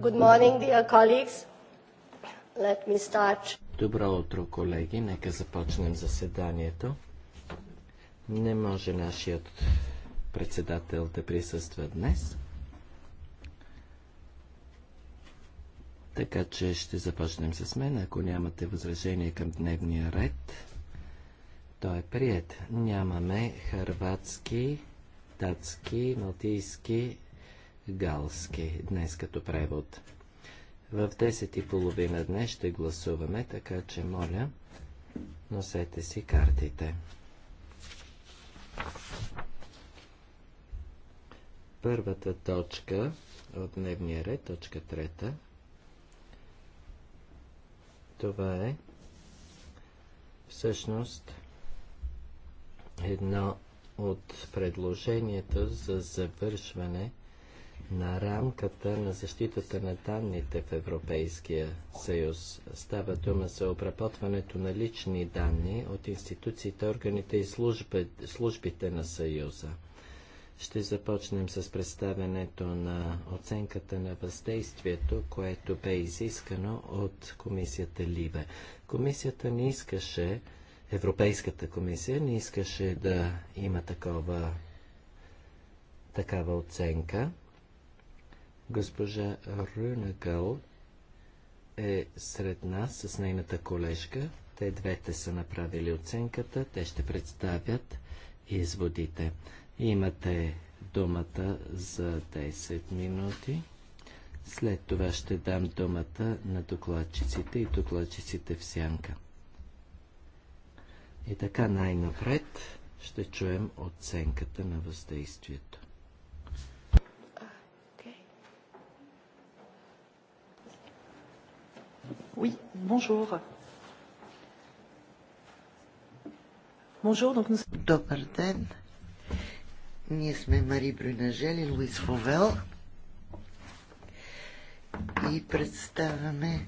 Good morning, dear colleagues. Let me start. Добро утро, колеги. Нека започнем заседанието. Не може нашият председател да присъства днес. Така че ще започнем с мен. Ако нямате възражение към дневния ред, то е прият. Нямаме харватски, датски, малтийски галски днес като превод. В 10 и половина днес ще гласуваме, така че моля, носете си картите. Първата точка от дневния ред, точка трета, това е всъщност едно от предложенията за завършване на рамката на защитата на данните в Европейския съюз. Става дума за обработването на лични данни от институциите, органите и службите на съюза. Ще започнем с представенето на оценката на въздействието, което бе изискано от комисията Либе. Комисията не искаше, Европейската комисия не искаше да има такова, такава оценка. Госпожа Рюнагъл е сред нас с нейната колежка. Те двете са направили оценката. Те ще представят изводите. Имате думата за 10 минути. След това ще дам думата на докладчиците и докладчиците в сянка. И така най-напред ще чуем оценката на въздействието. Oui, bonjour. Bonjour, donc nous... Добър ден. Ние сме Мари Брюнажел и Луис Фовел и представяме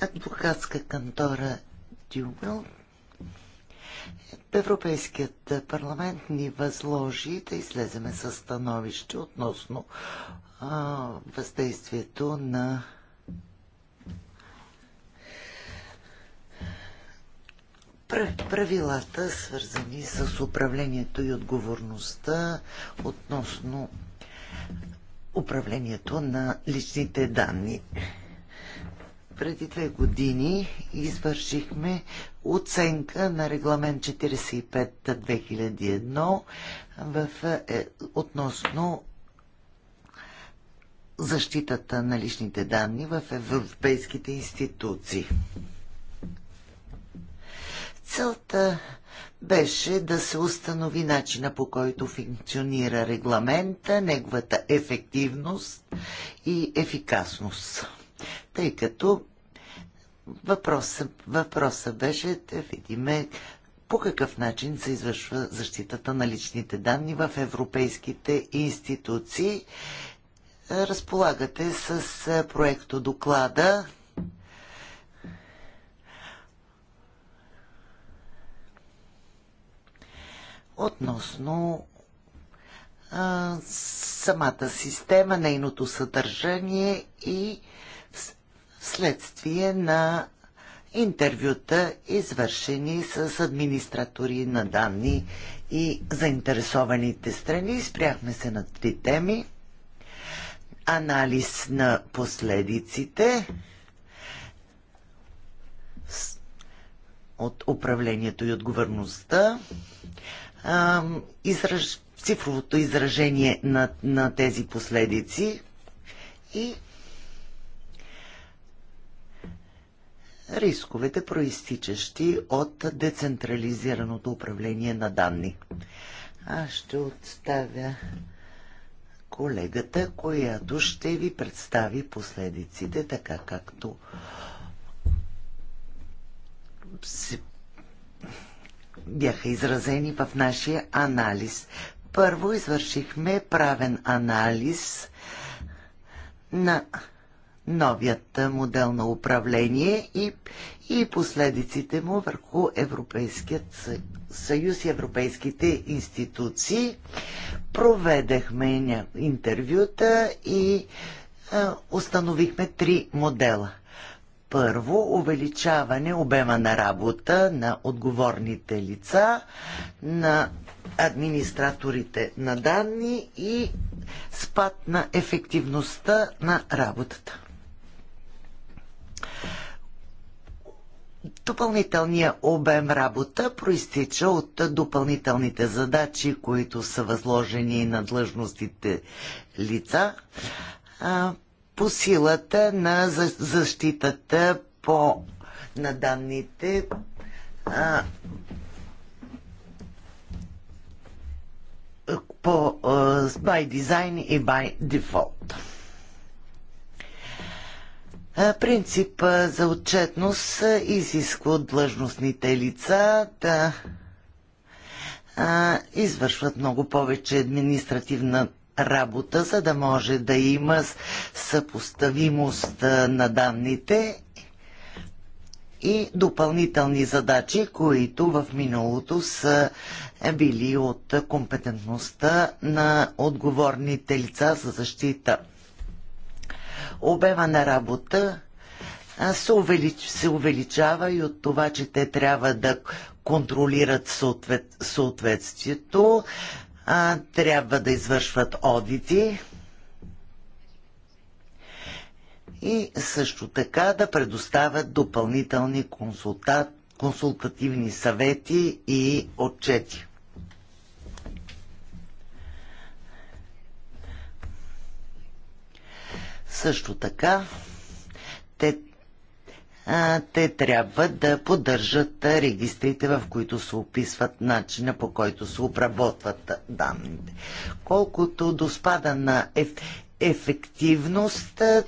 адвокатска кантора Дюмел. Европейският парламент ни възложи да излеземе със становище относно въздействието на правилата, свързани с управлението и отговорността относно управлението на личните данни. Преди две години извършихме оценка на регламент 45-2001 в, е, относно защитата на личните данни в европейските институции. Целта беше да се установи начина по който функционира регламента, неговата ефективност и ефикасност. Тъй като въпросът, въпросът беше да видиме по какъв начин се извършва защитата на личните данни в европейските институции разполагате с е, проекто доклада. Относно а, е, самата система, нейното съдържание и следствие на интервюта, извършени с администратори на данни и заинтересованите страни. Спряхме се на три теми анализ на последиците от управлението и отговорността, израж, цифровото изражение на, на тези последици и рисковете, проистичащи от децентрализираното управление на данни. Аз ще отставя колегата, която ще ви представи последиците, така както се бяха изразени в нашия анализ. Първо извършихме правен анализ на новият модел на управление и и последиците му върху Европейският съюз и европейските институции. Проведахме интервюта и установихме три модела. Първо, увеличаване обема на работа на отговорните лица, на администраторите на данни и спад на ефективността на работата. Допълнителният обем работа проистича от допълнителните задачи, които са възложени на длъжностите лица по силата на защитата по, на данните по by design и by default. Принцип за отчетност изисква от длъжностните лица да извършват много повече административна работа, за да може да има съпоставимост на данните и допълнителни задачи, които в миналото са е, били от компетентността на отговорните лица за защита обема на работа се, увелич, се увеличава и от това, че те трябва да контролират съответ, съответствието, а, трябва да извършват одити и също така да предоставят допълнителни консултативни съвети и отчети. Също така, те, а, те трябва да поддържат регистрите, в които се описват начина по който се обработват данните. Колкото до спада на еф, ефективност, а,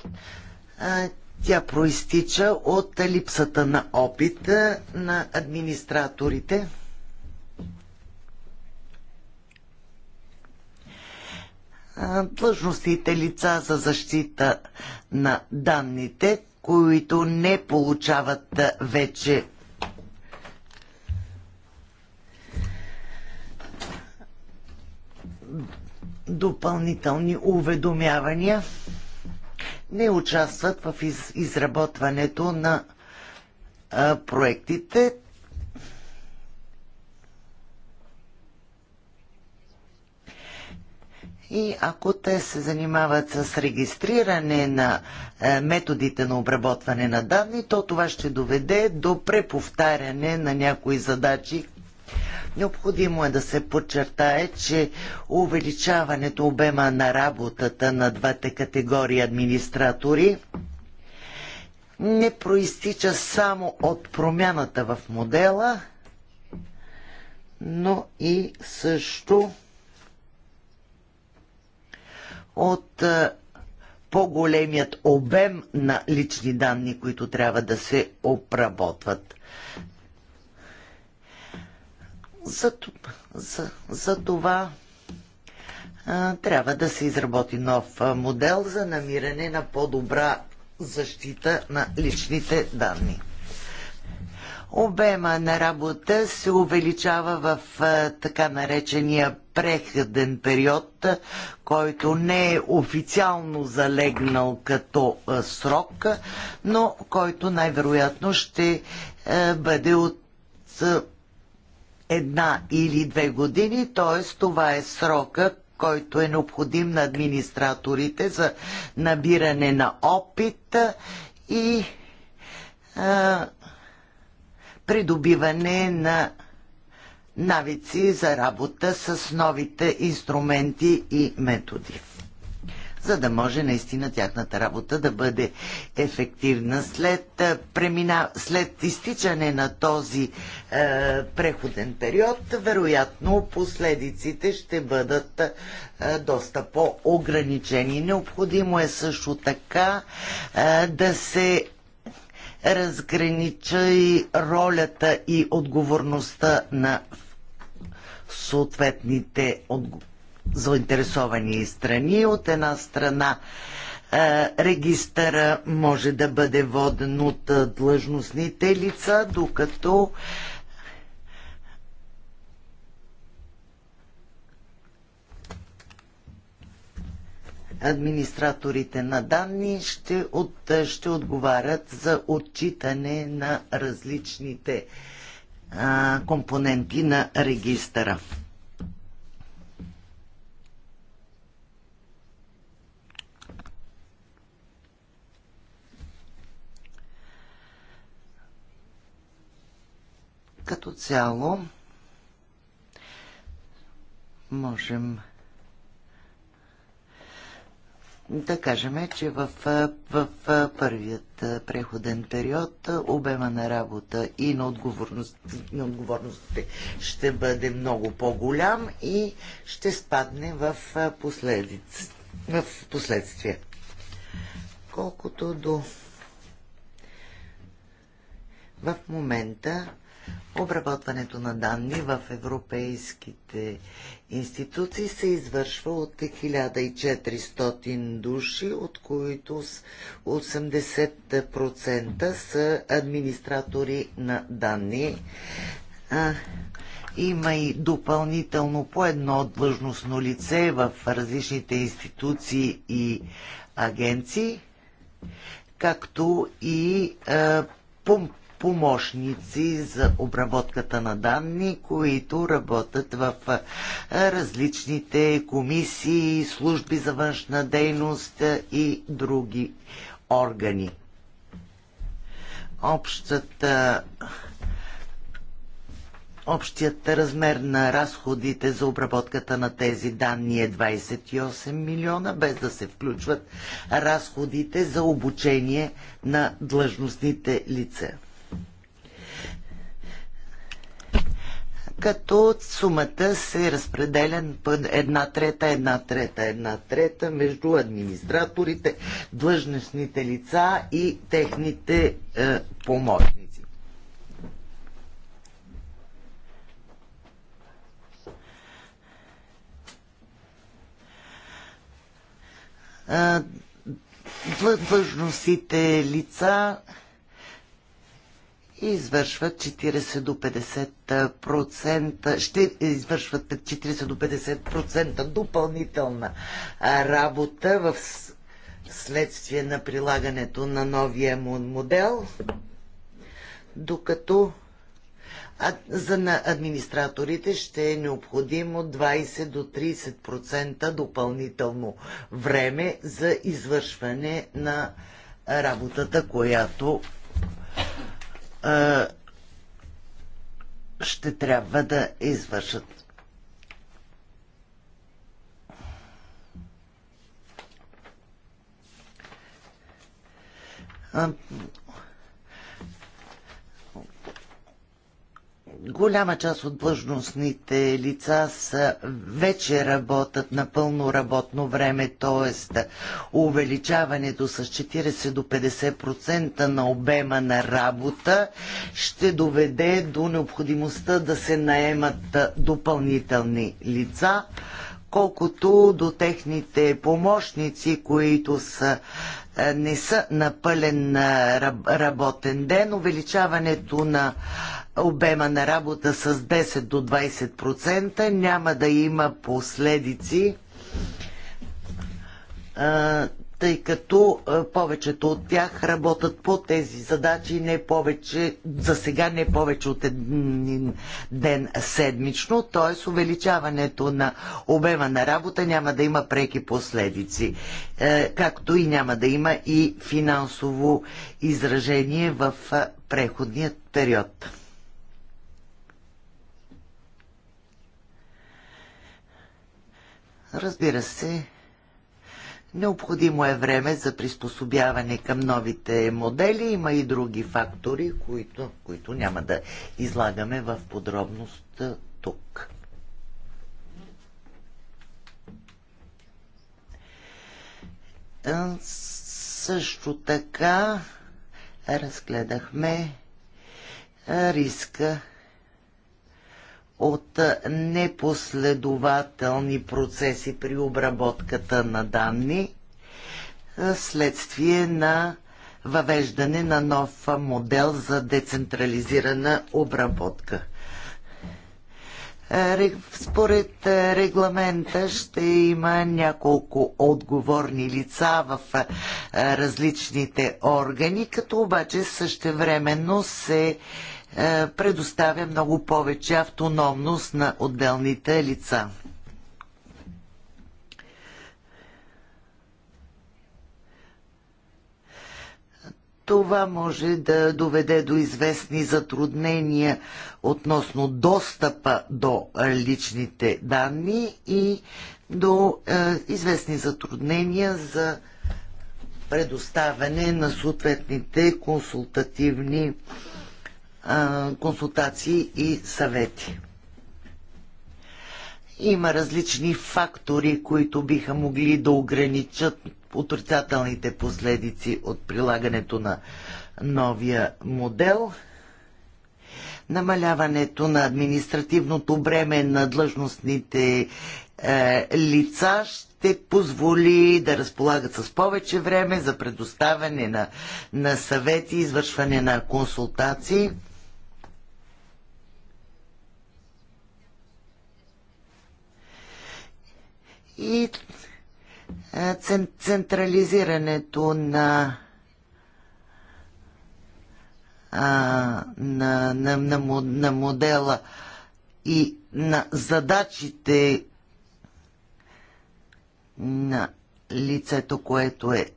тя проистича от липсата на опит на администраторите – длъжностите лица за защита на данните, които не получават вече допълнителни уведомявания, не участват в изработването на проектите. И ако те се занимават с регистриране на е, методите на обработване на данни, то това ще доведе до преповтаряне на някои задачи, Необходимо е да се подчертае, че увеличаването обема на работата на двете категории администратори не проистича само от промяната в модела, но и също от е, по-големият обем на лични данни, които трябва да се обработват. За, за, за това а, е, трябва да се изработи нов е, модел за намиране на по-добра защита на личните данни. Обема на работа се увеличава в а, така наречения преходен период, който не е официално залегнал като срок, но който най-вероятно ще е, бъде от една или две години, т.е. това е срока, който е необходим на администраторите за набиране на опит и а, придобиване на навици за работа с новите инструменти и методи за да може наистина тяхната работа да бъде ефективна. След, премина... след изтичане на този е, преходен период, вероятно последиците ще бъдат е, доста по-ограничени. Необходимо е също така е, да се разгранича и ролята и отговорността на съответните заинтересовани страни. От една страна е, регистъра може да бъде воден от е, длъжностните лица, докато администраторите на данни ще, от, ще отговарят за отчитане на различните а, компоненти на регистъра. Като цяло можем да кажем, че в, в, в първият преходен период обема на работа и на, отговорност, на отговорностите ще бъде много по-голям и ще спадне в, в последствия. Колкото до в момента Обработването на данни в европейските институции се извършва от 1400 души, от които 80% са администратори на данни. има и допълнително по едно длъжностно лице в различните институции и агенции, както и а, помощници за обработката на данни, които работят в различните комисии, служби за външна дейност и други органи. Общата Общият размер на разходите за обработката на тези данни е 28 милиона, без да се включват разходите за обучение на длъжностните лица. като сумата се разпределя една трета, една трета, една трета между администраторите, длъжностните лица и техните е, помощници. Е, Длъжностите лица извършват 40 до 50%, ще извършват 40 до 50% допълнителна работа в следствие на прилагането на новия модел, докато за на администраторите ще е необходимо 20 до 30% допълнително време за извършване на работата, която ще трябва да извършат. голяма част от длъжностните лица са, вече работят на пълно работно време, т.е. увеличаването с 40 до 50% на обема на работа ще доведе до необходимостта да се наемат допълнителни лица, колкото до техните помощници, които са не са на пълен работен ден. Увеличаването на обема на работа с 10 до 20%, няма да има последици, тъй като повечето от тях работят по тези задачи не повече, за сега не повече от един ден седмично, т.е. увеличаването на обема на работа няма да има преки последици, както и няма да има и финансово изражение в преходният период. Разбира се, необходимо е време за приспособяване към новите модели. Има и други фактори, които, които няма да излагаме в подробност тук. Също така разгледахме риска от непоследователни процеси при обработката на данни следствие на въвеждане на нов модел за децентрализирана обработка. Е, според е, регламента ще има няколко отговорни лица в е, различните органи, като обаче същевременно се е, предоставя много повече автономност на отделните лица. Това може да доведе до известни затруднения относно достъпа до е, личните данни и до е, известни затруднения за предоставяне на съответните консултативни консултации и съвети. Има различни фактори, които биха могли да ограничат отрицателните последици от прилагането на новия модел. Намаляването на административното бреме на длъжностните е, лица ще позволи да разполагат с повече време за предоставяне на, на съвети, извършване на консултации и централизирането на на, на, на, на модела и на задачите на лицето, което е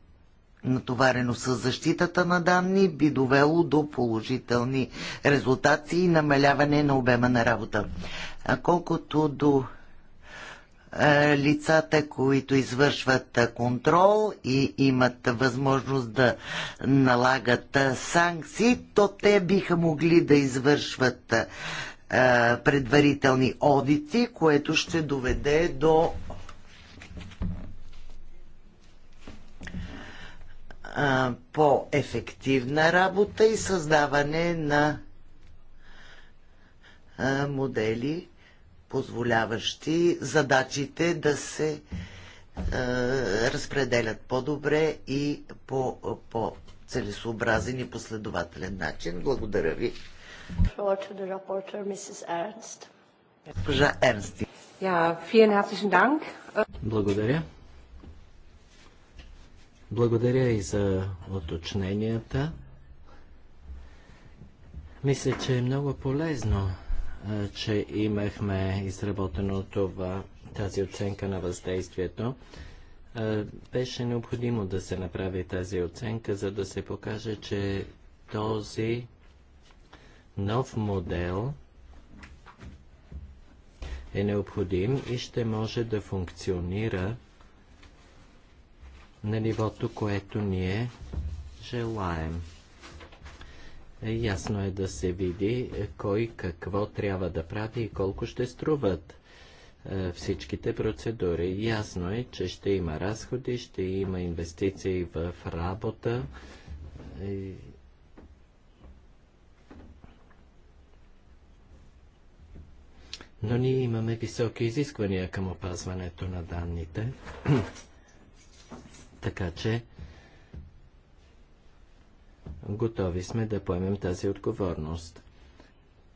натоварено с защитата на данни, би довело до положителни резултати и намаляване на обема на работа. А колкото до е, лицата, които извършват контрол и имат възможност да налагат санкции, то те биха могли да извършват е, предварителни одити, което ще доведе до е, по-ефективна работа и създаване на модели позволяващи задачите да се е, разпределят по-добре и по, по целесообразен и последователен начин. Благодаря ви. Госпожа Ернсти. Благодаря. Благодаря и за уточненията. Мисля, че е много полезно че имахме изработено това, тази оценка на въздействието. Беше необходимо да се направи тази оценка, за да се покаже, че този нов модел е необходим и ще може да функционира на нивото, което ние желаем. Е, ясно е да се види е, кой какво трябва да прави и колко ще струват е, всичките процедури. Ясно е, че ще има разходи, ще има инвестиции в работа. Но ние имаме високи изисквания към опазването на данните. така че Готови сме да поемем тази отговорност,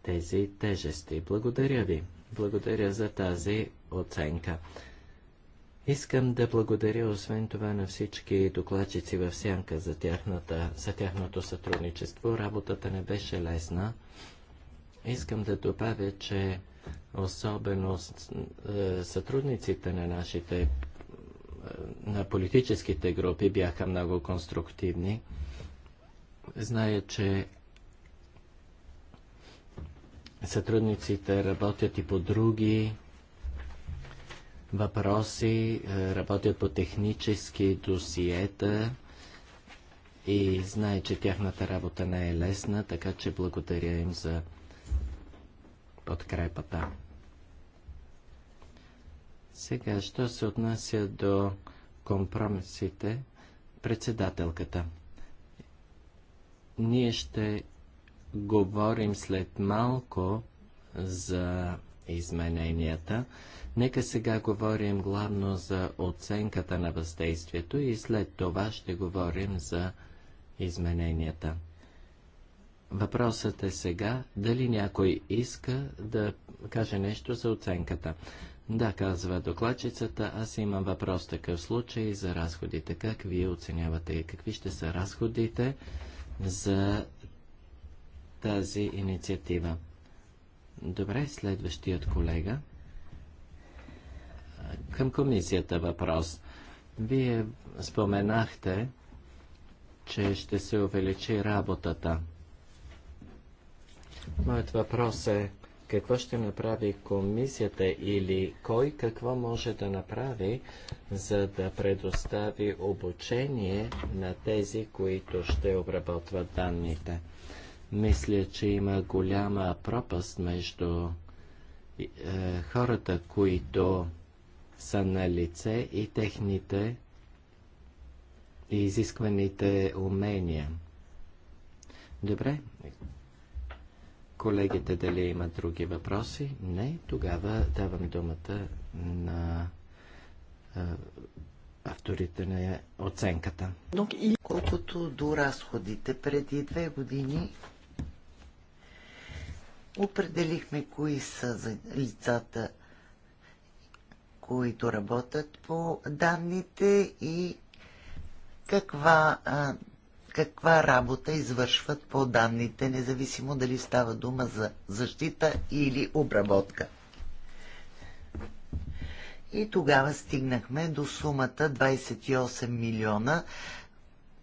тези тежести. Благодаря ви. Благодаря за тази оценка. Искам да благодаря освен това на всички докладчици в Сянка за, тяхната, за тяхното сътрудничество. Работата не беше лесна. Искам да добавя, че особено е, сътрудниците на нашите е, на политическите групи бяха много конструктивни. Зная, че сътрудниците работят и по други въпроси, е, работят по технически досиета и знае, че тяхната работа не е лесна, така че благодаря им за подкрепата. Сега, що се отнася до компромисите, председателката. Ние ще говорим след малко за измененията. Нека сега говорим главно за оценката на въздействието и след това ще говорим за измененията. Въпросът е сега дали някой иска да каже нещо за оценката. Да, казва докладчицата, аз имам въпрос такъв случай за разходите. Как вие оценявате и какви ще са разходите за тази инициатива. Добре, следващият колега. Към комисията въпрос. Вие споменахте, че ще се увеличи работата. Моят въпрос е, какво ще направи комисията или кой какво може да направи, за да предостави обучение на тези, които ще обработват данните. Мисля, че има голяма пропаст между е, хората, които са на лице и техните изискваните умения. Добре, Колегите дали имат други въпроси? Не. Тогава давам думата на авторите на оценката. И колкото до разходите, преди две години определихме кои са лицата, които работят по данните и каква а, каква работа извършват по данните, независимо дали става дума за защита или обработка. И тогава стигнахме до сумата 28 милиона,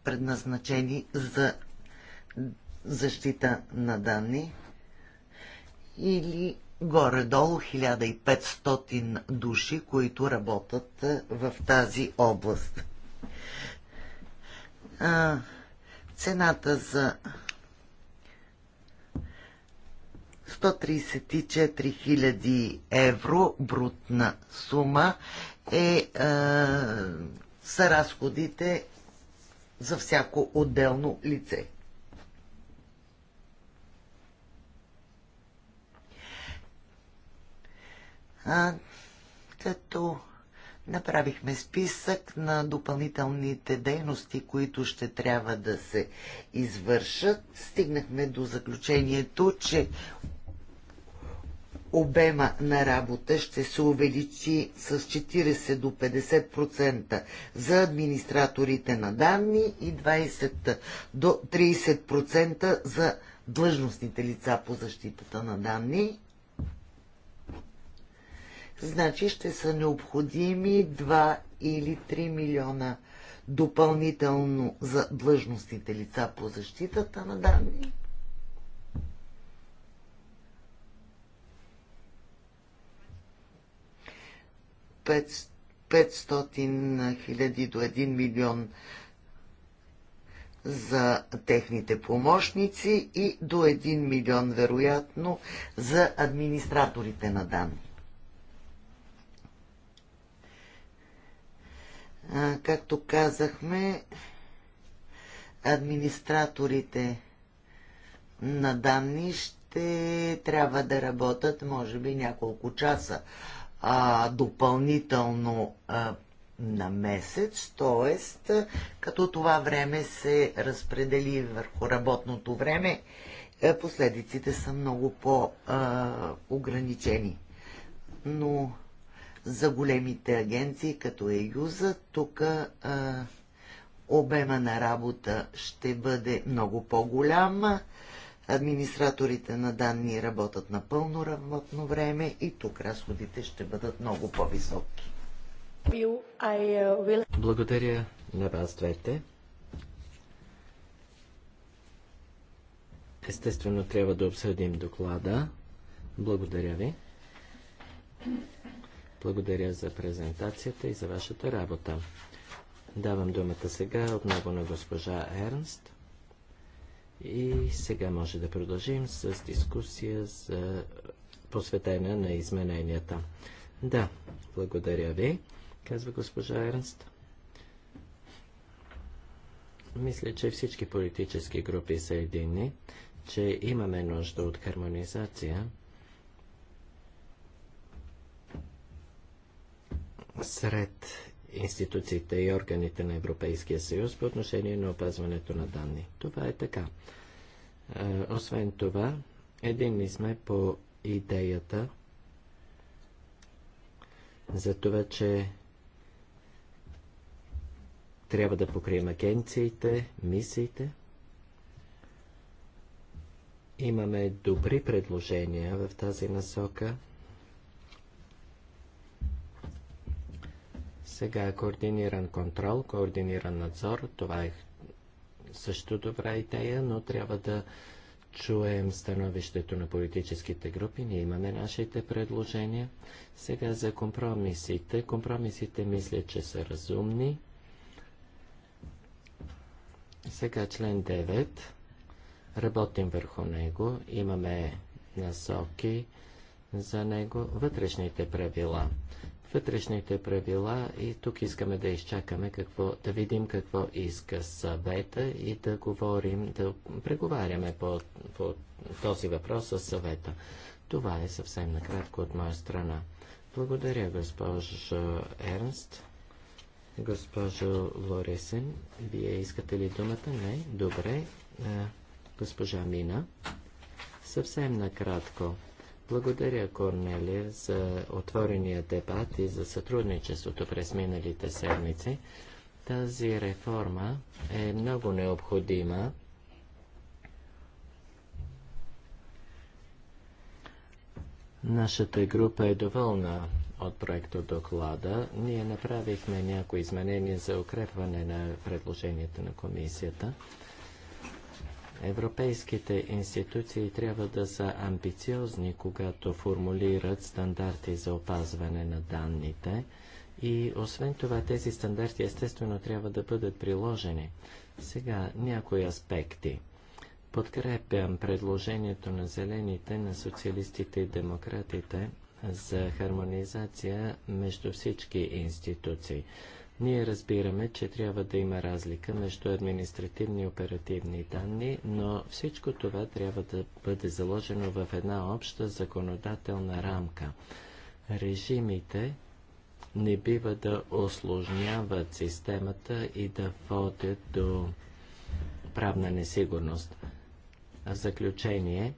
предназначени за защита на данни или горе-долу 1500 души, които работят в тази област. Цената за 134 000 евро брутна сума е, е, са разходите за всяко отделно лице. А, като Направихме списък на допълнителните дейности, които ще трябва да се извършат. Стигнахме до заключението, че обема на работа ще се увеличи с 40 до 50% за администраторите на данни и 20 до 30% за длъжностните лица по защитата на данни. Значи ще са необходими 2 или 3 милиона допълнително за длъжностните лица по защитата на данни. Петстотин 500 хиляди до 1 милион за техните помощници и до 1 милион, вероятно, за администраторите на данни. Както казахме, администраторите на данни ще трябва да работят, може би, няколко часа а, допълнително а, на месец, т.е. като това време се разпредели върху работното време, последиците са много по-ограничени. Но за големите агенции, като е Юза, Тук обема на работа ще бъде много по голяма Администраторите на данни работят на пълно работно време и тук разходите ще бъдат много по-високи. Uh, Благодаря на вас двете. Естествено трябва да обсъдим доклада. Благодаря ви. Благодаря за презентацията и за вашата работа. Давам думата сега отново на госпожа Ернст. И сега може да продължим с дискусия за посветена на измененията. Да, благодаря ви, казва госпожа Ернст. Мисля, че всички политически групи са единни, че имаме нужда от хармонизация сред институциите и органите на Европейския съюз по отношение на опазването на данни. Това е така. Освен това, единни сме по идеята за това, че трябва да покрием агенциите, мисиите. Имаме добри предложения в тази насока – Сега е координиран контрол, координиран надзор, това е също добра идея, но трябва да чуем становището на политическите групи. Ние имаме нашите предложения. Сега за компромисите. Компромисите мисля, че са разумни. Сега член 9. Работим върху него. Имаме насоки за него. Вътрешните правила вътрешните правила и тук искаме да изчакаме какво, да видим какво иска съвета и да говорим, да преговаряме по, по този въпрос с съвета. Това е съвсем накратко от моя страна. Благодаря, госпожо Ернст. Госпожо Лоресен, вие искате ли думата? Не. Добре. Госпожа Мина. Съвсем накратко. Благодаря, Корнелия, за отворения дебат и за сътрудничеството през миналите седмици. Тази реформа е много необходима. Нашата група е доволна от проекто доклада. Ние направихме някои изменения за укрепване на предложенията на комисията. Европейските институции трябва да са амбициозни, когато формулират стандарти за опазване на данните и освен това тези стандарти естествено трябва да бъдат приложени. Сега някои аспекти. Подкрепям предложението на зелените, на социалистите и демократите за хармонизация между всички институции. Ние разбираме, че трябва да има разлика между административни и оперативни данни, но всичко това трябва да бъде заложено в една обща законодателна рамка. Режимите не бива да осложняват системата и да водят до правна несигурност. В заключение,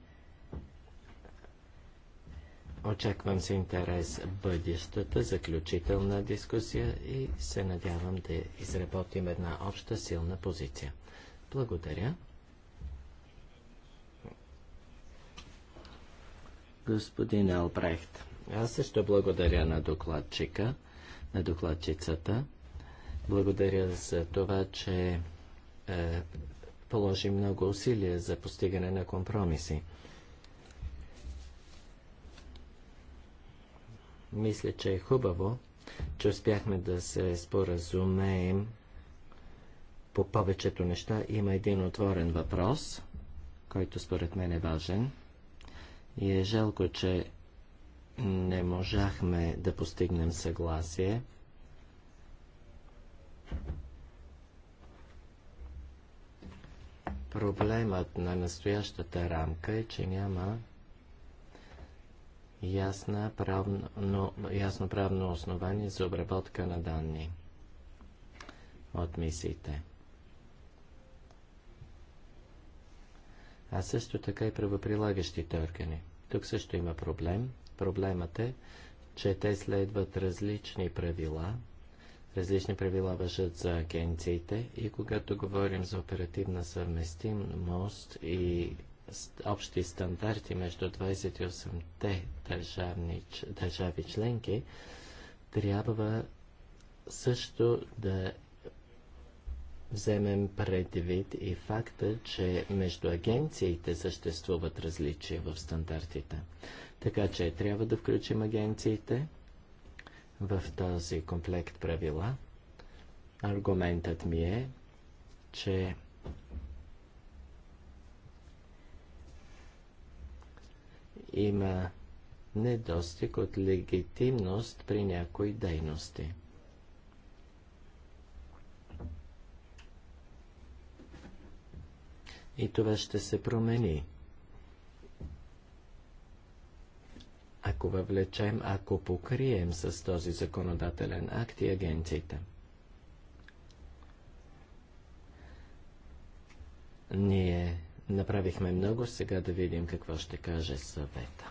Очаквам с интерес бъдещата заключителна дискусия и се надявам да изработим една обща силна позиция. Благодаря. Господин Албрехт, аз също благодаря на докладчика, на докладчицата. Благодаря за това, че е, положи много усилия за постигане на компромиси. Мисля, че е хубаво, че успяхме да се споразумеем по повечето неща. Има един отворен въпрос, който според мен е важен. И е жалко, че не можахме да постигнем съгласие. Проблемът на настоящата рамка е, че няма ясна правно, ясно правно основание за обработка на данни от мисиите. А също така и правоприлагащите органи. Тук също има проблем. Проблемът е, че те следват различни правила. Различни правила въжат за агенциите и когато говорим за оперативна съвместимост и общи стандарти между 28-те държави членки, трябва също да вземем предвид и факта, че между агенциите съществуват различия в стандартите. Така че трябва да включим агенциите в този комплект правила. Аргументът ми е, че има недостиг от легитимност при някои дейности. И това ще се промени. Ако въвлечем, ако покрием с този законодателен акт и агенциите. Ние Направихме много, сега да видим какво ще каже съвета.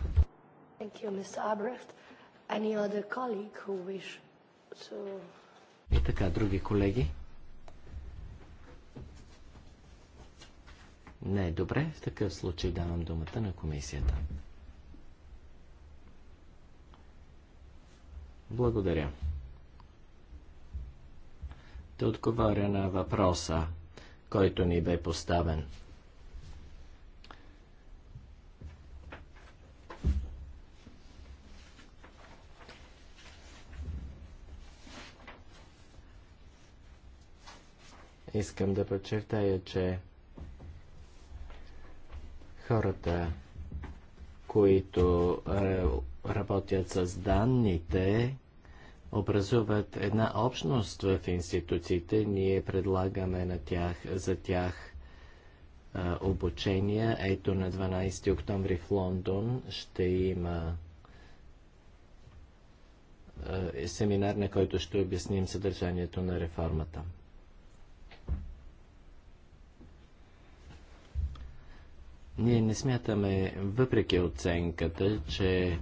И така, други колеги? Не, добре, в такъв случай давам думата на комисията. Благодаря. Да отговоря на въпроса, който ни бе поставен. Искам да подчертая, че хората, които работят с данните, образуват една общност в институциите. Ние предлагаме на тях, за тях обучение. обучения. Ето на 12 октомври в Лондон ще има семинар, на който ще обясним съдържанието на реформата. Ние не смятаме, въпреки оценката, че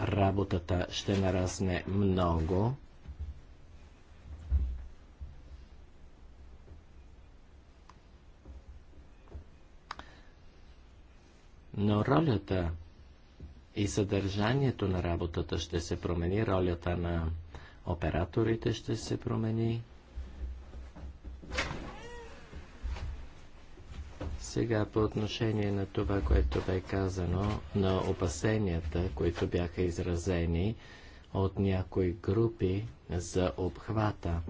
работата ще нарасне много. Но ролята и съдържанието на работата ще се промени, ролята на операторите ще се промени. Сега по отношение на това, което бе казано, на опасенията, които бяха изразени от някои групи за обхвата.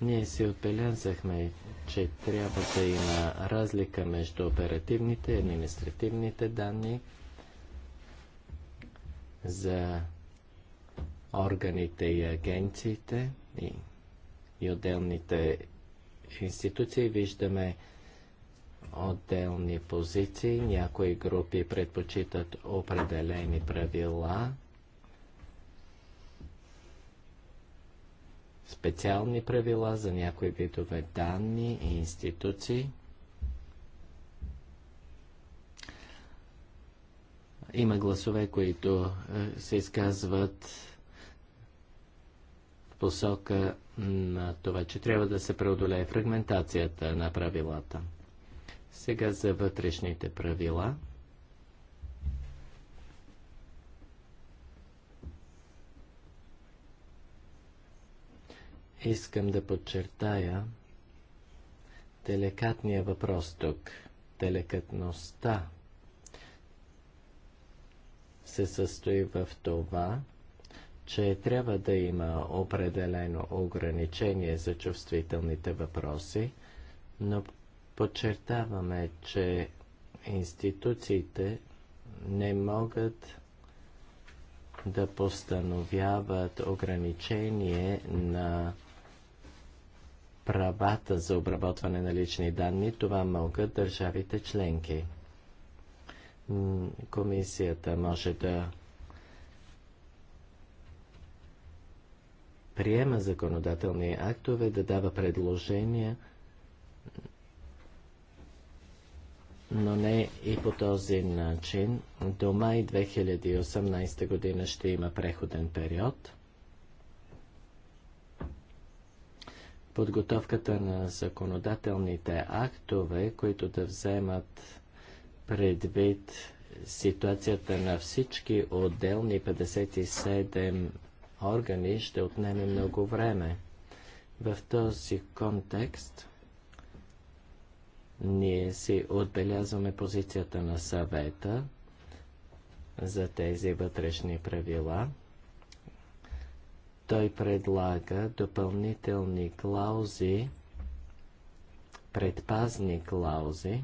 Ние си отбелязахме, че трябва да има разлика между оперативните и административните данни за органите и агенциите и, и отделните институции. Виждаме, отделни позиции, някои групи предпочитат определени правила, специални правила за някои видове данни и институции. Има гласове, които е, се изказват в посока на това, че трябва да се преодолее фрагментацията на правилата. Сега за вътрешните правила. Искам да подчертая деликатния въпрос тук. Деликатността се състои в това, че трябва да има определено ограничение за чувствителните въпроси, но Подчертаваме, че институциите не могат да постановяват ограничение на правата за обработване на лични данни, това могат държавите членки. Комисията може да приема законодателни актове, да дава предложения – но не и по този начин. До май 2018 година ще има преходен период. Подготовката на законодателните актове, които да вземат предвид ситуацията на всички отделни 57 органи, ще отнеме много време. В този контекст ние си отбелязваме позицията на съвета за тези вътрешни правила. Той предлага допълнителни клаузи, предпазни клаузи,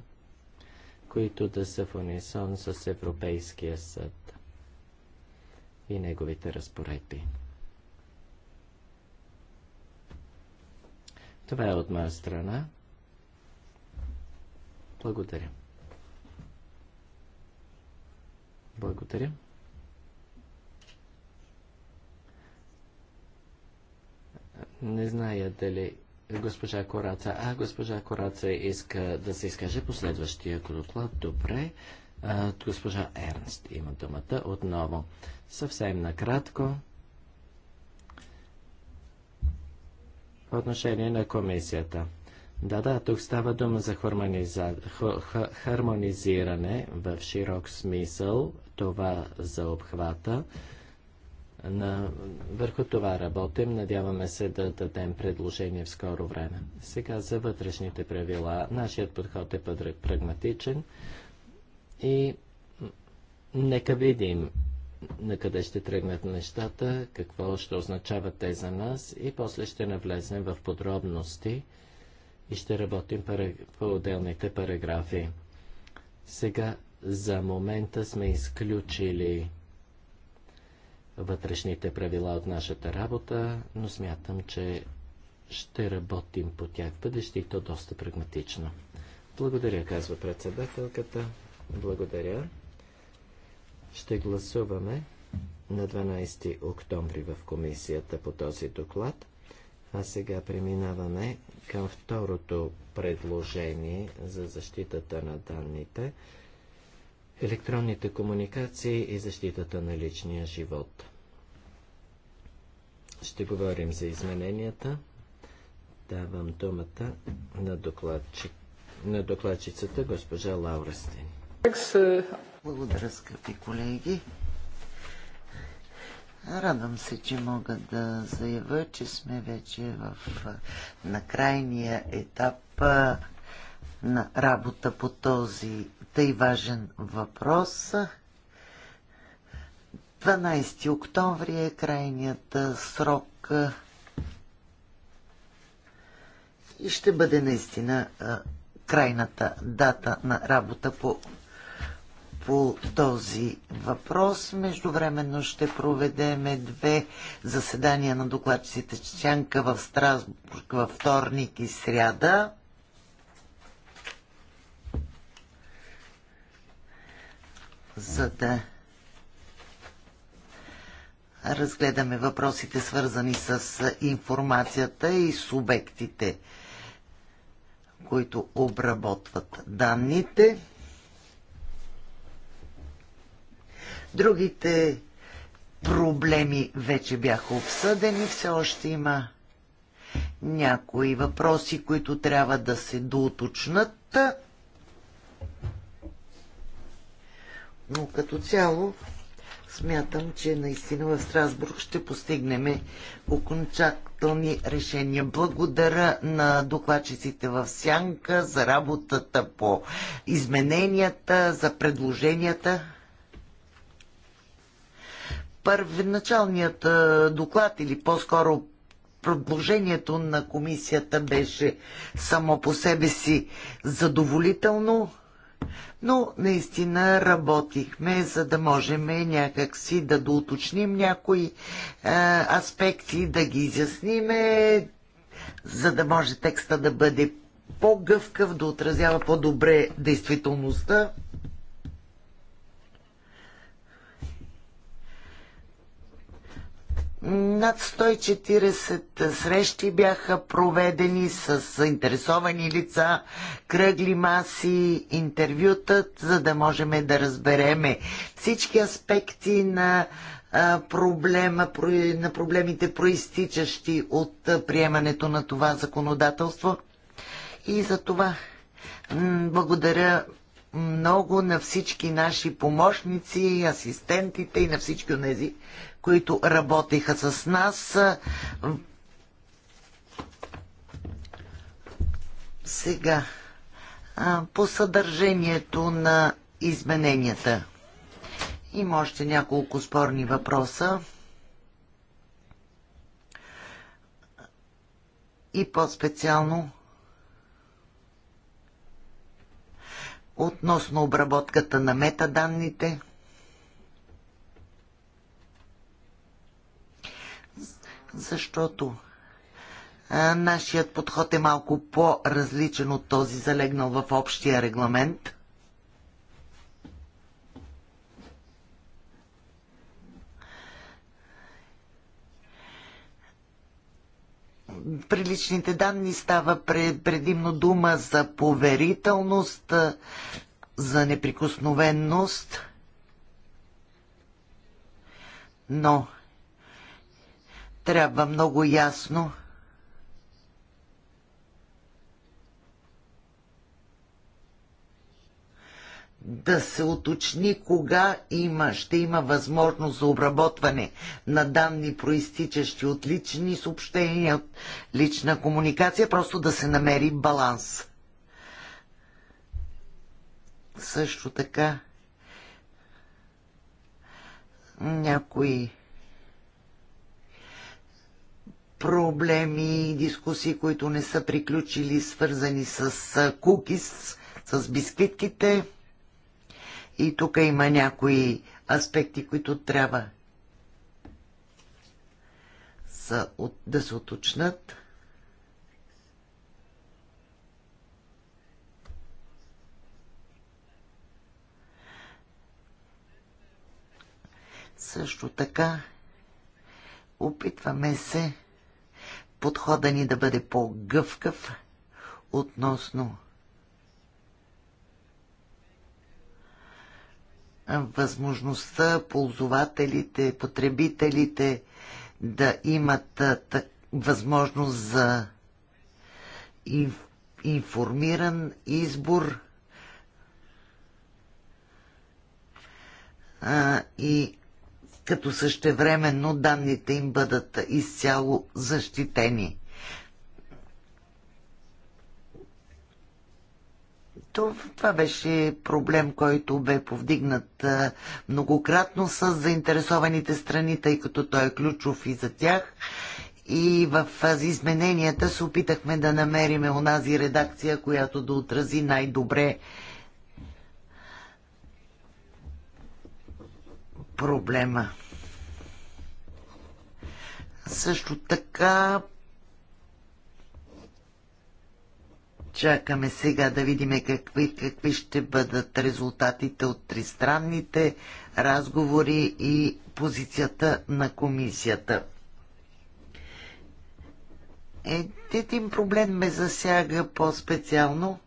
които да са в унисон с Европейския съд и неговите разпоредби. Това е от моя страна. Благодаря. Благодаря. Не зная дали госпожа Кораца. А, госпожа Кораца иска да се изкаже последващия доклад. Добре. А, госпожа Ернст има думата отново. Съвсем накратко. По отношение на комисията. Да, да, тук става дума за хармониза... хармонизиране в широк смисъл, това за обхвата. На... Върху това работим. Надяваме се да дадем предложение в скоро време. Сега за вътрешните правила. Нашият подход е прагматичен и нека видим на къде ще тръгнат нещата, какво ще означават те за нас и после ще навлезем в подробности и ще работим по отделните параграфи. Сега за момента сме изключили вътрешните правила от нашата работа, но смятам, че ще работим по тях в бъдеще и то доста прагматично. Благодаря, казва председателката. Благодаря. Ще гласуваме на 12 октомври в комисията по този доклад. А сега преминаваме към второто предложение за защитата на данните, електронните комуникации и защитата на личния живот. Ще говорим за измененията. Давам думата на, докладчик, на докладчицата госпожа Стени. Е, Благодаря, скъпи колеги. Радвам се, че мога да заявя, че сме вече в накрайния етап на работа по този тъй важен въпрос. 12 октомври е крайният срок и ще бъде наистина крайната дата на работа по по този въпрос. Междувременно ще проведеме две заседания на докладчиците Чичанка в Страсбург във вторник и сряда. За да разгледаме въпросите свързани с информацията и субектите, които обработват данните. Другите проблеми вече бяха обсъдени. Все още има някои въпроси, които трябва да се доуточнат. Но като цяло смятам, че наистина в Страсбург ще постигнем окончателни решения. Благодаря на докладчиците в Сянка за работата по измененията, за предложенията първоначалният доклад или по-скоро предложението на комисията беше само по себе си задоволително, но наистина работихме, за да можем някакси да доуточним някои е, аспекти, да ги изясниме, за да може текста да бъде по-гъвкав, да отразява по-добре действителността. Над 140 срещи бяха проведени с заинтересовани лица, кръгли маси, интервюта, за да можем да разбереме всички аспекти на проблема, на проблемите, проистичащи от приемането на това законодателство. И за това благодаря много на всички наши помощници, асистентите и на всички от тези, които работиха с нас. Сега, по съдържанието на измененията. Има още няколко спорни въпроса. И по-специално относно обработката на метаданните. защото а, нашият подход е малко по-различен от този залегнал в общия регламент. при личните данни става предимно дума за поверителност, за неприкосновенност, но трябва много ясно да се уточни кога има, ще има възможност за обработване на данни, проистичащи от лични съобщения, от лична комуникация, просто да се намери баланс. Също така някои проблеми дискусии, които не са приключили, свързани с кукис, с бисквитките. И тук има някои аспекти, които трябва са, да се уточнат. Също така опитваме се подхода ни да бъде по-гъвкав относно възможността ползователите, потребителите да имат възможност за информиран избор и като същевременно данните им бъдат изцяло защитени. Това беше проблем, който бе повдигнат многократно с заинтересованите страни, тъй като той е ключов и за тях. И в измененията се опитахме да намерим онази редакция, която да отрази най-добре проблема. Също така чакаме сега да видим какви, какви ще бъдат резултатите от тристранните разговори и позицията на комисията. Е, един проблем ме засяга по-специално.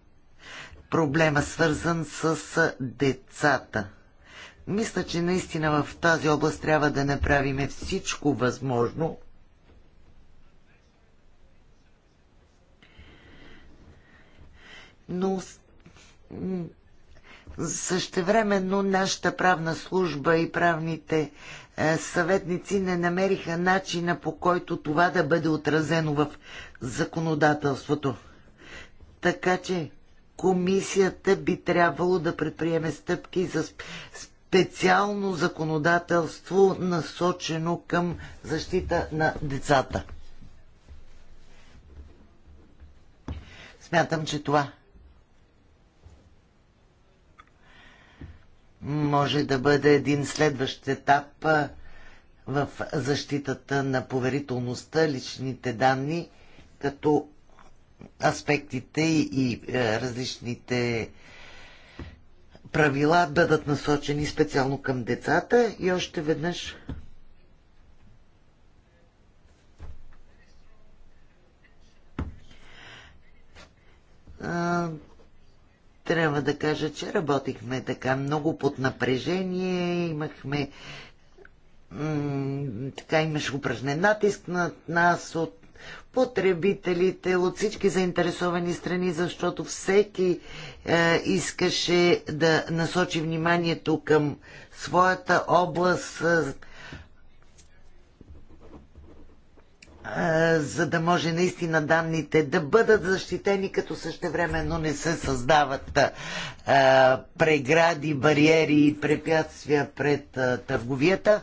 Проблема свързан с децата – мисля, че наистина в тази област трябва да направим всичко възможно. Но същевременно нашата правна служба и правните е, съветници не намериха начина по който това да бъде отразено в законодателството. Така че комисията би трябвало да предприеме стъпки за специално законодателство, насочено към защита на децата. Смятам, че това може да бъде един следващ етап в защитата на поверителността, личните данни, като аспектите и е, различните правила бъдат насочени специално към децата и още веднъж а, трябва да кажа, че работихме така много под напрежение, имахме така имаше упражнен натиск над нас от потребителите, от всички заинтересовани страни, защото всеки е, искаше да насочи вниманието към своята област, е, е, за да може наистина данните да бъдат защитени, като същевременно не се създават е, прегради, бариери и препятствия пред е, търговията.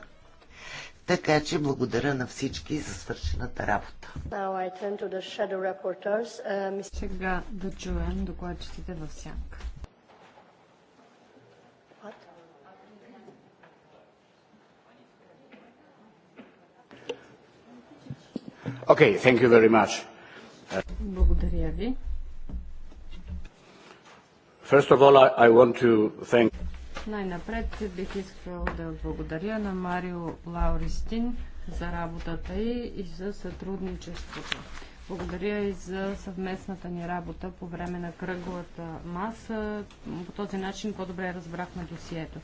Така че благодаря на всички за свършената работа. Uh, Сега да чуем докладчиците в сянка. Okay, thank you very much. Благодаря ви. First of all, I, I want to thank най-напред бих искал да благодаря на Марио Лауристин за работата и, и за сътрудничеството. Благодаря и за съвместната ни работа по време на кръглата маса. По този начин по-добре разбрахме досието.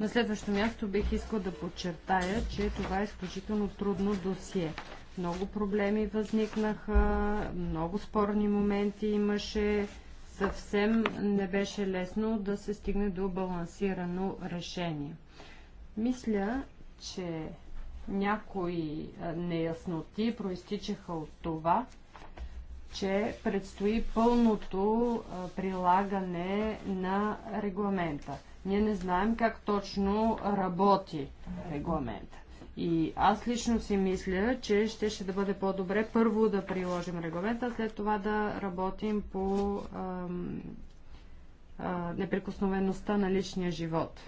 На следващо място бих искал да подчертая, че това е изключително трудно досие. Много проблеми възникнаха, много спорни моменти имаше съвсем не беше лесно да се стигне до балансирано решение. Мисля, че някои неясноти проистичаха от това, че предстои пълното прилагане на регламента. Ние не знаем как точно работи регламента. И аз лично си мисля, че ще, ще да бъде по-добре първо да приложим регламента, след това да работим по ам, а, неприкосновеността на личния живот.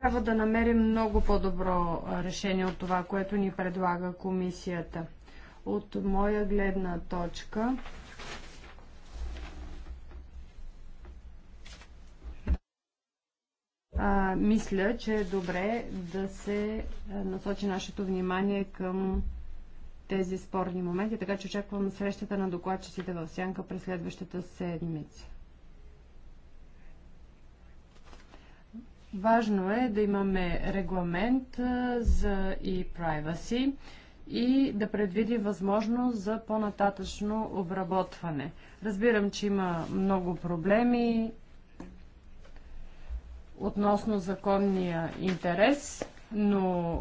Трябва да намерим много по-добро решение от това, което ни предлага комисията. От моя гледна точка а, мисля, че е добре да се насочи нашето внимание към тези спорни моменти, така че очаквам срещата на докладчиците в Сянка през следващата седмица. Важно е да имаме регламент за e-privacy и да предвиди възможност за по-нататъчно обработване. Разбирам, че има много проблеми относно законния интерес, но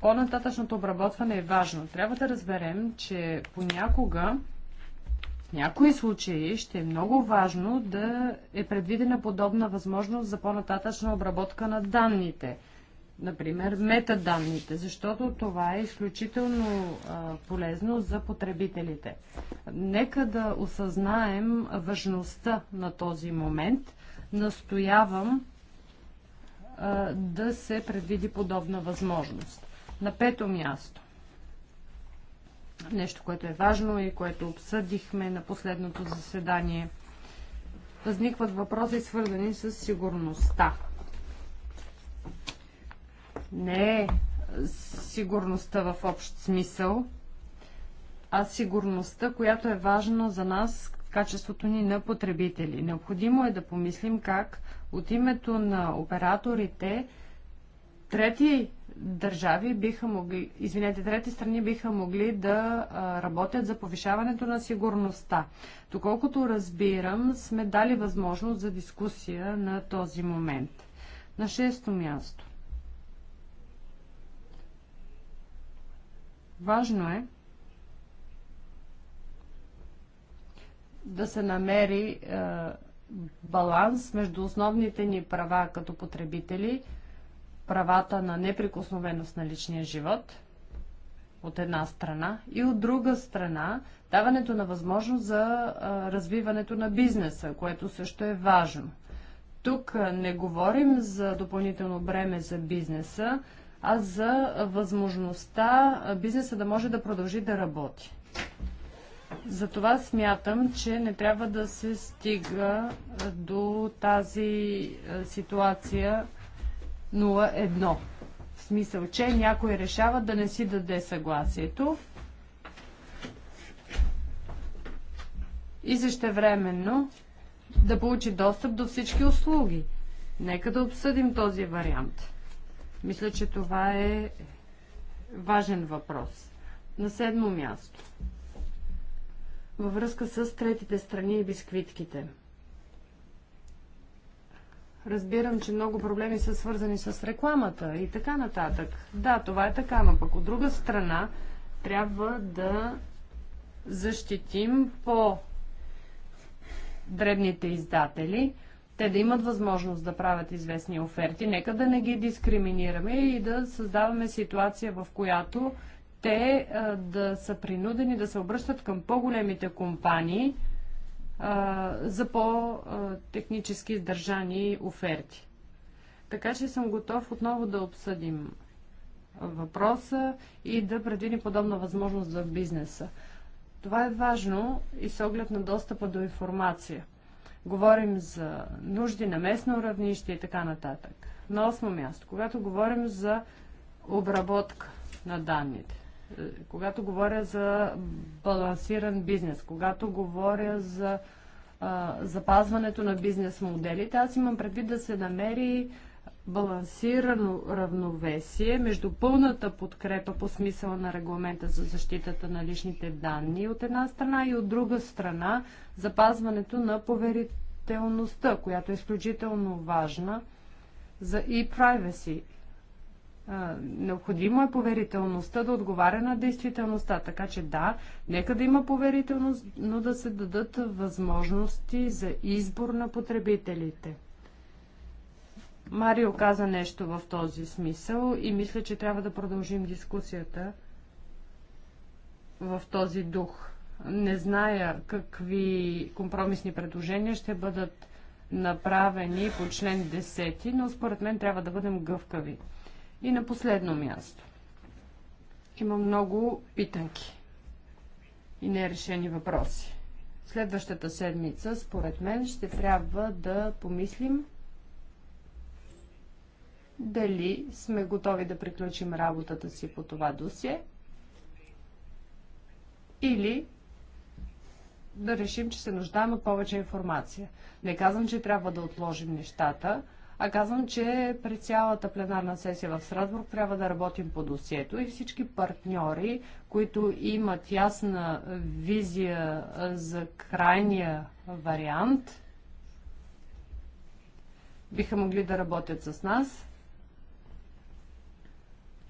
по-нататъчното обработване е важно. Трябва да разберем, че понякога в някои случаи ще е много важно да е предвидена подобна възможност за по-нататъчна обработка на данните – например, метаданните, защото това е изключително а, полезно за потребителите. Нека да осъзнаем важността на този момент. Настоявам а, да се предвиди подобна възможност. На пето място. Нещо, което е важно и което обсъдихме на последното заседание. Възникват въпроси, свързани с сигурността не е сигурността в общ смисъл, а сигурността, която е важна за нас, качеството ни на потребители. Необходимо е да помислим как от името на операторите трети държави биха могли, извинете, трети страни биха могли да работят за повишаването на сигурността. Доколкото разбирам, сме дали възможност за дискусия на този момент. На шесто място. Важно е да се намери е, баланс между основните ни права като потребители, правата на неприкосновеност на личния живот от една страна и от друга страна даването на възможност за е, развиването на бизнеса, което също е важно. Тук е, не говорим за допълнително бреме за бизнеса, а за възможността бизнеса да може да продължи да работи. Затова смятам, че не трябва да се стига до тази ситуация 0-1. В смисъл, че някой решава да не си даде съгласието и същевременно да получи достъп до всички услуги. Нека да обсъдим този вариант. Мисля, че това е важен въпрос. На седмо място. Във връзка с третите страни и бисквитките. Разбирам, че много проблеми са свързани с рекламата и така нататък. Да, това е така, но пък от друга страна трябва да защитим по дребните издатели – те да имат възможност да правят известни оферти. Нека да не ги дискриминираме и да създаваме ситуация, в която те а, да са принудени да се обръщат към по-големите компании а, за по-технически издържани оферти. Така че съм готов отново да обсъдим въпроса и да предвидим подобна възможност за бизнеса. Това е важно и с оглед на достъпа до информация – Говорим за нужди на местно равнище и така нататък. На осмо място, когато говорим за обработка на данните, е, когато говоря за балансиран бизнес, когато говоря за а, запазването на бизнес моделите, аз имам предвид да се намери балансирано равновесие между пълната подкрепа по смисъла на регламента за защитата на личните данни от една страна и от друга страна запазването на поверителността, която е изключително важна за e-privacy. Необходимо е поверителността да отговаря на действителността. Така че да, нека да има поверителност, но да се дадат възможности за избор на потребителите. Марио каза нещо в този смисъл и мисля, че трябва да продължим дискусията в този дух. Не зная какви компромисни предложения ще бъдат направени по член 10, но според мен трябва да бъдем гъвкави. И на последно място. Има много питанки и нерешени въпроси. Следващата седмица, според мен, ще трябва да помислим дали сме готови да приключим работата си по това досие или да решим, че се нуждаем от повече информация. Не казвам, че трябва да отложим нещата, а казвам, че при цялата пленарна сесия в Страсбург трябва да работим по досието и всички партньори, които имат ясна визия за крайния вариант, биха могли да работят с нас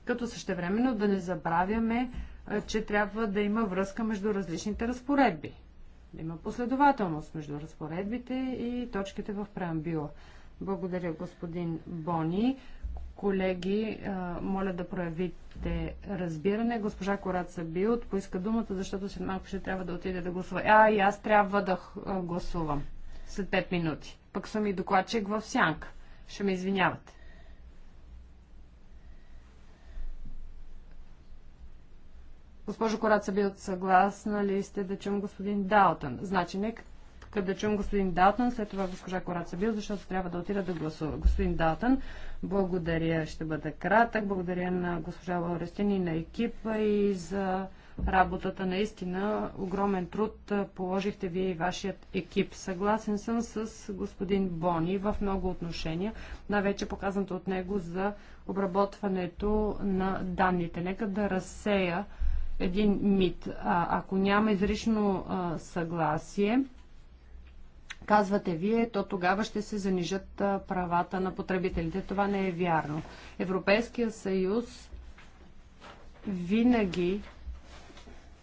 като същевременно да не забравяме, че трябва да има връзка между различните разпоредби. Да има последователност между разпоредбите и точките в преамбила. Благодаря, господин Бони. Колеги, моля да проявите разбиране. Госпожа Кораца Билт поиска думата, защото след малко ще трябва да отиде да гласува. А, и аз трябва да гласувам след 5 минути. Пък съм и докладчик в сянка. Ще ме извинявате. Госпожо Кораца от съгласна ли сте да чум господин Далтън? Значи, нека да чум господин Далтън, след това госпожа Кораца Бил, защото трябва да отида да гласува. Господин Далтън, благодаря, ще бъда кратък. Благодаря на госпожа Лаурестин и на екипа и за работата. Наистина, огромен труд положихте вие и вашият екип. Съгласен съм с господин Бони в много отношения, най-вече показаното от него за обработването на данните. Нека да разсея един мит. А, ако няма изрично а, съгласие, казвате вие, то тогава ще се занижат а, правата на потребителите. Това не е вярно. Европейския съюз винаги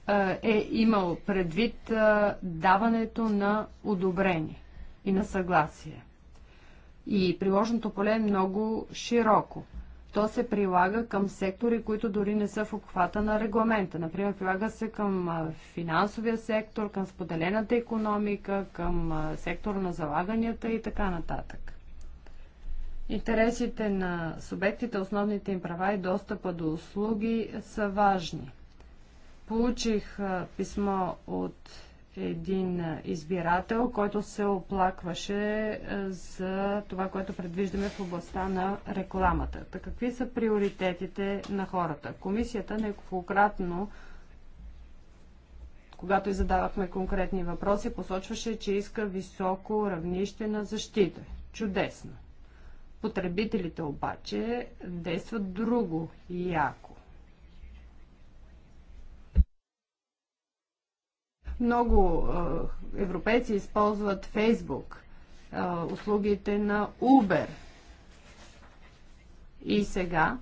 а, е имал предвид а, даването на одобрение и на съгласие. И приложното поле е много широко. То се прилага към сектори, които дори не са в обхвата на регламента. Например, прилага се към финансовия сектор, към споделената економика, към сектора на залаганията и така нататък. Интересите на субектите, основните им права и достъпа до услуги са важни. Получих писмо от един избирател, който се оплакваше е, за това, което предвиждаме в областта на рекламата. Так, какви са приоритетите на хората? Комисията неколкократно когато и задавахме конкретни въпроси, посочваше, че иска високо равнище на защита. Чудесно. Потребителите обаче действат друго и яко. Много европейци използват Фейсбук, услугите на Uber. И сега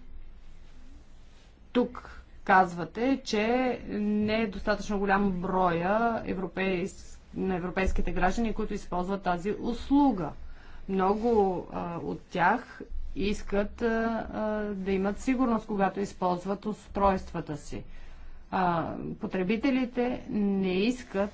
тук казвате, че не е достатъчно голям броя европейс... на европейските граждани, които използват тази услуга. Много а, от тях искат а, а, да имат сигурност, когато използват устройствата си а, потребителите не искат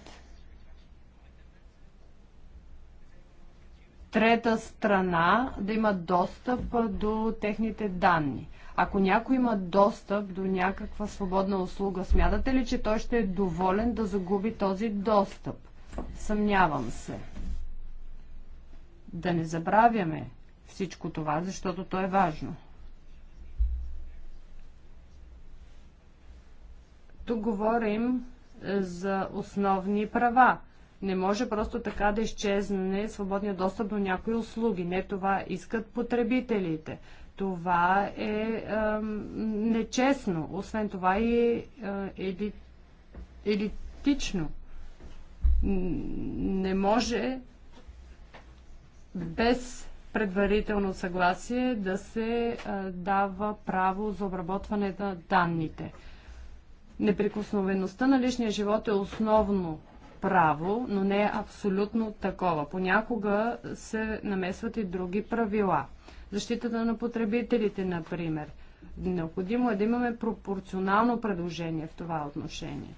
трета страна да има достъп до техните данни. Ако някой има достъп до някаква свободна услуга, смятате ли, че той ще е доволен да загуби този достъп? Съмнявам се. Да не забравяме всичко това, защото то е важно. Тук говорим е, за основни права. Не може просто така да изчезне свободния достъп до някои услуги. Не това искат потребителите. Това е, е нечестно. Освен това е, е е, елитично. Не може без предварително съгласие да се е, дава право за обработване на данните. Неприкосновеността на личния живот е основно право, но не е абсолютно такова. Понякога се намесват и други правила. Защитата на потребителите, например. Необходимо е да имаме пропорционално предложение в това отношение.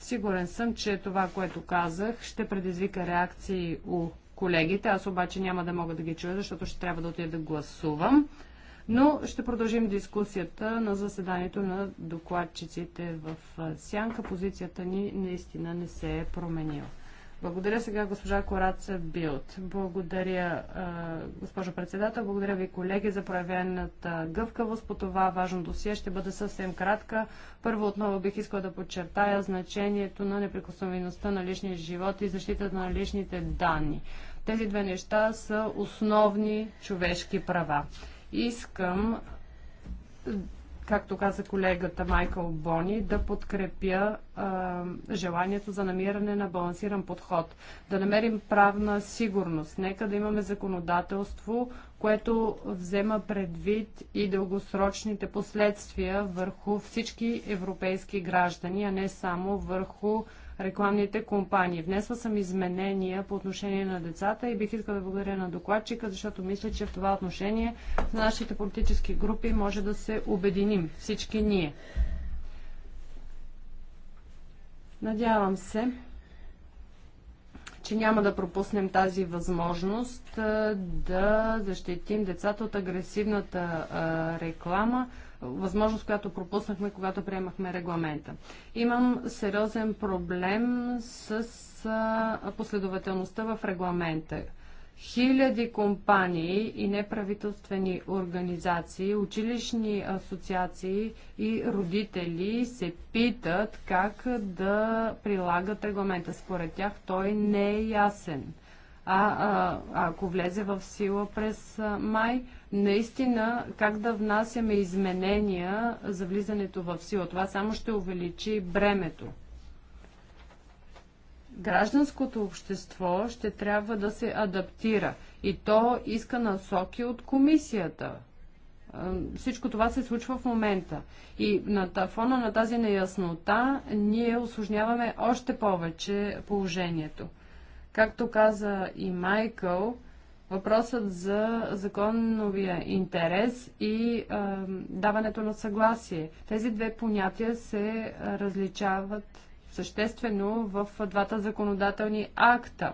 Сигурен съм, че това, което казах, ще предизвика реакции у колегите. Аз обаче няма да мога да ги чуя, защото ще трябва да отида да гласувам. Но ще продължим дискусията на заседанието на докладчиците в Сянка. Позицията ни наистина не се е променила. Благодаря сега госпожа Кораца Билт. Благодаря, госпожо председател. Благодаря ви, колеги, за проявената гъвкавост по това важно досие. Ще бъде съвсем кратка. Първо отново бих искала да подчертая значението на неприкосновеността на личния живот и защитата на личните данни. Тези две неща са основни човешки права. Искам, както каза колегата Майкъл Бони, да подкрепя а, желанието за намиране на балансиран подход, да намерим правна сигурност. Нека да имаме законодателство, което взема предвид и дългосрочните последствия върху всички европейски граждани, а не само върху рекламните компании. Внесла съм изменения по отношение на децата и бих искала да благодаря на докладчика, защото мисля, че в това отношение в нашите политически групи може да се обединим всички ние. Надявам се, че няма да пропуснем тази възможност да защитим децата от агресивната реклама възможност, която пропуснахме, когато приемахме регламента. Имам сериозен проблем с последователността в регламента. Хиляди компании и неправителствени организации, училищни асоциации и родители се питат как да прилагат регламента. Според тях той не е ясен. А, а ако влезе в сила през май, наистина как да внасяме изменения за влизането в сила. Това само ще увеличи бремето. Гражданското общество ще трябва да се адаптира и то иска насоки от комисията. Всичко това се случва в момента. И на фона на тази неяснота ние осложняваме още повече положението. Както каза и Майкъл, въпросът за законовия интерес и а, даването на съгласие. Тези две понятия се различават съществено в двата законодателни акта.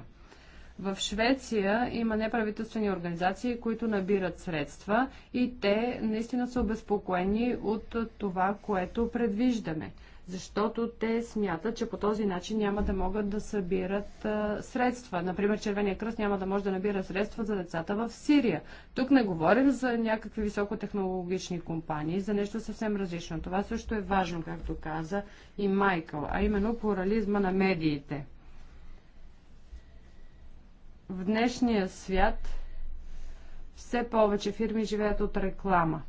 В Швеция има неправителствени организации, които набират средства и те наистина са обезпокоени от това, което предвиждаме защото те смятат, че по този начин няма да могат да събират а, средства. Например, Червения кръст няма да може да набира средства за децата в Сирия. Тук не говорим за някакви високотехнологични компании, за нещо съвсем различно. Това също е важно, както каза и Майкъл, а именно плурализма на медиите. В днешния свят все повече фирми живеят от реклама,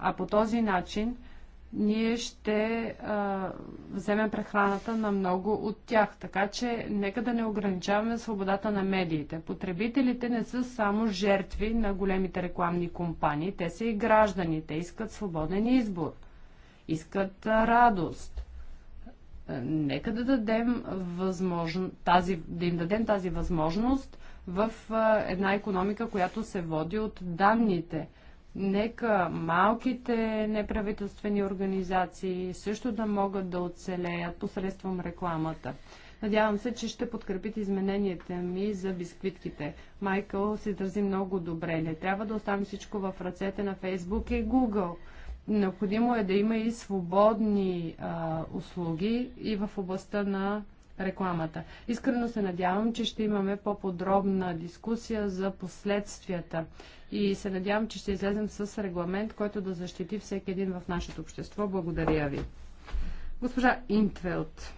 а по този начин – ние ще а, вземем прехраната на много от тях. Така че нека да не ограничаваме свободата на медиите. Потребителите не са само жертви на големите рекламни компании, те са и граждани. Те искат свободен избор, искат радост. Е, нека да дадем възможно, тази, да им дадем тази възможност в а, една економика, която се води от данните – Нека малките неправителствени организации също да могат да оцелеят посредством рекламата. Надявам се, че ще подкрепите измененията ми за бисквитките. Майкъл се държи много добре. Не трябва да оставим всичко в ръцете на Фейсбук и Google. Необходимо е да има и свободни а, услуги и в областта на рекламата. Искрено се надявам, че ще имаме по-подробна дискусия за последствията и се надявам, че ще излезем с регламент, който да защити всеки един в нашето общество. Благодаря ви. Госпожа Интвелт.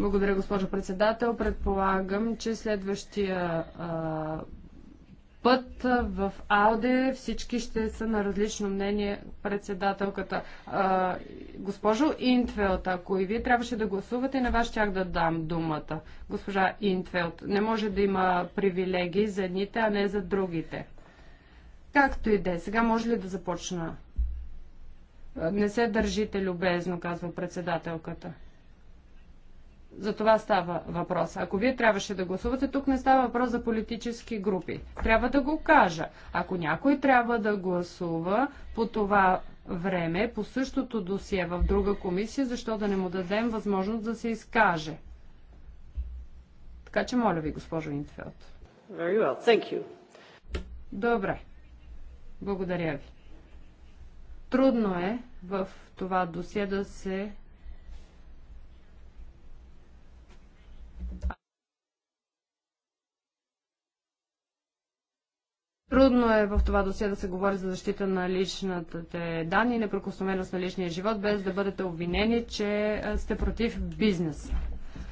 Благодаря, госпожо председател. Предполагам, че следващия а, път в Ауде всички ще са на различно мнение председателката. А, госпожо Интфелд, ако и вие трябваше да гласувате, на вас чак да дам думата. Госпожа Интфелд, не може да има привилегии за едните, а не за другите. Както и да е, сега може ли да започна? Не се държите любезно, казва председателката. За това става въпрос. Ако вие трябваше да гласувате, тук не става въпрос за политически групи. Трябва да го кажа. Ако някой трябва да гласува по това време, по същото досие в друга комисия, защо да не му дадем възможност да се изкаже? Така че, моля ви, госпожо Инфелд. Very well. Thank you. Добре. Благодаря ви. Трудно е в това досие да се Трудно е в това досие да се говори за защита на те данни и непрекосновеност на личния живот, без да бъдете обвинени, че сте против бизнеса.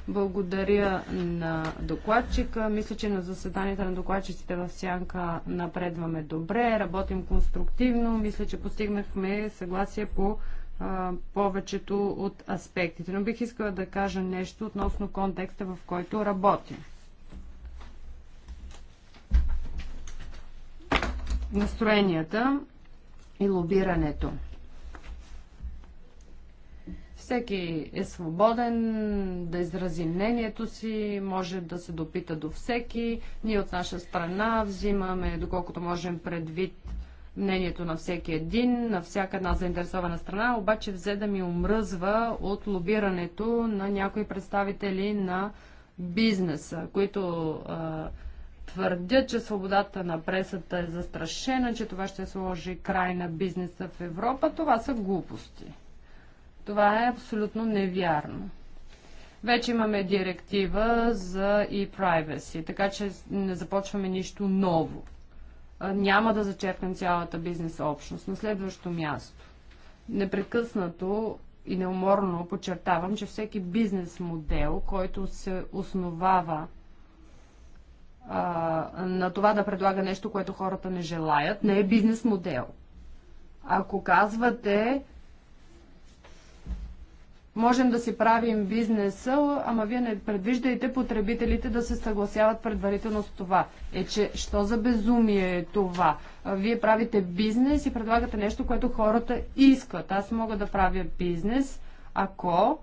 Благодаря на докладчика. Мисля, че на заседанията на докладчиците в Сянка напредваме добре, работим конструктивно. Мисля, че постигнахме съгласие по а, повечето от аспектите. Но бих искала да кажа нещо относно контекста, в който работим. настроенията и лобирането. Всеки е свободен да изрази мнението си, може да се допита до всеки. Ние от наша страна взимаме, доколкото можем предвид мнението на всеки един, на всяка една заинтересована страна, обаче взе да ми омръзва от лобирането на някои представители на бизнеса, които а, твърдят, че свободата на пресата е застрашена, че това ще сложи край на бизнеса в Европа, това са глупости. Това е абсолютно невярно. Вече имаме директива за e-privacy, така че не започваме нищо ново. Няма да зачерпнем цялата бизнес общност. На следващо място. Непрекъснато и неуморно подчертавам, че всеки бизнес модел, който се основава а, на това да предлага нещо, което хората не желаят, не е бизнес модел. Ако казвате, можем да си правим бизнеса, ама вие не предвиждайте потребителите да се съгласяват предварително с това. Е, че що за безумие е това? Вие правите бизнес и предлагате нещо, което хората искат. Аз мога да правя бизнес, ако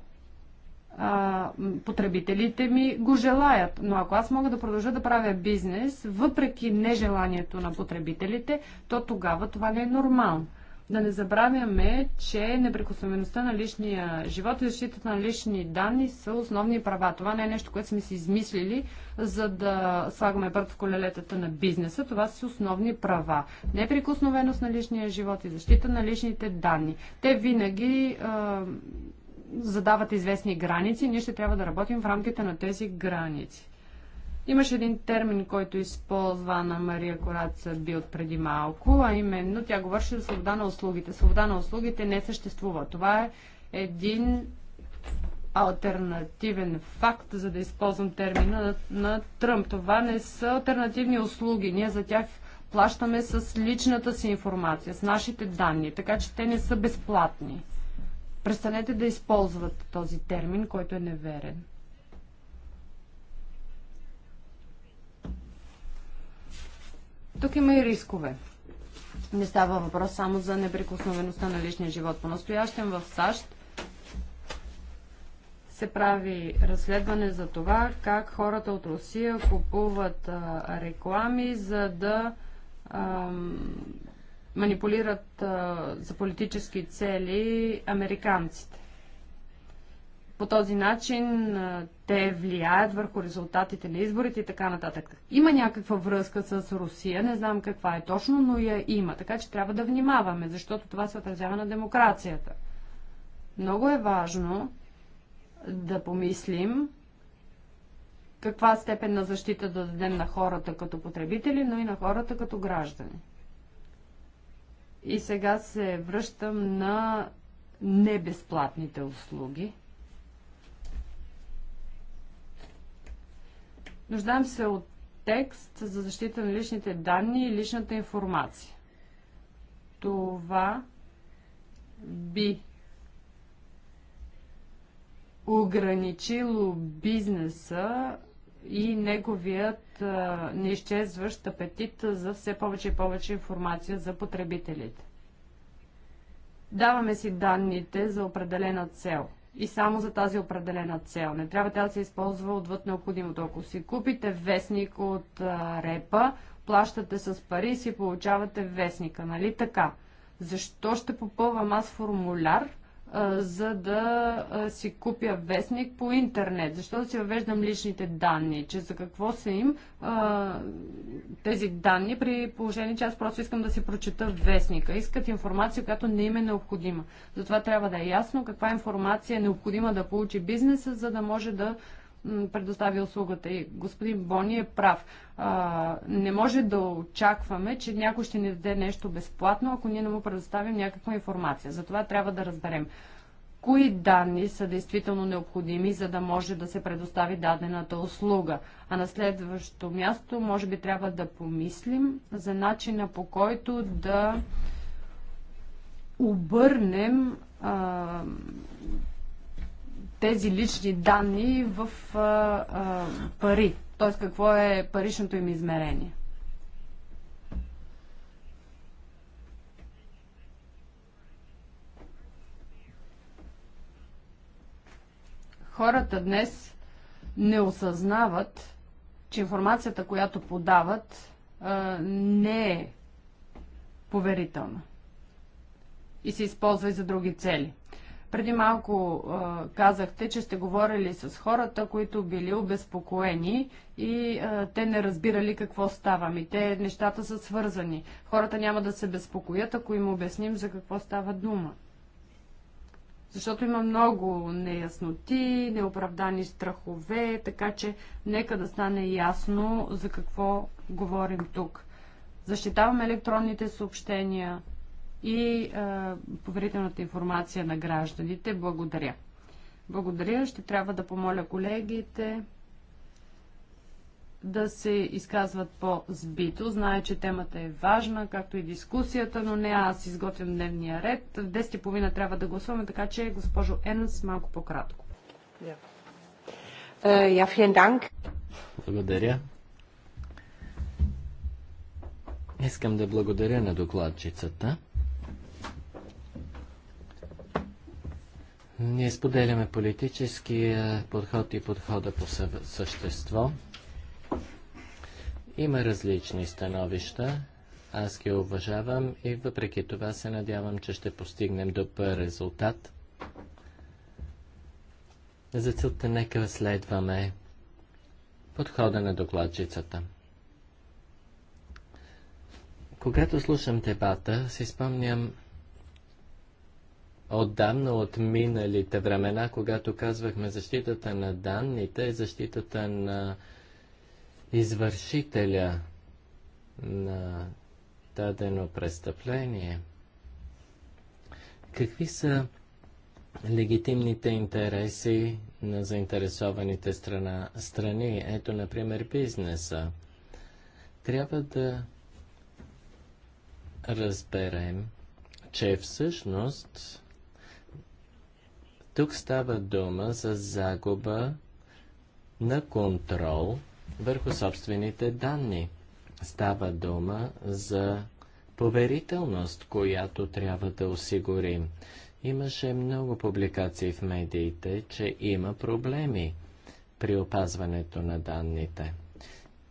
а, потребителите ми го желаят. Но ако аз мога да продължа да правя бизнес, въпреки нежеланието на потребителите, то тогава това не е нормално. Да не забравяме, че неприкосновеността на личния живот и защитата на лични данни са основни права. Това не е нещо, което сме си измислили, за да слагаме прът в колелетата на бизнеса. Това са основни права. Неприкосновеност на личния живот и защита на личните данни. Те винаги задават известни граници, ние ще трябва да работим в рамките на тези граници. Имаше един термин, който използва на Мария Кораца от преди малко, а именно тя говореше за свобода на услугите. Свобода на услугите не съществува. Това е един альтернативен факт, за да използвам термина на, на Тръмп. Това не са альтернативни услуги. Ние за тях плащаме с личната си информация, с нашите данни, така че те не са безплатни. Престанете да използват този термин, който е неверен. Тук има и рискове. Не става въпрос само за неприкосновеността на личния живот. По-настоящем в САЩ се прави разследване за това как хората от Русия купуват а, реклами, за да манипулират а, за политически цели американците. По този начин а, те влияят върху резултатите на изборите и така нататък. Има някаква връзка с Русия, не знам каква е точно, но я има. Така че трябва да внимаваме, защото това се отразява на демокрацията. Много е важно да помислим каква степен на защита да дадем на хората като потребители, но и на хората като граждани. И сега се връщам на небезплатните услуги. Нуждаем се от текст за защита на личните данни и личната информация. Това би ограничило бизнеса и неговият неизчезващ апетит за все повече и повече информация за потребителите. Даваме си данните за определена цел и само за тази определена цел. Не трябва тя да се използва отвъд необходимото. Ако си купите вестник от а, репа, плащате с пари и си получавате вестника, нали така? Защо ще попълвам аз формуляр, за да си купя вестник по интернет? Защо да си въвеждам личните данни? Че за какво са им тези данни при положение, че аз просто искам да си прочета вестника? Искат информация, която не им е необходима. Затова трябва да е ясно каква информация е необходима да получи бизнеса, за да може да предостави услугата. И господин Бони е прав. А, не може да очакваме, че някой ще ни даде нещо безплатно, ако ние не му предоставим някаква информация. Затова трябва да разберем кои данни са действително необходими, за да може да се предостави дадената услуга. А на следващото място, може би трябва да помислим за начина по който да обърнем а, тези лични данни в а, а, пари? Тоест, какво е паричното им измерение? Хората днес не осъзнават, че информацията, която подават, не е поверителна и се използва и за други цели. Преди малко а, казахте, че сте говорили с хората, които били обезпокоени и а, те не разбирали какво става. И ами, те нещата са свързани. Хората няма да се безпокоят, ако им обясним за какво става дума. Защото има много неясноти, неоправдани страхове, така че нека да стане ясно за какво говорим тук. Защитаваме електронните съобщения, и а, поверителната информация на гражданите. Благодаря. Благодаря. Ще трябва да помоля колегите да се изказват по-збито. Знае, че темата е важна, както и дискусията, но не аз изготвям дневния ред. В 10.30 трябва да гласуваме, така че госпожо Енс, малко по-кратко. Yeah. Е, uh, Благодаря. Искам да благодаря на докладчицата. Ние споделяме политическия подход и подхода по същество. Има различни становища. Аз ги уважавам и въпреки това се надявам, че ще постигнем добър резултат. За целта нека следваме подхода на докладчицата. Когато слушам дебата, си спомням отдавна от миналите времена, когато казвахме защитата на данните, и защитата на извършителя на дадено престъпление. Какви са легитимните интереси на заинтересованите страна, страни? Ето, например, бизнеса. Трябва да разберем, че всъщност тук става дума за загуба на контрол върху собствените данни. Става дума за поверителност, която трябва да осигурим. Имаше много публикации в медиите, че има проблеми при опазването на данните.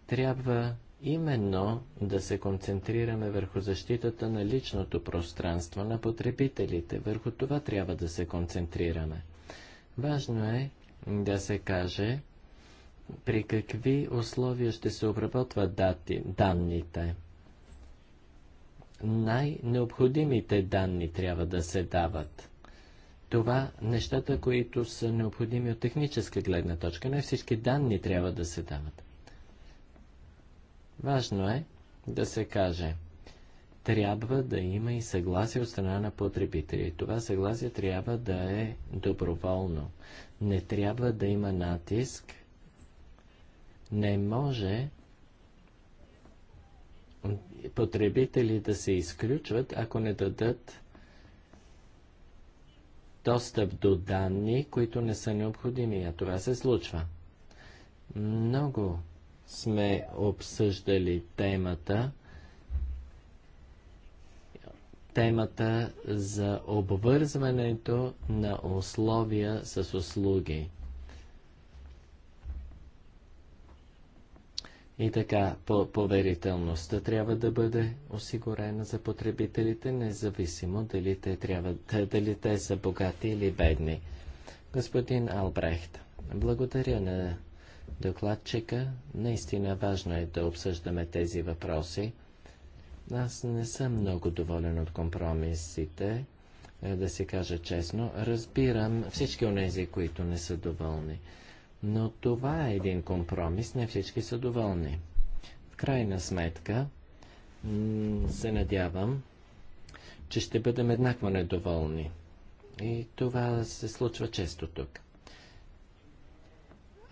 Трябва именно да се концентрираме върху защитата на личното пространство на потребителите. Върху това трябва да се концентрираме. Важно е да се каже при какви условия ще се обработват дати, данните. Най-необходимите данни трябва да се дават. Това нещата, които са необходими от техническа гледна точка. Не всички данни трябва да се дават. Важно е да се каже, трябва да има и съгласие от страна на потребители. Това съгласие трябва да е доброволно. Не трябва да има натиск. Не може потребители да се изключват, ако не дадат достъп до данни, които не са необходими. А това се случва. Много сме обсъждали темата темата за обвързването на условия с услуги. И така, по поверителността трябва да бъде осигурена за потребителите, независимо дали те, трябва, дали те са богати или бедни. Господин Албрехт, благодаря на докладчика. Наистина важно е да обсъждаме тези въпроси. Аз не съм много доволен от компромисите, е, да се кажа честно. Разбирам всички тези, които не са доволни. Но това е един компромис, не всички са доволни. В крайна сметка, се надявам, че ще бъдем еднакво недоволни. И това се случва често тук.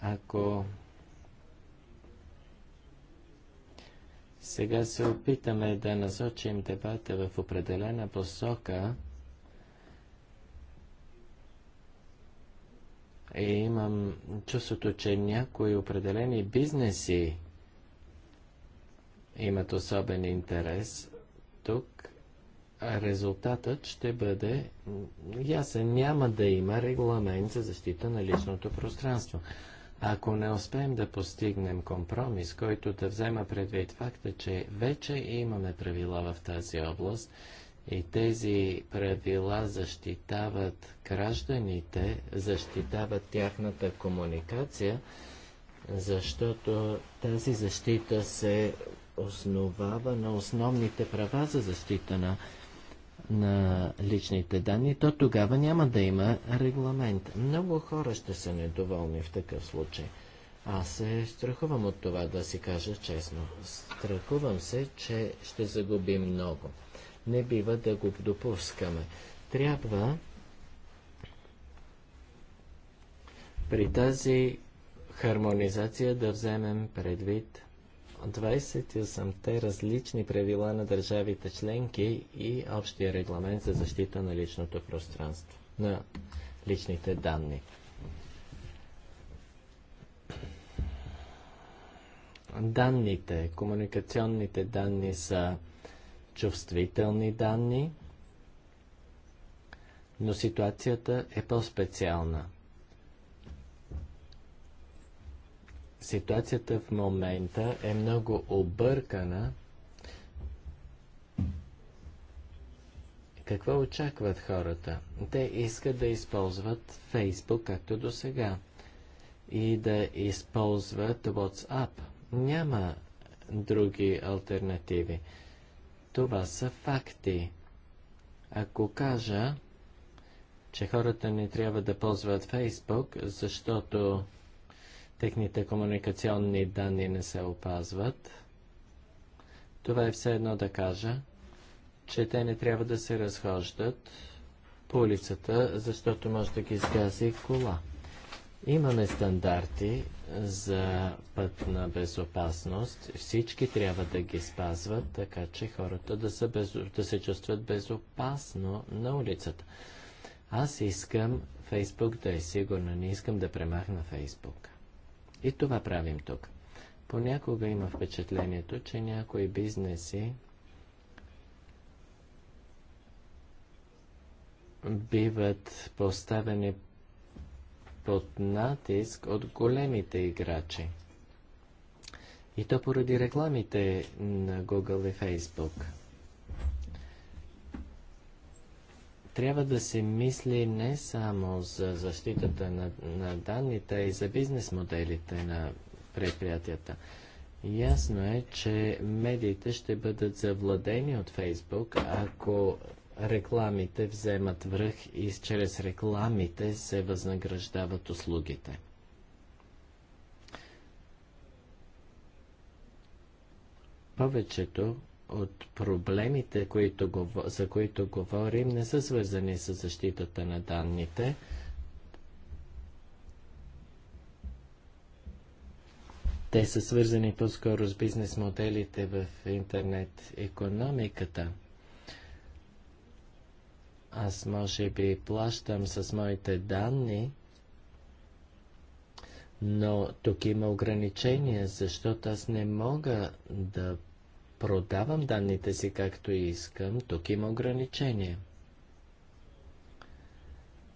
Ако сега се опитаме да насочим дебата в определена посока, и е, имам чувството, че някои определени бизнеси имат особен интерес, тук резултатът ще бъде ясен. Няма да има регламент за защита на личното пространство. Ако не успеем да постигнем компромис, който да взема предвид факта, че вече имаме правила в тази област и тези правила защитават гражданите, защитават тяхната комуникация, защото тази защита се основава на основните права за защита на на личните данни, то тогава няма да има регламент. Много хора ще са недоволни в такъв случай. Аз се страхувам от това, да си кажа честно. Страхувам се, че ще загубим много. Не бива да го допускаме. Трябва при тази хармонизация да вземем предвид 28-те различни правила на държавите членки и общия регламент за защита на личното пространство, на личните данни. Данните, комуникационните данни са чувствителни данни, но ситуацията е по-специална – ситуацията в момента е много объркана. Какво очакват хората? Те искат да използват Фейсбук, както до сега, и да използват WhatsApp. Няма други альтернативи. Това са факти. Ако кажа, че хората не трябва да ползват Фейсбук, защото техните комуникационни данни не се опазват. Това е все едно да кажа, че те не трябва да се разхождат по улицата, защото може да ги сгази кола. Имаме стандарти за път на безопасност. Всички трябва да ги спазват, така че хората да, са без... да се чувстват безопасно на улицата. Аз искам Фейсбук да е сигурна. Не искам да премахна фейсбука. И това правим тук. Понякога има впечатлението, че някои бизнеси биват поставени под натиск от големите играчи. И то поради рекламите на Google и Facebook – трябва да се мисли не само за защитата на, на данните, а и за бизнес моделите на предприятията. Ясно е, че медиите ще бъдат завладени от Фейсбук, ако рекламите вземат връх и чрез рекламите се възнаграждават услугите. Повечето от проблемите, които, за които говорим, не са свързани с защитата на данните. Те са свързани по-скоро с бизнес моделите в интернет економиката. Аз може би плащам с моите данни, но тук има ограничения, защото аз не мога да продавам данните си както искам, тук има ограничение.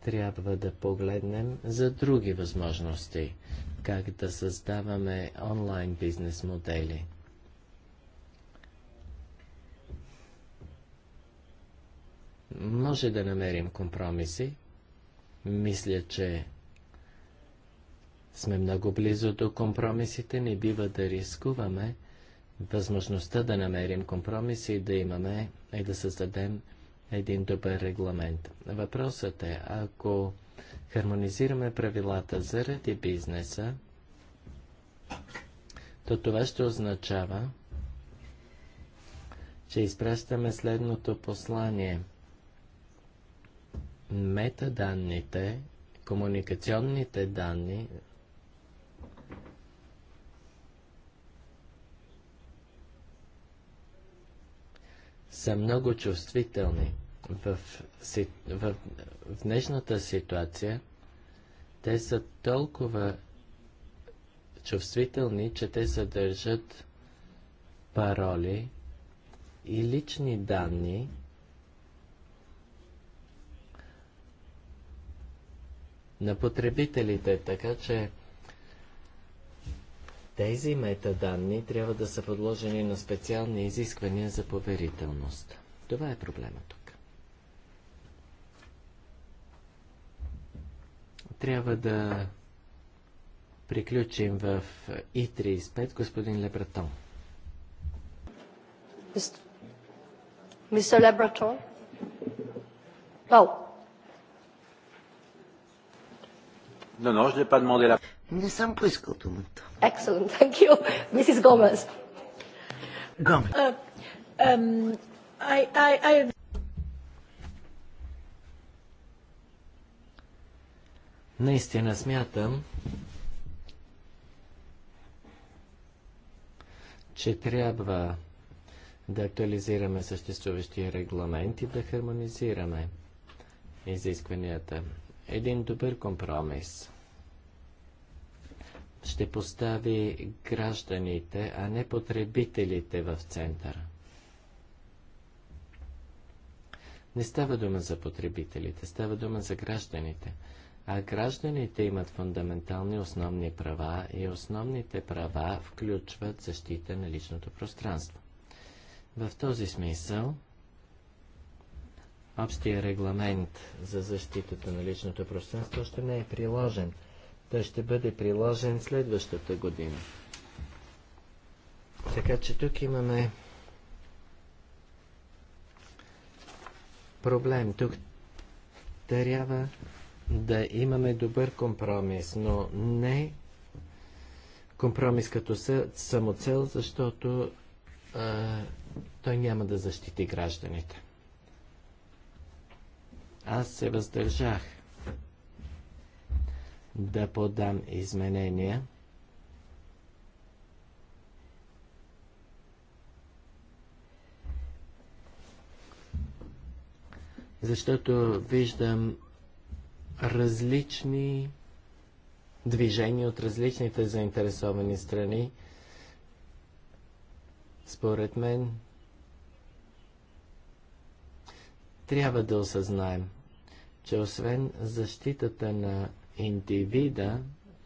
Трябва да погледнем за други възможности, как да създаваме онлайн бизнес модели. Може да намерим компромиси. Мисля, че сме много близо до компромисите, не бива да рискуваме възможността да намерим компромиси и да имаме и да създадем един добър регламент. Въпросът е, ако хармонизираме правилата заради бизнеса, то това ще означава, че изпращаме следното послание. Метаданните, комуникационните данни са много чувствителни. В, си, в, в днешната ситуация те са толкова чувствителни, че те съдържат пароли и лични данни, на потребителите, така че тези метаданни трябва да са подложени на специални изисквания за поверителност. Това е проблема тук. Трябва да приключим в И35, господин Лебратон. Мистер Лебратон? не, не, не, не, не, не, не не съм поискал думата. Excellent, thank you. Mrs. Gomez. Gomez. Uh, um, I, I, I... Наистина смятам, че трябва да актуализираме съществуващия регламент и да хармонизираме изискванията. Един добър компромис ще постави гражданите, а не потребителите в центъра. Не става дума за потребителите, става дума за гражданите. А гражданите имат фундаментални основни права и основните права включват защита на личното пространство. В този смисъл, общия регламент за защитата на личното пространство още не е приложен – той ще бъде приложен следващата година. Така че тук имаме проблем. Тук трябва да имаме добър компромис, но не компромис като самоцел, защото а, той няма да защити гражданите. Аз се въздържах да подам изменения. Защото виждам различни движения от различните заинтересовани страни. Според мен, трябва да осъзнаем, че освен защитата на индивида,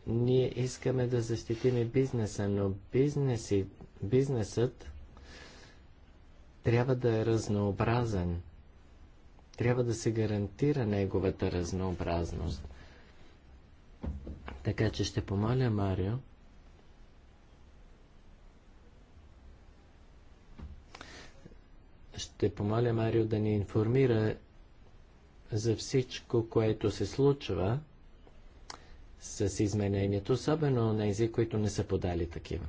ние искаме да защитим и бизнеса, но бизнеси, бизнесът трябва да е разнообразен. Трябва да се гарантира неговата разнообразност. Така че ще помоля Марио ще помоля Марио да ни информира за всичко, което се случва с изменението, особено на тези, които не са подали такива.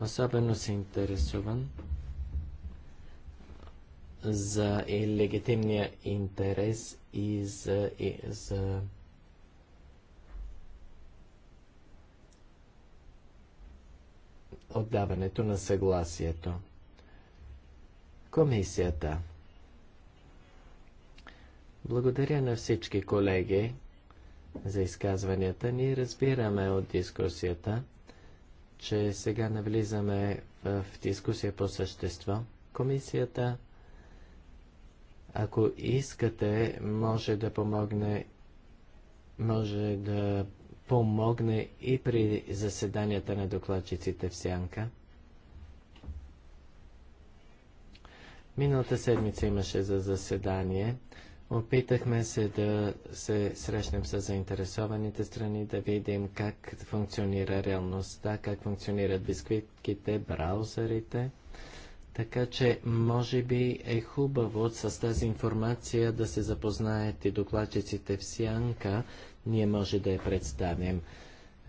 Особено се интересувам за и легитимния интерес и за, и за отдаването на съгласието. Комисията благодаря на всички колеги за изказванията. Ние разбираме от дискусията, че сега навлизаме в дискусия по същество. Комисията, ако искате, може да помогне може да помогне и при заседанията на докладчиците в Сянка. Миналата седмица имаше за заседание Опитахме се да се срещнем с заинтересованите страни, да видим как функционира реалността, как функционират бисквитките, браузерите. Така че, може би е хубаво с тази информация да се запознаят и докладчиците в Сянка. Ние може да я представим.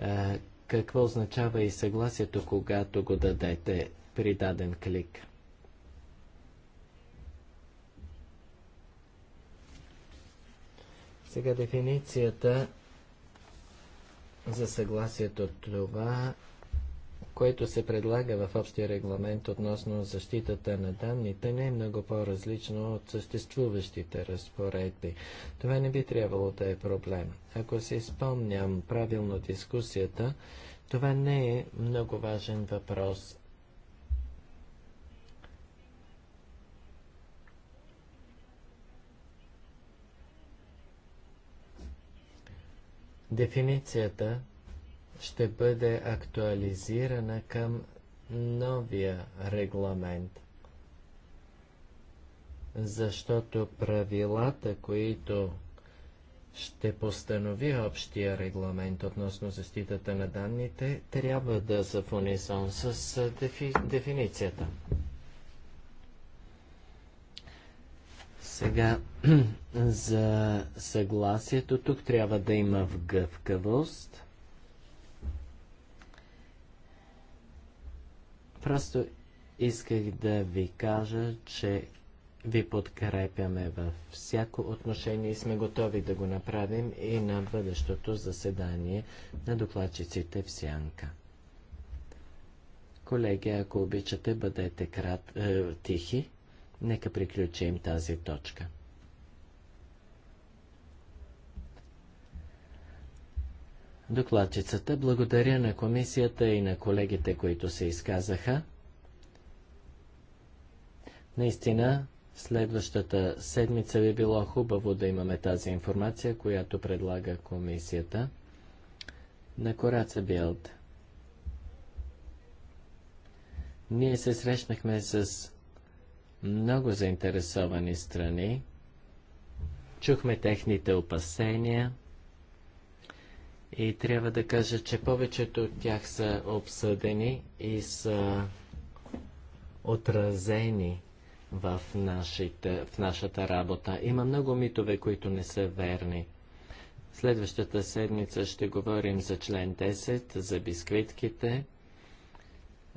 Е, какво означава и съгласието, когато го дадете при даден клик? Сега дефиницията за съгласието това, което се предлага в общия регламент относно защитата на данните, не е много по-различно от съществуващите разпоредби. Това не би трябвало да е проблем. Ако си спомням правилно дискусията, това не е много важен въпрос Дефиницията ще бъде актуализирана към новия регламент, защото правилата, които ще постанови общия регламент относно защитата на данните, трябва да са в унисон с дефи... дефиницията. Сега за съгласието тук трябва да има в гъвкавост. Просто исках да ви кажа, че ви подкрепяме във всяко отношение и сме готови да го направим и на бъдещото заседание на докладчиците в Сянка. Колеги, ако обичате, бъдете крат, е, тихи. Нека приключим тази точка. Докладчицата благодаря на комисията и на колегите, които се изказаха. Наистина, следващата седмица би било хубаво да имаме тази информация, която предлага комисията на Кораца Билд. Ние се срещнахме с много заинтересовани страни. Чухме техните опасения и трябва да кажа, че повечето от тях са обсъдени и са отразени в, нашите, в нашата работа. Има много митове, които не са верни. Следващата седмица ще говорим за член 10, за бисквитките.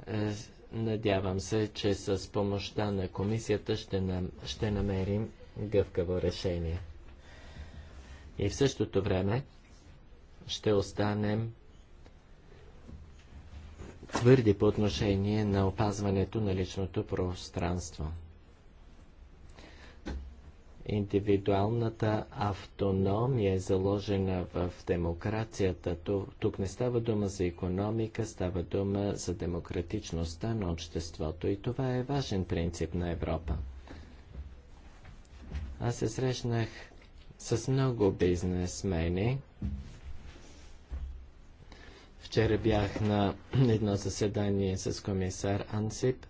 Е, Надявам се, че с помощта на комисията ще, нам, ще намерим гъвкаво решение. И в същото време ще останем твърди по отношение на опазването на личното пространство. Индивидуалната автономия е заложена в демокрацията. Тук не става дума за економика, става дума за демократичността на обществото и това е важен принцип на Европа. Аз се срещнах с много бизнесмени. Вчера бях на едно заседание с комисар Ансип.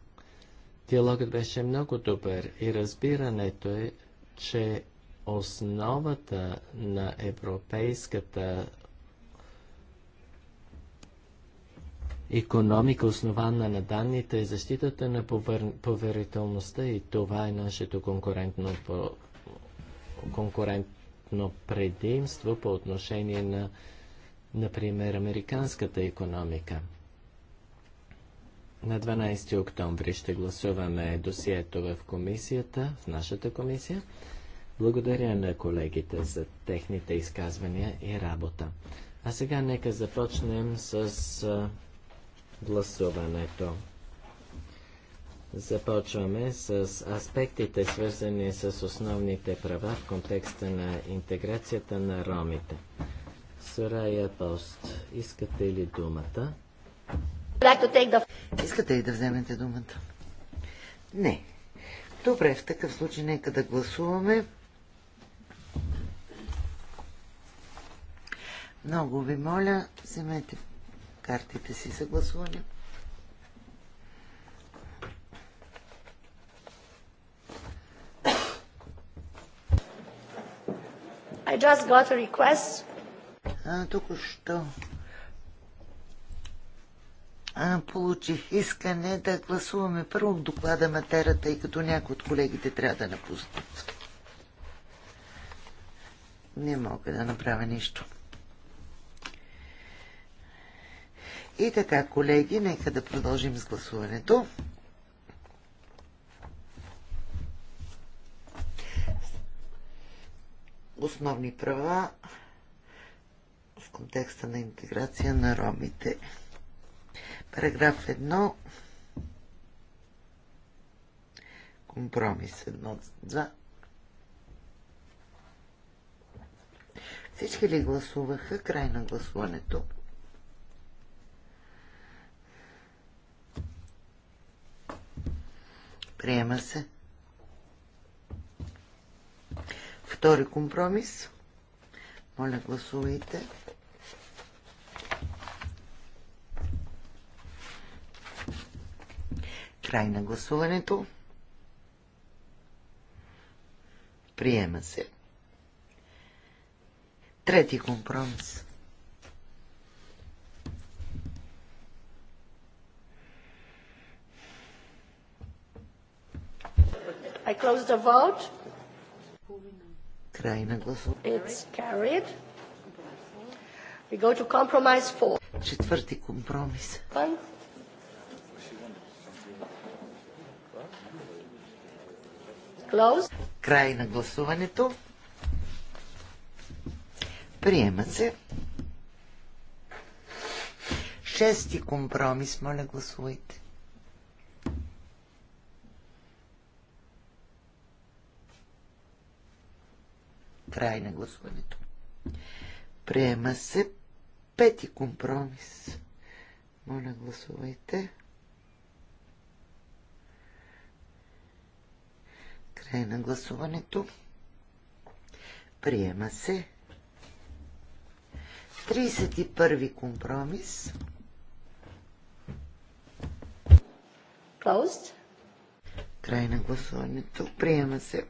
Диалогът беше много добър и разбирането е, че основата на европейската економика, основана на данните, е защитата на поверителността и това е нашето конкурентно, по... конкурентно предимство по отношение на, например, американската економика. На 12 октомври ще гласуваме досието в комисията, в нашата комисия. Благодаря на колегите за техните изказвания и работа. А сега нека започнем с гласуването. Започваме с аспектите, свързани с основните права в контекста на интеграцията на ромите. Сурая Пост, искате ли думата? Искате ли да вземете думата? Не. Добре, в такъв случай нека да гласуваме Много ви моля, вземете картите си за гласуване. I just got a request. А, току-що получих искане да гласуваме първо доклада Матера, тъй като някои от колегите трябва да напуснат. Не мога да направя нищо. И така, колеги, нека да продължим с гласуването. Основни права в контекста на интеграция на ромите. Параграф 1. Компромис 1. 2. Всички ли гласуваха край на гласуването? Приема се. Втори компромис. Моля, гласувайте. Край на гласуването. Приема се. Трети компромис. I close the vote. It's carried. We go to compromise four. Четвърти компромис. Close. Край на гласуването. Приема се. Шести компромис, моля гласувайте. Край на гласуването. Приема се пети компромис. Моля, гласувайте. Край на гласуването. Приема се. 31 компромис. Closed. Край на гласуването. Приема се.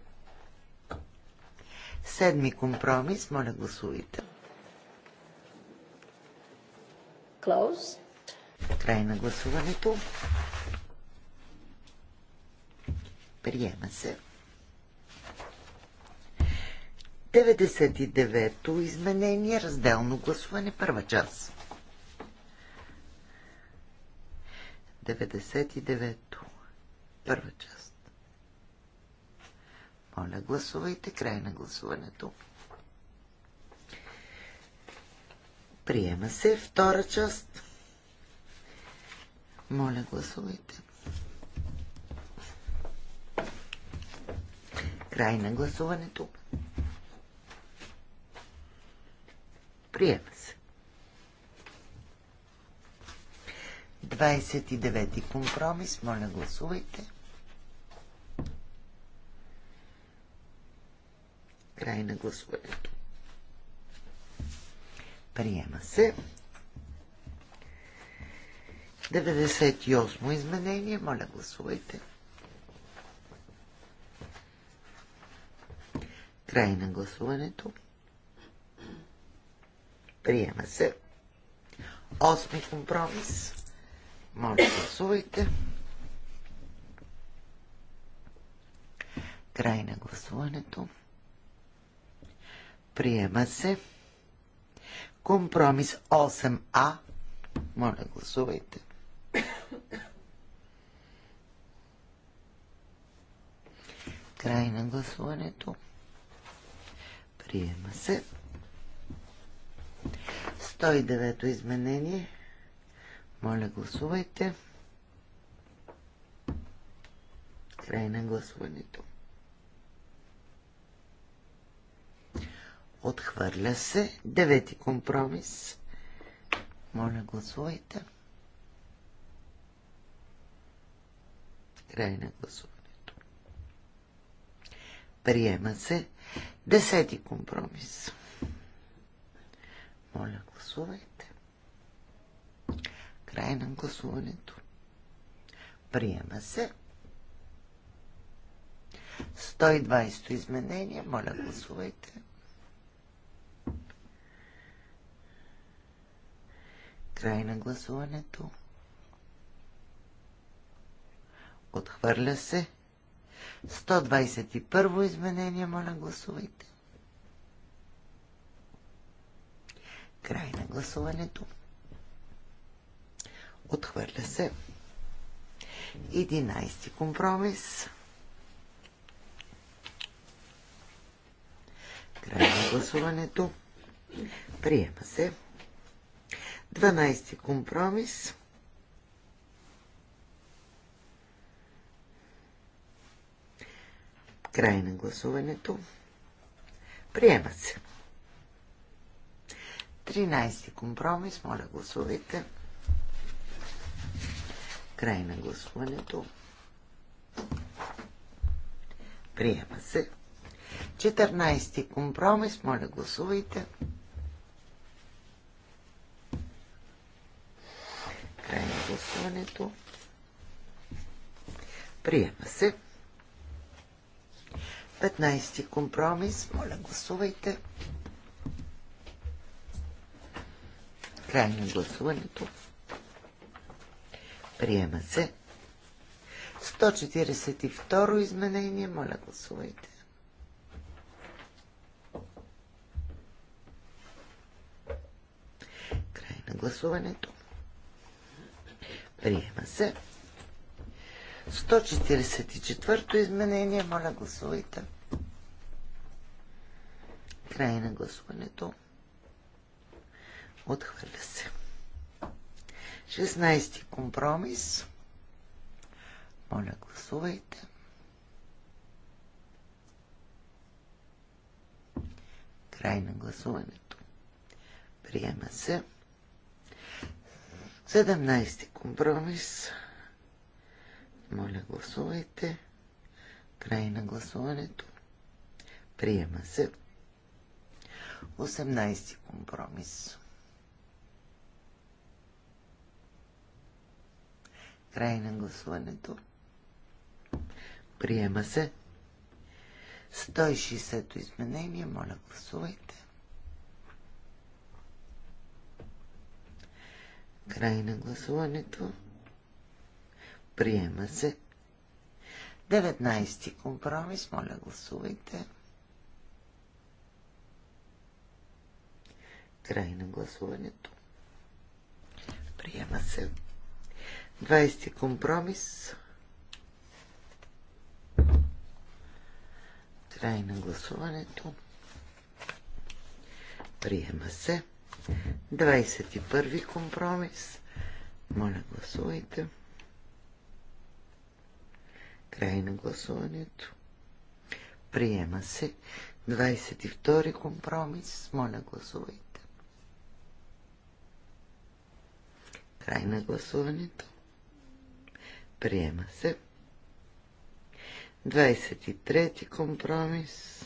Седми компромис. Моля, гласувайте. Close. Край на гласуването. Приема се. 99-то изменение, разделно гласуване, първа част. 99-то, първа част. Моля, гласувайте. Край на гласуването. Приема се втора част. Моля, гласувайте. Край на гласуването. Приема се. 29 компромис. Моля, гласувайте. Край на гласуването. Приема се. 98 изменение. Моля, гласувайте. Край на гласуването. Приема се. Осми компромис. Моля, гласувайте. Край на гласуването. Приема се. Компромис 8А. Моля, гласувайте. Край на гласуването. Приема се. 109-то изменение. Моля, гласувайте. Край на гласуването. Отхвърля се. Девети компромис. Моля, гласувайте. Край на гласуването. Приема се. Десети компромис. Моля, гласувайте. Край на гласуването. Приема се. 120 изменения. Моля, гласувайте. Край на гласуването. Отхвърля се. 121 изменение, моля гласувайте. Край на гласуването. Отхвърля се. 11 компромис. Край на гласуването. Приема се. 12 компромис. Край на гласуването. Приема се. 13 компромис. Моля, гласувайте. Край на гласуването. Приема се. 14 компромис. Моля, гласувайте. Гласувайте. Край на гласуването. Приема се. 15 ти компромис. Моля, гласувайте. Край на гласуването. Приема се. 142 изменение. Моля, гласувайте. Край на гласуването. Приема се. 144-то изменение. Моля, гласувайте. Край на гласуването. Отхвърля се. 16-ти компромис. Моля, гласувайте. Край на гласуването. Приема се. 17 компромис. Моля, гласувайте. Край на гласуването. Приема се. 18 компромис. Край на гласуването. Приема се. 160 изменения, изменение. Моля, гласувайте. Край на гласуването. Приема се. 19 компромис. Моля, гласувайте. Край на гласуването. Приема се. 20 компромис. Край на гласуването. Приема се. 21 компромис. Моля, гласувайте. Край на гласуването. Приема се. 22 компромис. Моля, гласувайте. Край на гласуването. Приема се. 23 компромис.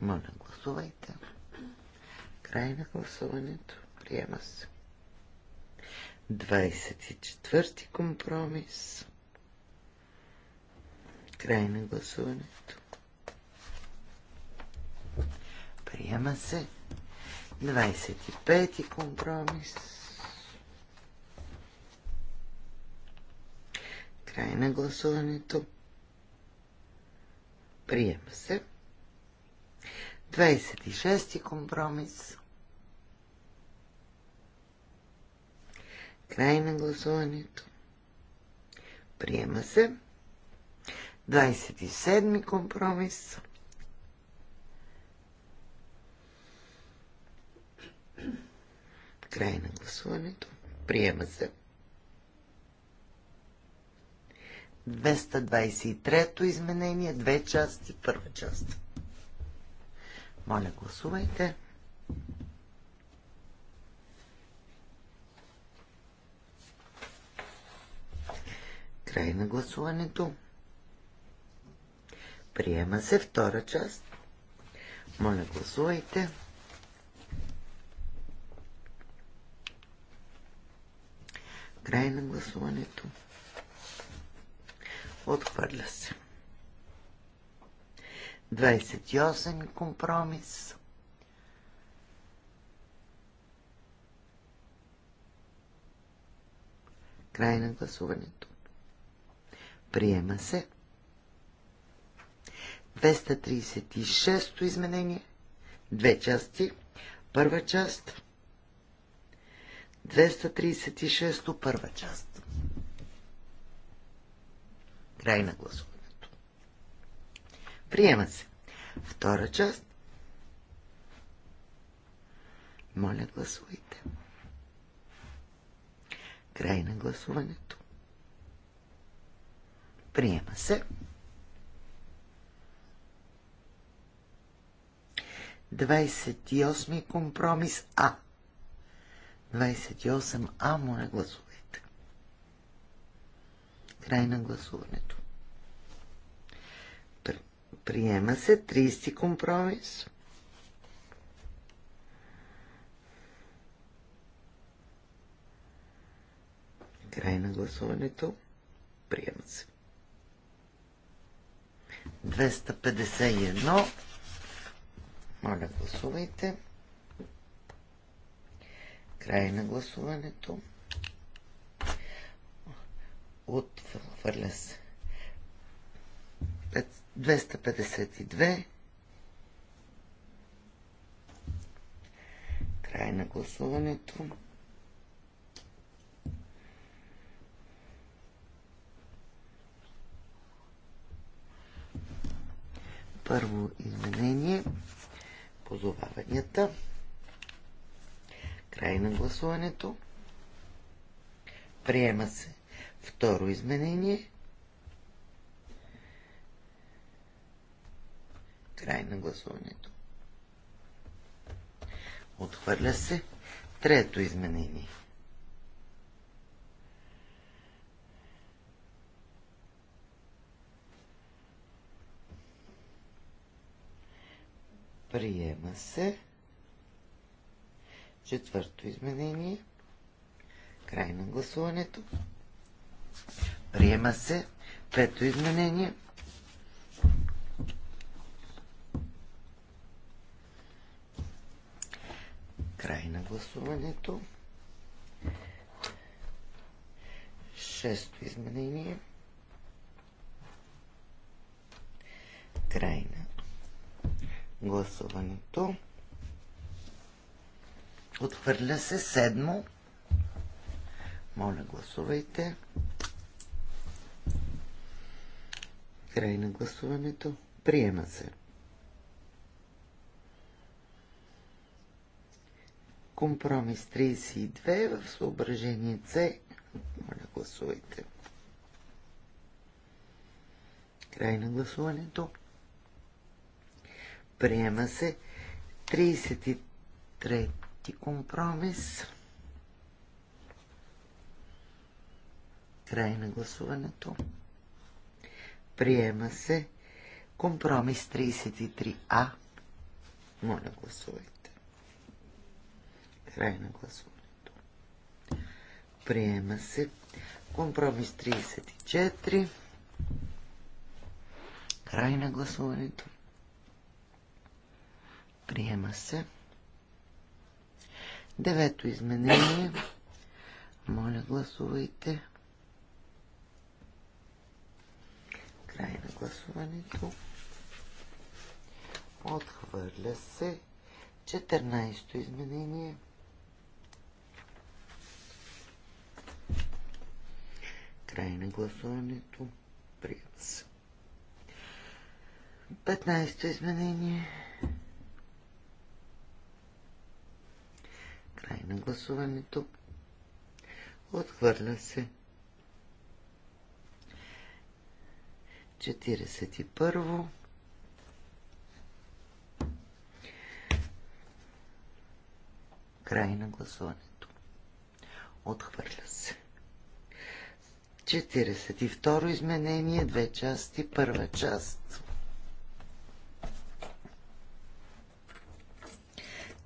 Моля, гласувайте. Край на гласуването. Приема се. 24-ти компромис. Край на гласуването. Приема се. 25-ти компромис. Край на гласуването. Приема се. 26-ти компромис. Край на гласуването. Приема се. 27 компромис. Край на гласуването. Приема се. 223-то изменение, две части, първа част. Моля, гласувайте. Гласувайте. Край на гласуването. Приема се втора част. Моля, гласувайте. Край на гласуването. Отхвърля се. 28 компромис. Край на гласуването. Приема се. 236-то изменение. Две части. Първа част. 236-то първа част. Край на гласуването. Приема се. Втора част. Моля, гласувайте. Край на гласуването. Приема се. 28 компромис А. 28А, моля гласувайте. Край на гласуването. Приема се 30 компромис. Край на гласуването. Приема се. 251. Моля, гласувайте. Край на гласуването. Отвърля се. 252. Край на гласуването. Първо изменение. Позоваванията. Край на гласуването. Приема се. Второ изменение. Край на гласуването. Отхвърля се. Трето изменение. Приема се. Четвърто изменение. Край на гласуването. Приема се. Пето изменение. Край на гласуването. Шесто изменение. Край на гласуването. Отхвърля се седмо. Моля, гласувайте. Край на гласуването. Приема се. Компромис 32 в съображение С. Моля, гласувайте. Край на гласуването. Приема се 33 компромис. Край на гласуването. Приема се компромис 33А. Моля, гласувайте. Край на гласуването. Приема се компромис 34. Край на гласуването. Приема се. Девето изменение. Моля, гласувайте. Край на гласуването. Отхвърля се. 14-то изменение. Край на гласуването. Приема се. 15-то изменение. Край на гласуването. Отхвърля се. 41. Край на гласуването. Отхвърля се. 42 изменение, две части, първа част.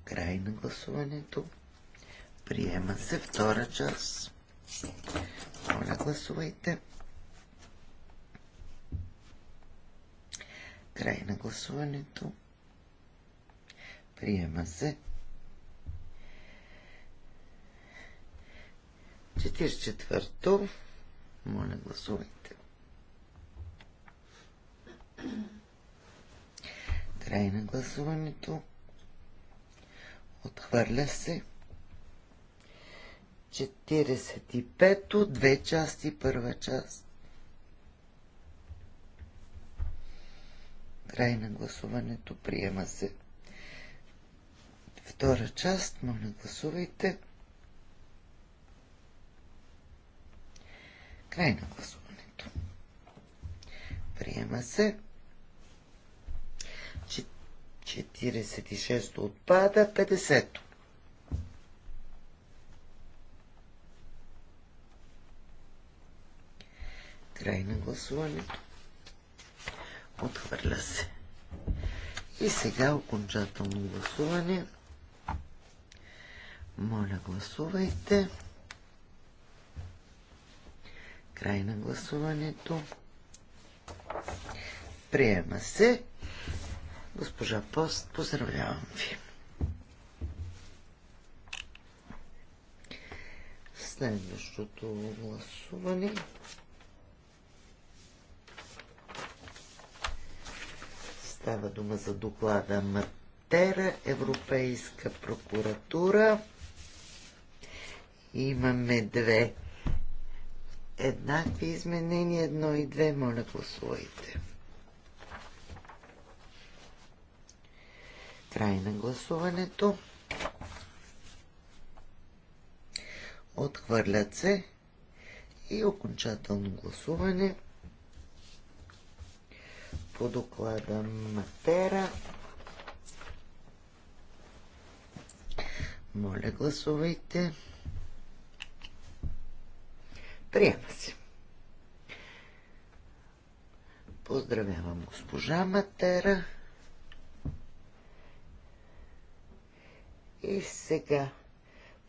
Край на гласуването. Приема се втора част. Моля, гласувайте. Край на гласуването. Приема се. 44-то. Моля, гласувайте. Край на гласуването. Отхвърля се. 45 45-то, две части, първа част. Край на гласуването, приема се. Втора част, моля гласувайте. Край на гласуването. Приема се. 46 отпада, 50-то. Край на гласуването. Отхвърля се. И сега окончателно гласуване. Моля, гласувайте. Край на гласуването. Приема се. Госпожа Пост, поздравлявам ви. Следващото гласуване. Става дума за доклада Матера, Европейска прокуратура. Имаме две еднакви изменения, едно и две. Моля, гласувайте. Край на гласуването. Отхвърлят се и окончателно гласуване по доклада Матера. Моля, гласувайте. Приема се. Поздравявам госпожа Матера. И сега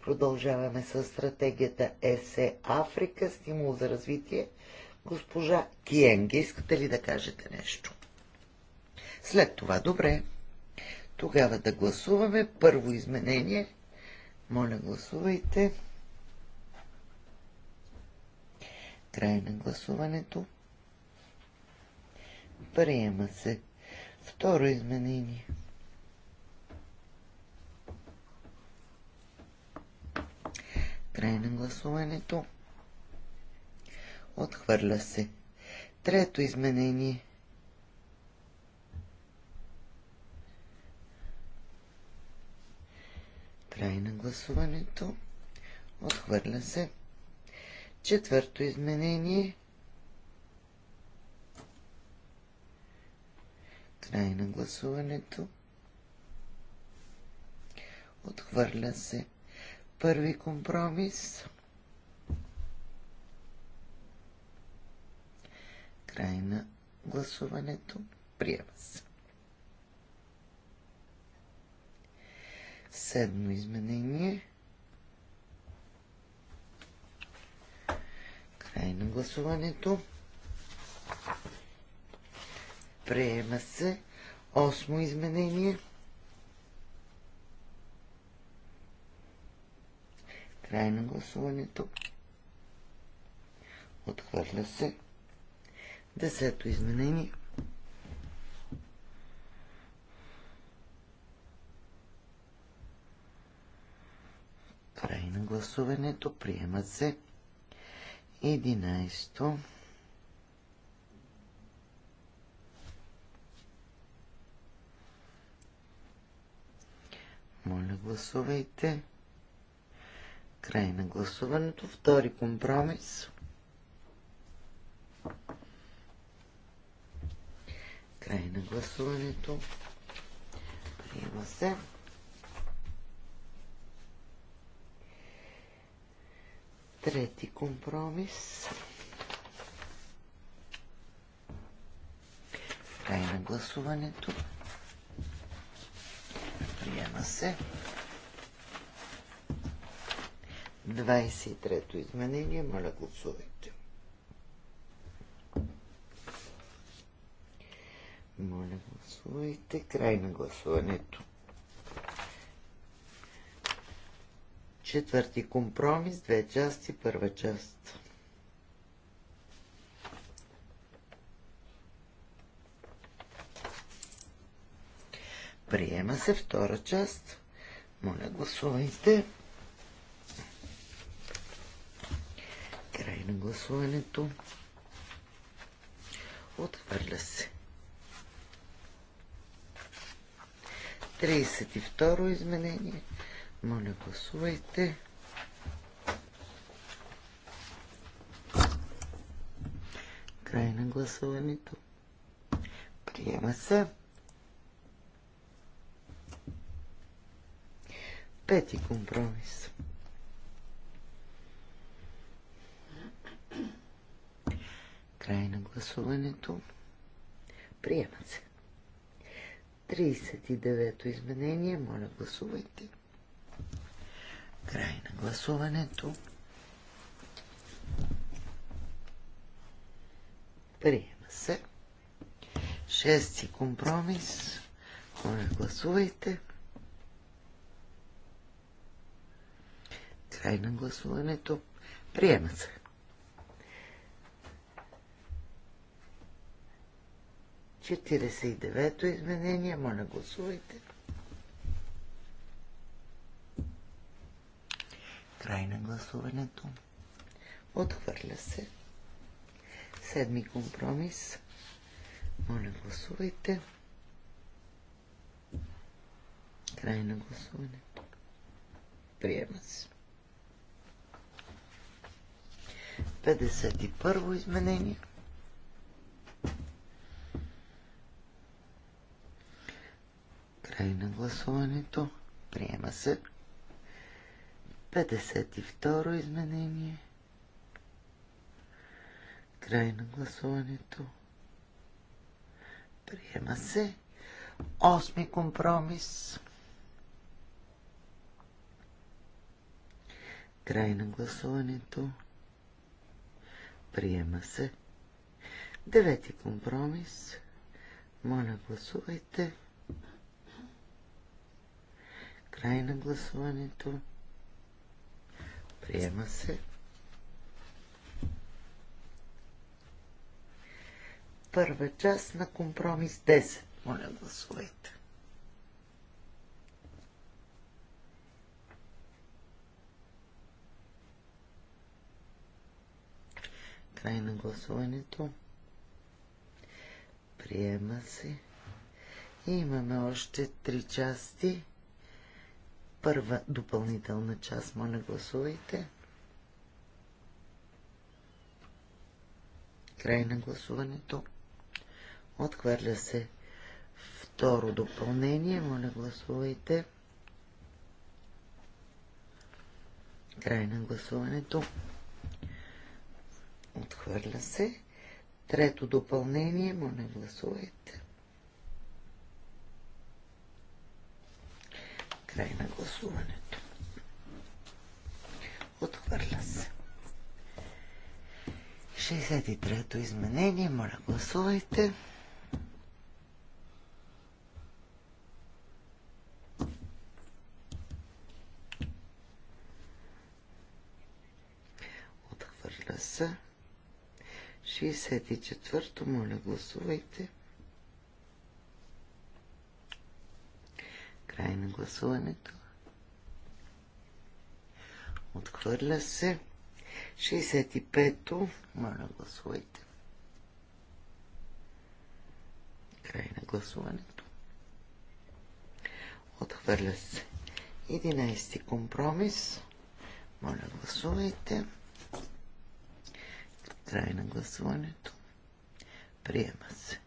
продължаваме с стратегията ЕСЕ Африка, стимул за развитие Госпожа Киенге, искате ли да кажете нещо? След това, добре. Тогава да гласуваме първо изменение. Моля, гласувайте. Край на гласуването. Приема се. Второ изменение. Край на гласуването. Отхвърля се. Трето изменение. Край на гласуването. Отхвърля се. Четвърто изменение. Край на гласуването. Отхвърля се. Първи компромис. Край на гласуването. Приема се. Седмо изменение. Край на гласуването. Приема се. Осмо изменение. Край на гласуването. Отхвърля се. Десето изменение. Край на гласуването. Приема се. Единайсто. Моля, гласувайте. Край на гласуването. Втори компромис. Край на гласуването. Приема се. Трети компромис. Край на гласуването. Приема се. 23-то изменение. Моля, гласувайте. Моля, гласувайте. Край на гласуването. Четвърти компромис, две части, първа част. Приема се втора част. Моля, гласувайте. Край на гласуването. Отхвърля се. 32 изменение. Моля, гласувайте. Край на гласуването. Приема се. Пети компромис. Край на гласуването. Приема се. 39-то изменение. Моля, гласувайте. Край на гласуването. Приема се. Шести компромис. Моля, гласувайте. Край на гласуването. Приема се. 49-то изменение. Моля, гласувайте. Край на гласуването. Отхвърля се. Седми компромис. Моля, гласувайте. Край на гласуването. Приема се. 51-во изменение. 51 Край на гласуването. Приема се. 52 изменение. Край на гласуването. Приема се. Осми компромис. Край на гласуването. Приема се. Девети компромис. Моля, гласувайте. Край на гласуването. Приема се. Първа част на компромис 10. Моля, гласувайте. край на гласуването. Приема се. И имаме още три части първа допълнителна част. Моля, гласувайте. Край на гласуването. Отхвърля се второ допълнение. Моля, гласувайте. Край на гласуването. Отхвърля се. Трето допълнение. Моля, гласувайте. Край на гласуването. Отхвърля се. 63-то изменение. Моля, гласувайте. Отхвърля се. 64-то. Моля, гласувайте. се. Край на гласуването. Отхвърля се. 65-то. Моля, гласувайте. Край на гласуването. Отхвърля се. 11 ти компромис. Моля, гласувайте. Край на гласуването. Приема се.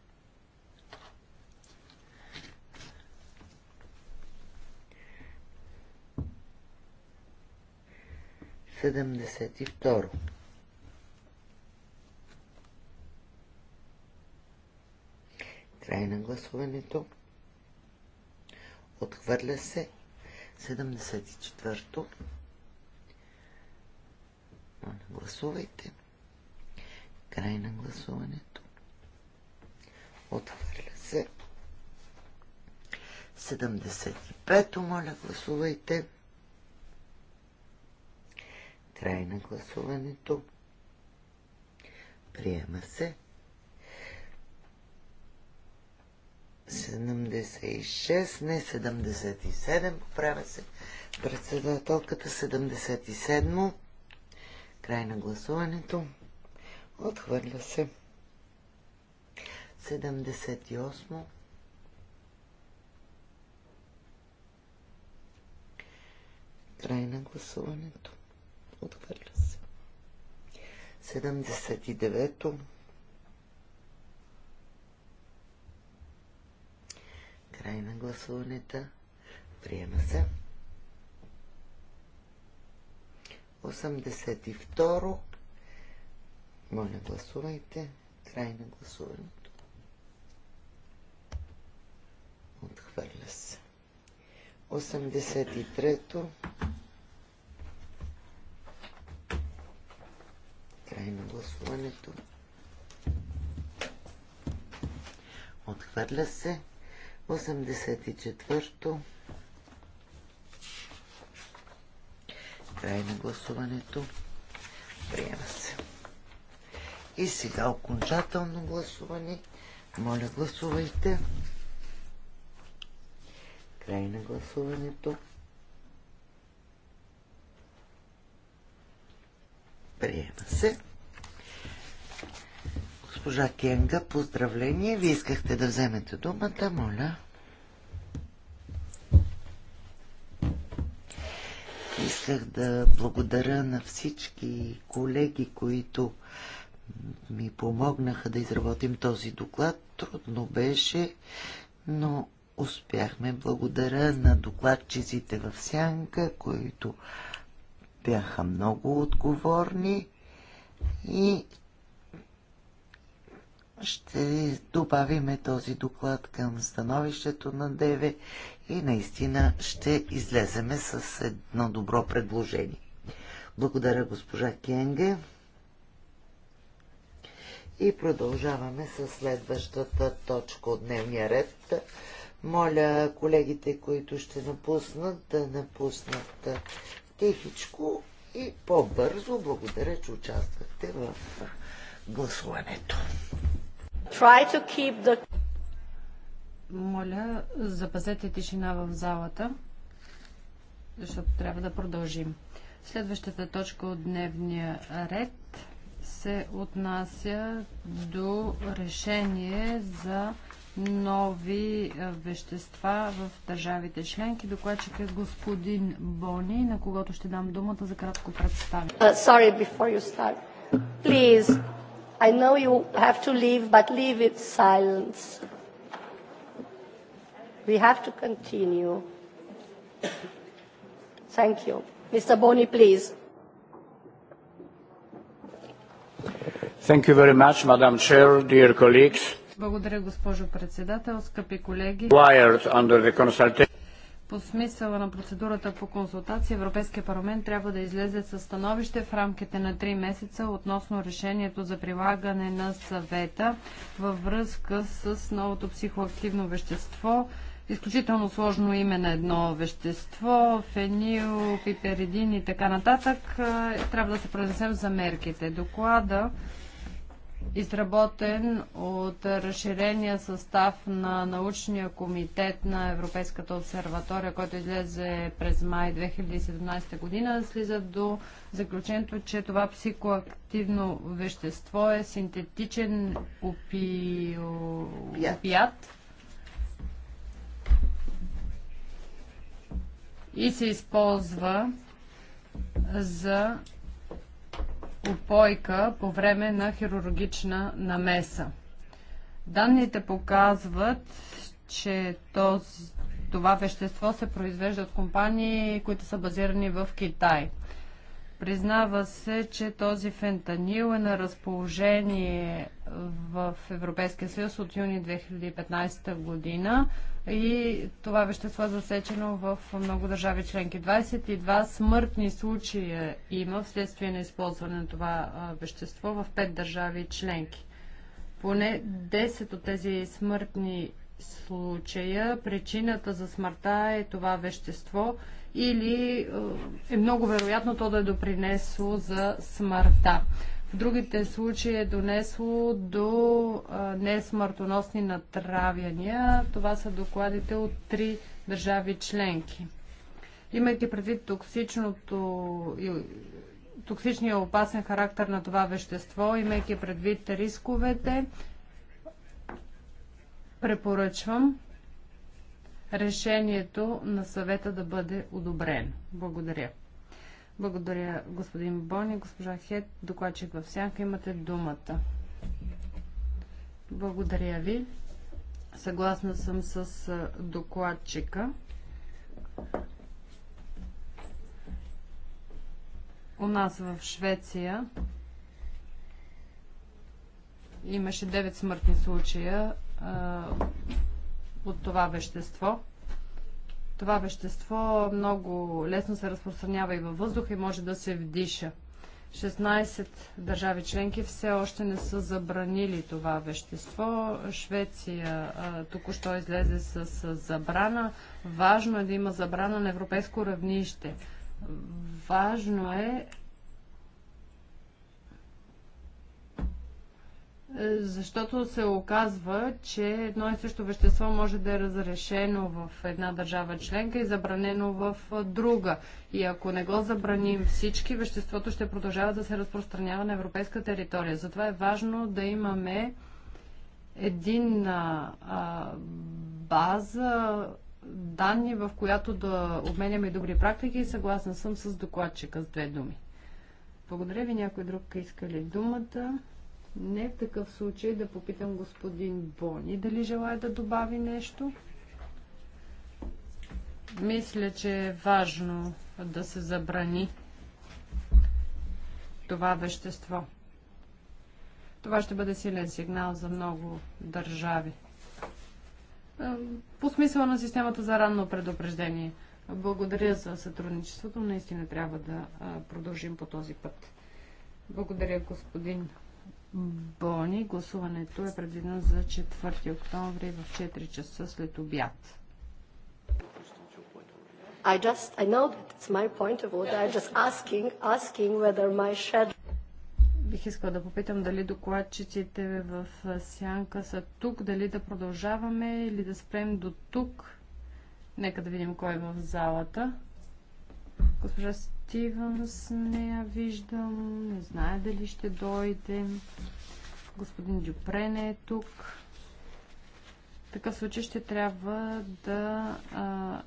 72. Край на гласуването. Отхвърля се. 74-то. Гласувайте. Край на гласуването. Отхвърля се. 75-то, моля, гласувайте. Край на гласуването. Приема се. 76, не 77, поправя се председателката 77. Край на гласуването. Отхвърля се. 78. Край на гласуването. Отхвърля се. 79-то. Край на гласуването. Приема се. 82. Моля, гласувайте. Край на гласуването. Отхвърля се. 83-то. Край на гласуването. Отхвърля се. 84-то. Край на гласуването. Приема се. И сега окончателно гласуване. Моля, гласувайте. Край на гласуването. Приема се. Госпожа Кенга, поздравление. Вие искахте да вземете думата, моля. Исках да благодаря на всички колеги, които ми помогнаха да изработим този доклад. Трудно беше, но успяхме. Благодаря на докладчиците в Сянка, които бяха много отговорни и ще добавиме този доклад към становището на ДВ и наистина ще излеземе с едно добро предложение. Благодаря госпожа Кенге. И продължаваме с следващата точка от дневния ред. Моля колегите, които ще напуснат, да напуснат тихичко и по-бързо. Благодаря, че участвахте в гласуването. The... Моля, запазете тишина в залата, защото трябва да продължим. Следващата точка от дневния ред се отнася до решение за нови вещества в държавите членки. Докладчик е господин Бони, на когото ще дам думата за кратко представяне. Uh, I know you have to leave, but leave it silence. We have to continue. Thank you. Mr. Boni, please. Thank you very much, Madam Chair, dear colleagues. Благодаря, госпожо председател, скъпи колеги. Wired under the consultation. По смисъла на процедурата по консултация Европейския парламент трябва да излезе със становище в рамките на 3 месеца относно решението за прилагане на съвета във връзка с новото психоактивно вещество. Изключително сложно име на едно вещество, фенил, пиперидин и така нататък. Е, трябва да се произнесем за мерките. Доклада изработен от разширения състав на научния комитет на Европейската обсерватория, който излезе през май 2017 година, слиза до заключението, че това психоактивно вещество е синтетичен опи... опият. и се използва за опойка по време на хирургична намеса. Данните показват, че този, това вещество се произвежда от компании, които са базирани в Китай. Признава се, че този фентанил е на разположение в Европейския съюз от юни 2015 година и това вещество е засечено в много държави членки. 22 смъртни случая има вследствие на използване на това вещество в 5 държави членки. Поне 10 от тези смъртни случая причината за смъртта е това вещество – или е, е много вероятно то да е допринесло за смъртта. В другите случаи е донесло до несмъртоносни натравяния. Това са докладите от три държави членки. Имайки предвид токсичното токсичния опасен характер на това вещество, имайки предвид рисковете, препоръчвам решението на съвета да бъде одобрено. Благодаря. Благодаря, господин Бони. Госпожа Хет, докладчик в сянка, имате думата. Благодаря ви. Съгласна съм с докладчика. У нас в Швеция имаше 9 смъртни случая от това вещество. Това вещество много лесно се разпространява и във въздуха и може да се вдиша. 16 държави членки все още не са забранили това вещество. Швеция току-що излезе с, с забрана. Важно е да има забрана на европейско равнище. Важно е Е, защото се оказва, че едно и също вещество може да е разрешено в една държава членка и забранено в е, друга. И ако не го забраним всички, веществото ще продължава да се разпространява на европейска територия. Затова е важно да имаме един а, база данни, в която да обменяме добри практики и съгласна съм с докладчика с две думи. Благодаря ви. Някой друг иска ли думата? Не в такъв случай да попитам господин Бони дали желая да добави нещо. Мисля, че е важно да се забрани това вещество. Това ще бъде силен сигнал за много държави. Е, по смисъла на системата за ранно предупреждение. Благодаря за сътрудничеството. Наистина трябва да продължим по този път. Благодаря, господин Бони. Гласуването е предвидено за 4 октомври в 4 часа след обяд. I just, I know that it's my point of order. I'm just asking, asking whether my shadow... Бих искала да попитам дали докладчиците в сянка са тук, дали да продължаваме или да спрем до тук. Нека да видим кой е в залата. Госпожа Стивенс не я виждам. Не знае дали ще дойде. Господин Дюпре не е тук. В такъв случай ще трябва да а,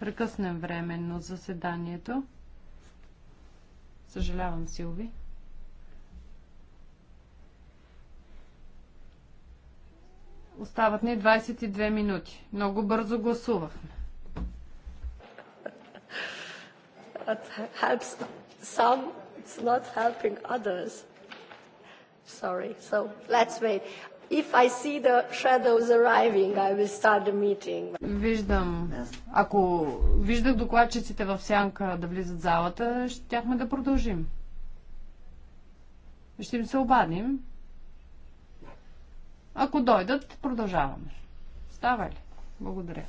прекъснем временно заседанието. Съжалявам, Силви. Остават ни 22 минути. Много бързо гласувахме. what helps some, it's not helping others. Sorry, so let's wait. If I see the shadows arriving, I will start the meeting. Виждам. Ако виждах докладчиците в сянка да влизат в залата, щяхме да продължим. Ще им се обадим. Ако дойдат, продължаваме. Става ли? Благодаря.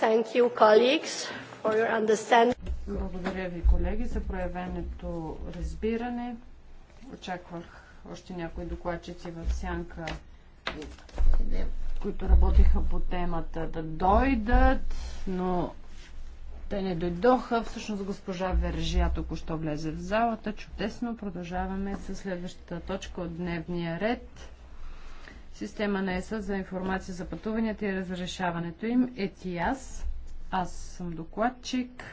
Thank you, colleagues, for your understanding. Благодаря ви, колеги, за проявеното разбиране. Очаквах още някои докладчици в сянка, които работиха по темата да дойдат, но те не дойдоха. Всъщност госпожа Вержия току-що влезе в залата. Чудесно продължаваме с следващата точка от дневния ред система на ЕСА за информация за пътуванията и разрешаването им. аз, Аз съм докладчик.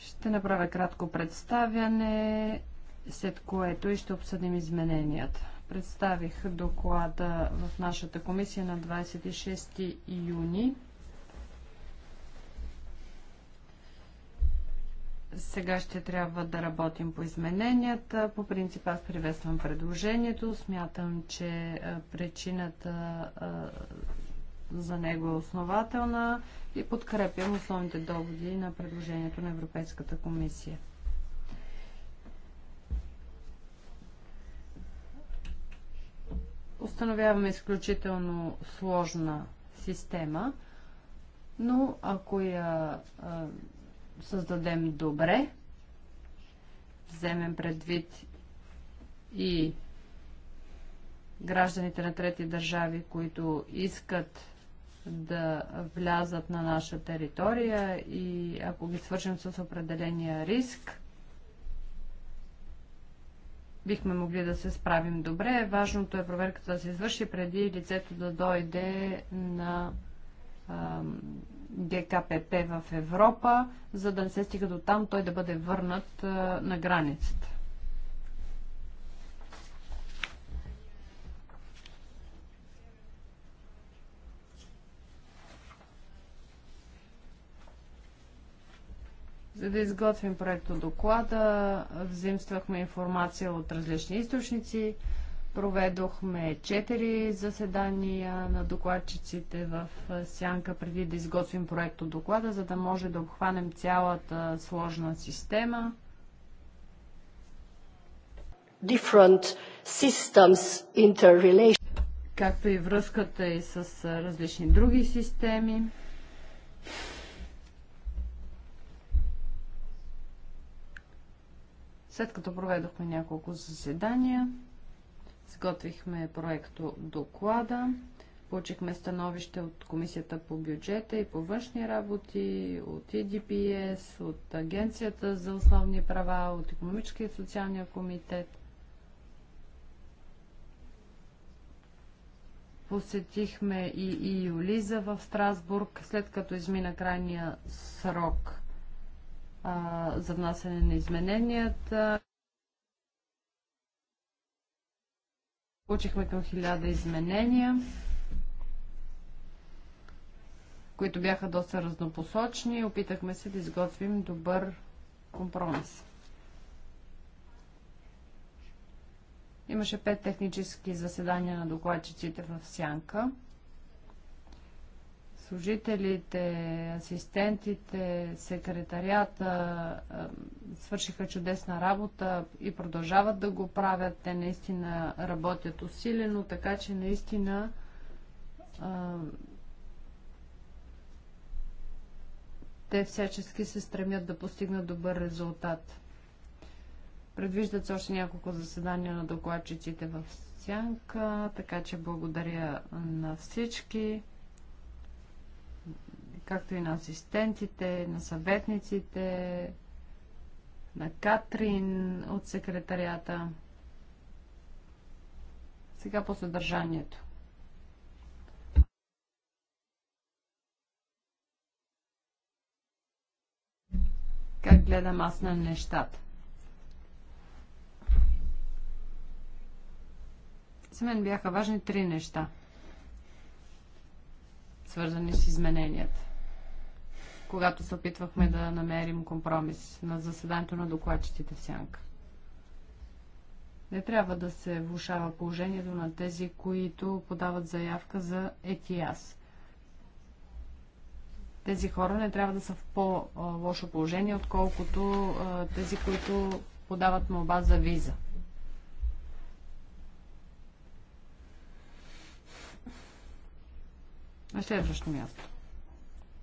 Ще направя кратко представяне, след което и ще обсъдим измененията. Представих доклада в нашата комисия на 26 юни. Сега ще трябва да работим по измененията. По принцип аз приветствам предложението. Смятам, че е, причината е, за него е основателна и подкрепям основните доводи на предложението на Европейската комисия. Установяваме изключително сложна система, но ако я е, създадем добре, вземем предвид и гражданите на трети държави, които искат да влязат на наша територия и ако ги свържем с определения риск, бихме могли да се справим добре. Важното е проверката да се извърши преди лицето да дойде на ГКПП в Европа, за да не се стига до там той да бъде върнат на границата. За да изготвим проекто доклада, взимствахме информация от различни източници. Проведохме четири заседания на докладчиците в Сянка преди да изготвим проект от доклада, за да може да обхванем цялата сложна система. Different systems interrelation. Както и връзката и с различни други системи. След като проведохме няколко заседания, Сготвихме проекто доклада, получихме становище от Комисията по бюджета и по външни работи, от EDPS, е от Агенцията за основни права, от Економическия и социалния комитет. Посетихме и, и Юлиза в Страсбург, след като измина крайния срок – за внасяне на измененията. Получихме към хиляда изменения, които бяха доста разнопосочни. и Опитахме се да изготвим добър компромис. Имаше пет технически заседания на докладчиците в Сянка служителите, асистентите, секретарията свършиха чудесна работа и продължават да го правят. Те наистина работят усилено, така че наистина те всячески се стремят да постигнат добър резултат. Предвиждат се още няколко заседания на докладчиците в Сянка, така че благодаря на всички както и на асистентите, на съветниците, на Катрин от секретарията. Сега по съдържанието. Как гледам аз на нещата? За мен бяха важни три неща – свързани с измененията. Когато се опитвахме да намерим компромис на заседанието на докладчетите в Сянка. Не трябва да се влушава положението на тези, които подават заявка за ЕТИАС. Тези хора не трябва да са в по-лошо положение, отколкото тези, които подават молба за виза. На следващо място.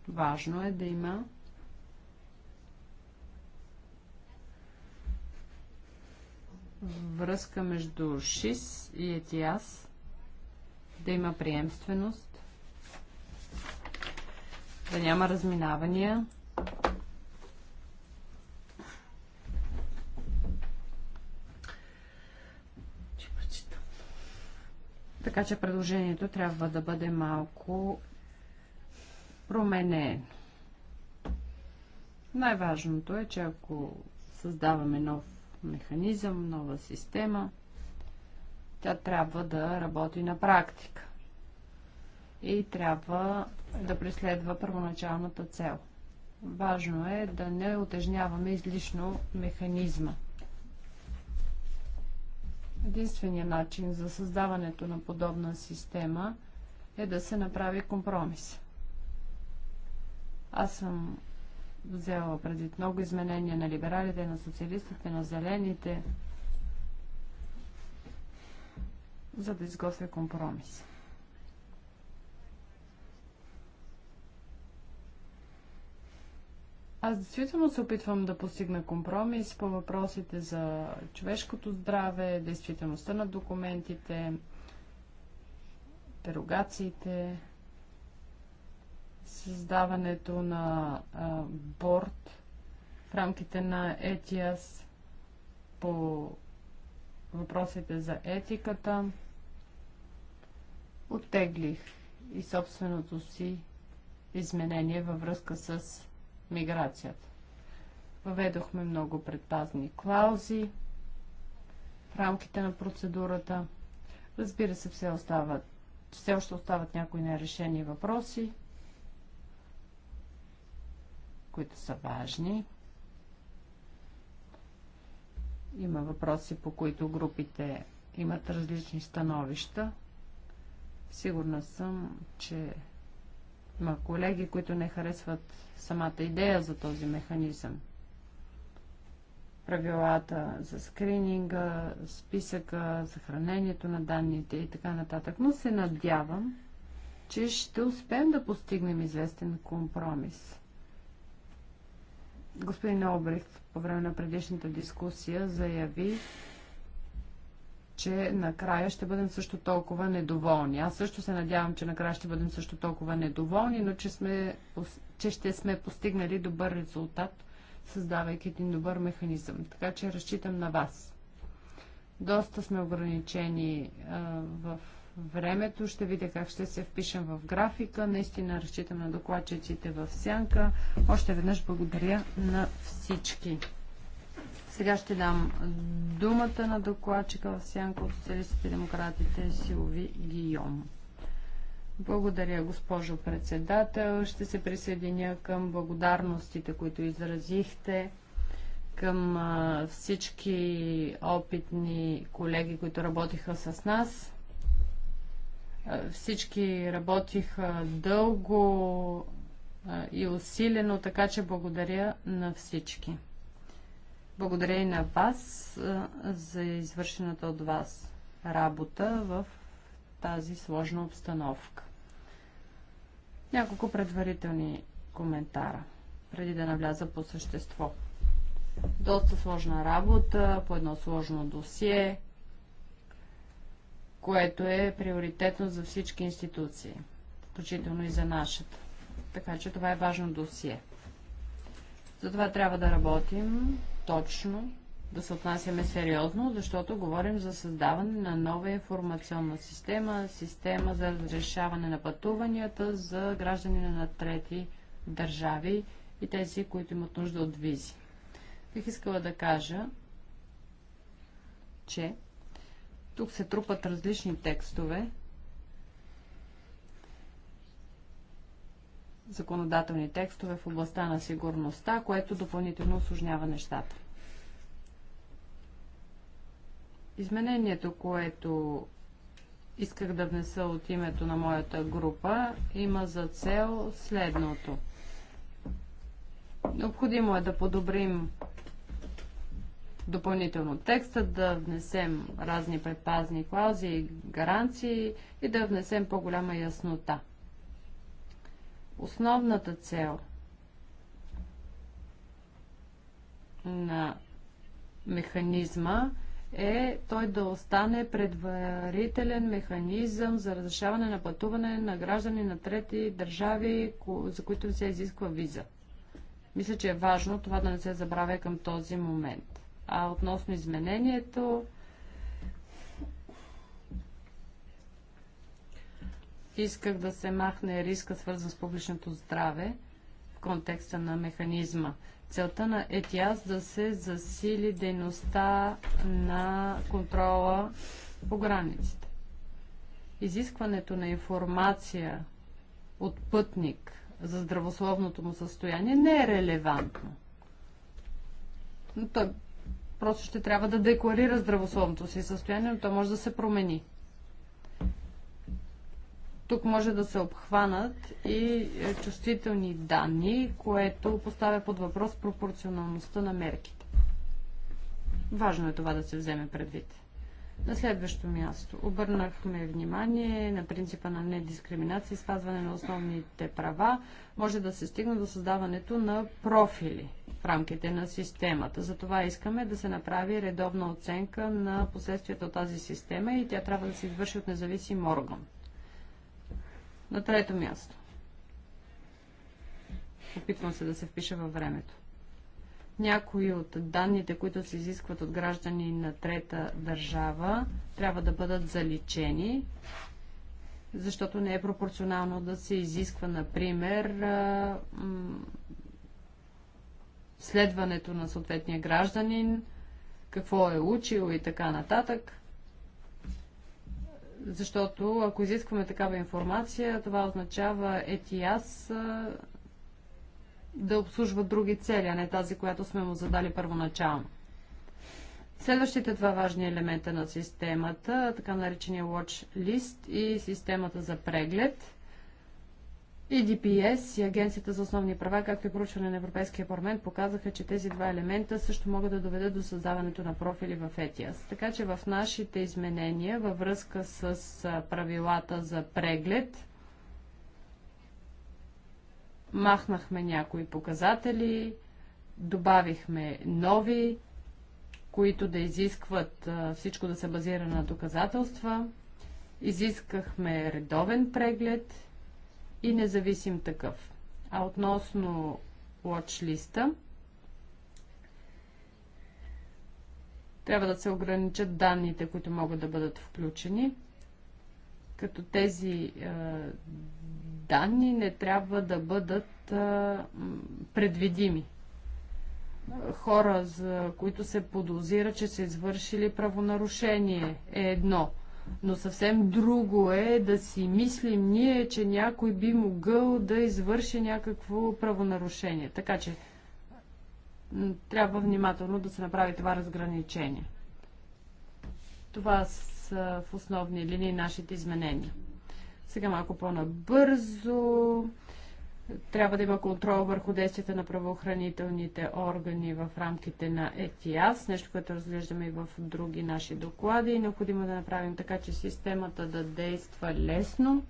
Важно е да има връзка между ШИС и ЕТИАС, да има приемственост, да няма разминавания, Така че предложението трябва да бъде малко променено. Най-важното е, че ако създаваме нов механизъм, нова система, тя трябва да работи на практика и трябва да преследва първоначалната цел. Важно е да не отежняваме излишно механизма. Единствения начин за създаването на подобна система е да се направи компромис. Аз съм взела преди много изменения на либералите, на социалистите, на зелените, за да изготвя компромис. Аз действително се опитвам да постигна компромис по въпросите за човешкото здраве, действителността на документите, дерогациите, създаването на а, борт в рамките на ETIAS по въпросите за етиката. Оттеглих и собственото си изменение във връзка с миграцията. Въведохме много предпазни клаузи в рамките на процедурата. Разбира се, все, остават, все още остават някои нерешени въпроси, които са важни. Има въпроси, по които групите имат различни становища. Сигурна съм, че има колеги, които не харесват самата идея за този механизъм. Правилата за скрининга, списъка, съхранението на данните и така нататък. Но се надявам, че ще успеем да постигнем известен компромис. Господин Обрехт по време на предишната дискусия заяви, че накрая ще бъдем също толкова недоволни. Аз също се надявам, че накрая ще бъдем също толкова недоволни, но че, сме, че ще сме постигнали добър резултат, създавайки един добър механизъм. Така че разчитам на вас. Доста сме ограничени а, в времето. Ще видя как ще се впишем в графика. Наистина разчитам на докладчиците в сянка. Още веднъж благодаря на всички. Сега ще дам думата на докладчика в сянка от социалистите и демократите Силови Гийом. Благодаря, госпожо председател. Ще се присъединя към благодарностите, които изразихте към всички опитни колеги, които работиха с нас. Всички работиха дълго и усилено, така че благодаря на всички. Благодаря и на вас за извършената от вас работа в тази сложна обстановка. Няколко предварителни коментара, преди да навляза по същество. Доста сложна работа, по едно сложно досие, което е приоритетно за всички институции, включително и за нашата. Така че това е важно досие. Затова трябва да работим точно, да се отнасяме сериозно, защото говорим за създаване на нова информационна система, система за разрешаване на пътуванията за граждани на трети държави и тези, които имат нужда от визи. Бих искала да кажа, че тук се трупат различни текстове, законодателни текстове в областта на сигурността, което допълнително осложнява нещата. Изменението, което исках да внеса от името на моята група, има за цел следното. Необходимо е да подобрим допълнително текста, да внесем разни предпазни клаузи и гаранции и да внесем по-голяма яснота – Основната цел на механизма е той да остане предварителен механизъм за разрешаване на пътуване на граждани на трети държави, за които се изисква виза. Мисля, че е важно това да не се забравя към този момент. А относно изменението, исках да се махне риска, свързан с публичното здраве в контекста на механизма. Целта на ЕТИАС да се засили дейността на контрола по границите. Изискването на информация от пътник за здравословното му състояние не е релевантно. Но той просто ще трябва да декларира здравословното си състояние, но то може да се промени. Тук може да се обхванат и е, чувствителни данни, което поставя под въпрос пропорционалността на мерките. Важно е това да се вземе предвид. На следващо място обърнахме внимание на принципа на недискриминация и спазване на основните права. Може да се стигне до създаването на профили в рамките на системата. Затова искаме да се направи редовна оценка на последствията от тази система и тя трябва да се извърши от независим орган. На трето място. Опитвам се да се впиша във времето. Някои от данните, които се изискват от граждани на трета държава, трябва да бъдат заличени, защото не е пропорционално да се изисква, например, следването на съответния гражданин, какво е учил и така нататък. Защото ако изискваме такава информация, това означава ETIAS да обслужва други цели, а не тази, която сме му задали първоначално. Следващите два важни елемента на системата, така наречения Watch List и системата за преглед – DPS е и Агенцията за основни права, както и проучване на Европейския парламент, показаха, че тези два елемента също могат да доведат до създаването на профили в ETIAS. Така че в нашите изменения във връзка с правилата за преглед махнахме някои показатели, добавихме нови, които да изискват всичко да се базира на доказателства. Изискахме редовен преглед – и независим такъв. А относно watch трябва да се ограничат данните, които могат да бъдат включени, като тези е, данни не трябва да бъдат е, предвидими. Хора, за които се подозира, че са извършили правонарушение, е едно – но съвсем друго е да си мислим ние, че някой би могъл да извърши някакво правонарушение. Така че трябва внимателно да се направи това разграничение. Това са в основни линии нашите изменения. Сега малко по-набързо. Трябва да има контрол върху действията на правоохранителните органи в рамките на ЕТИАС, нещо, което разглеждаме и в други наши доклади. И необходимо е да направим така, че системата да действа лесно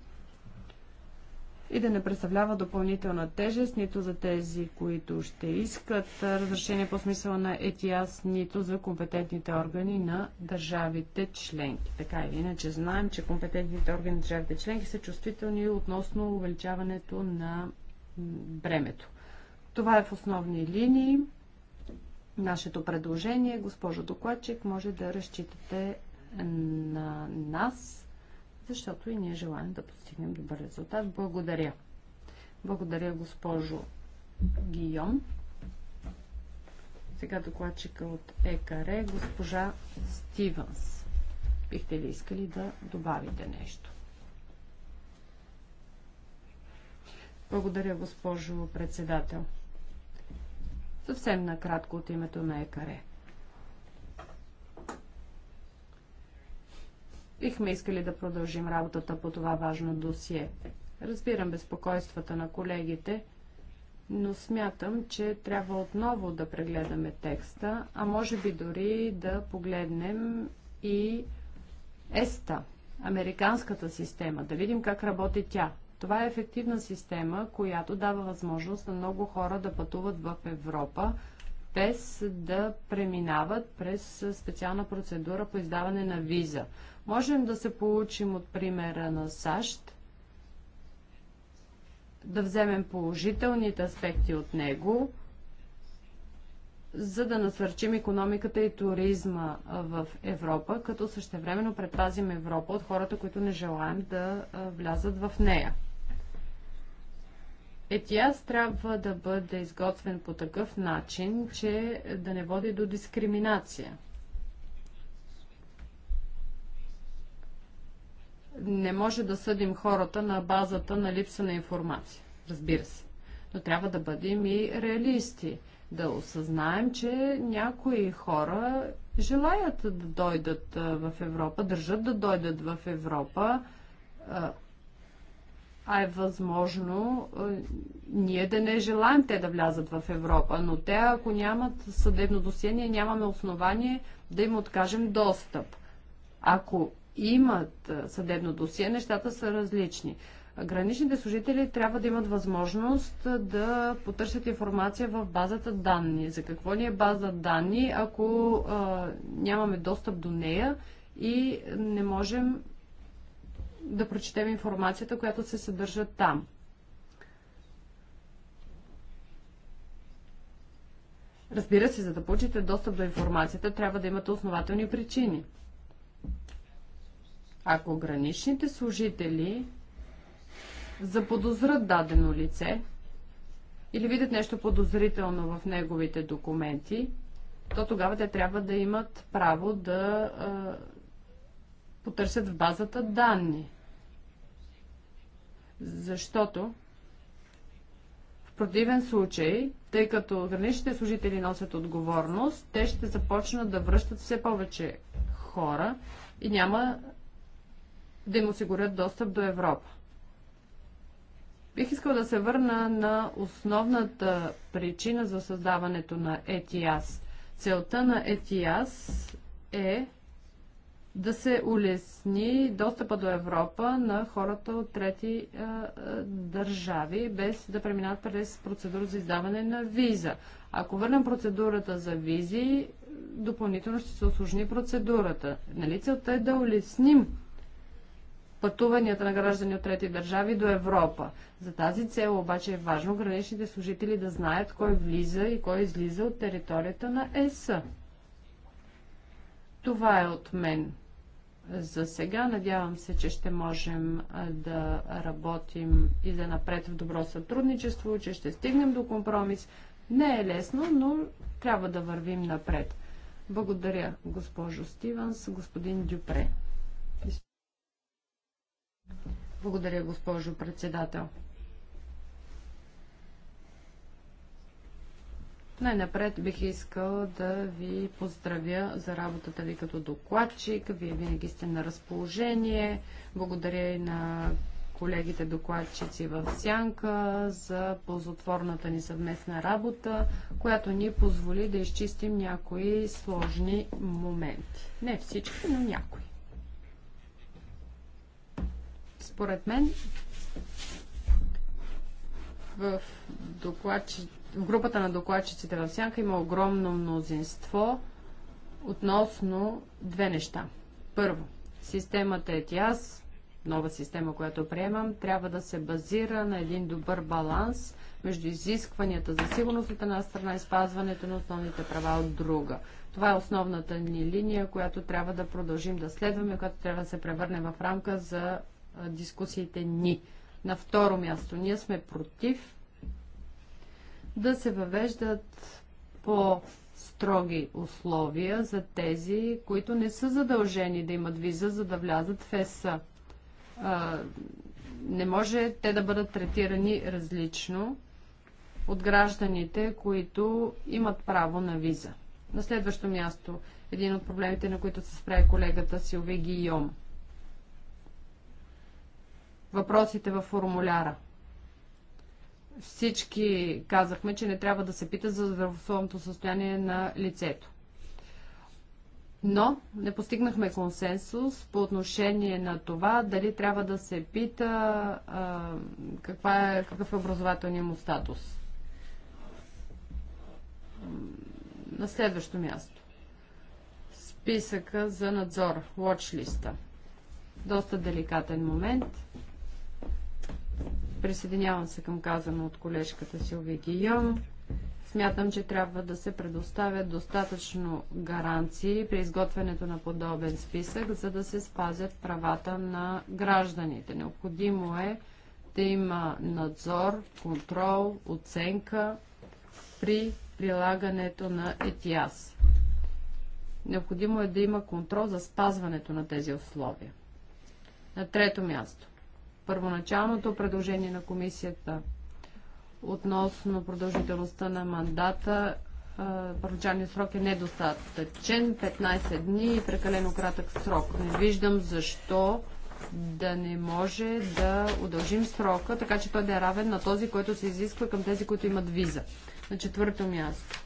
и да не представлява допълнителна тежест нито за тези, които ще искат разрешение по смисъла на ЕТИАС, нито за компетентните органи на държавите членки. Така или иначе знаем, че компетентните органи на държавите членки са чувствителни относно увеличаването на бремето. Това е в основни линии. Нашето предложение, госпожо докладчик, може да разчитате на нас, защото и ние желаем да постигнем добър резултат. Благодаря. Благодаря, госпожо Гийон. Сега докладчика от ЕКАРЕ, госпожа Стивенс. Бихте ли искали да добавите нещо? Благодаря, госпожо председател. Съвсем накратко от името на ЕКАРЕ. Бихме искали да продължим работата по това важно досие. Разбирам безпокойствата на колегите, но смятам, че трябва отново да прегледаме текста, а може би дори да погледнем и ЕСТА, американската система, да видим как работи тя, това е ефективна система, която дава възможност на много хора да пътуват в Европа, без да преминават през специална процедура по издаване на виза. Можем да се получим от примера на САЩ, да вземем положителните аспекти от него, за да насърчим економиката и туризма в Европа, като същевременно предпазим Европа от хората, които не желаем да влязат в нея. ЕТИАС трябва да бъде изготвен по такъв начин, че да не води до дискриминация. Не може да съдим хората на базата на липса на информация, разбира се. Но трябва да бъдем и реалисти, да осъзнаем, че някои хора желаят да дойдат в Европа, държат да дойдат в Европа, а е възможно е, ние да не желаем те да влязат в Европа, но те, ако нямат съдебно досие, нямаме основание да им откажем достъп. Ако имат е, съдебно досие, нещата са различни. Граничните служители трябва да имат възможност е, да потърсят информация в базата данни. За какво ни е база данни, ако а, нямаме достъп до нея и не можем да прочетем информацията, която се съдържа там. Разбира се, за да получите достъп до информацията, трябва да имате основателни причини. Ако граничните служители заподозрат дадено лице или видят нещо подозрително в неговите документи, то тогава те трябва да имат право да потърсят в базата данни. Защото в противен случай, тъй като граничните служители носят отговорност, те ще започнат да връщат все повече хора и няма да им осигурят достъп до Европа. Бих искал да се върна на основната причина за създаването на ETIAS. Целта на ETIAS е да се улесни достъпа до Европа на хората от трети а, а, държави, без да преминат през процедура за издаване на виза. Ако върнем процедурата за визи, допълнително ще се осложни процедурата. Нали целта е да улесним пътуванията на граждани от трети държави до Европа. За тази цел обаче е важно граничните служители да знаят кой влиза и кой излиза от територията на ЕС. Това е от мен за сега. Надявам се, че ще можем да работим и да напред в добро сътрудничество, че ще стигнем до компромис. Не е лесно, но трябва да вървим напред. Благодаря, госпожо Стиванс, господин Дюпре. Благодаря, госпожо председател. Най-напред бих искал да ви поздравя за работата ви като докладчик. Вие винаги сте на разположение. Благодаря и на колегите докладчици в Сянка за ползотворната ни съвместна работа, която ни позволи да изчистим някои сложни моменти. Не всички, но някои. Според мен в докладчите групата на докладчиците в Сянка има огромно мнозинство относно две неща. Първо, системата ETIAS, нова система, която приемам, трябва да се базира на един добър баланс между изискванията за сигурност от една страна и спазването на основните права от друга. Това е основната ни линия, която трябва да продължим да следваме, която трябва да се превърне в рамка за дискусиите ни. На второ място, ние сме против да се въвеждат по строги условия за тези, които не са задължени да имат виза, за да влязат в ЕСА. Не може те да бъдат третирани различно от гражданите, които имат право на виза. На следващо място, един от проблемите, на които се справи колегата Силви Гийом. Въпросите във формуляра – всички казахме, че не трябва да се пита за здравословното състояние на лицето. Но не постигнахме консенсус по отношение на това дали трябва да се пита а, каква е, какъв е образователният му статус. На следващо място. Списъка за надзор, watchlist. Доста деликатен момент. Присъединявам се към казано от колежката Силви Гийом. Смятам, че трябва да се предоставят достатъчно гаранции при изготвянето на подобен списък, за да се спазят правата на гражданите. Необходимо е да има надзор, контрол, оценка при прилагането на ЕТИАС. Необходимо е да има контрол за спазването на тези условия. На трето място първоначалното предложение на комисията относно продължителността на мандата, първоначалният срок е недостатъчен, 15 дни и прекалено кратък срок. Не виждам защо да не може да удължим срока, така че той да е равен на този, който се изисква към тези, които имат виза. На четвърто място.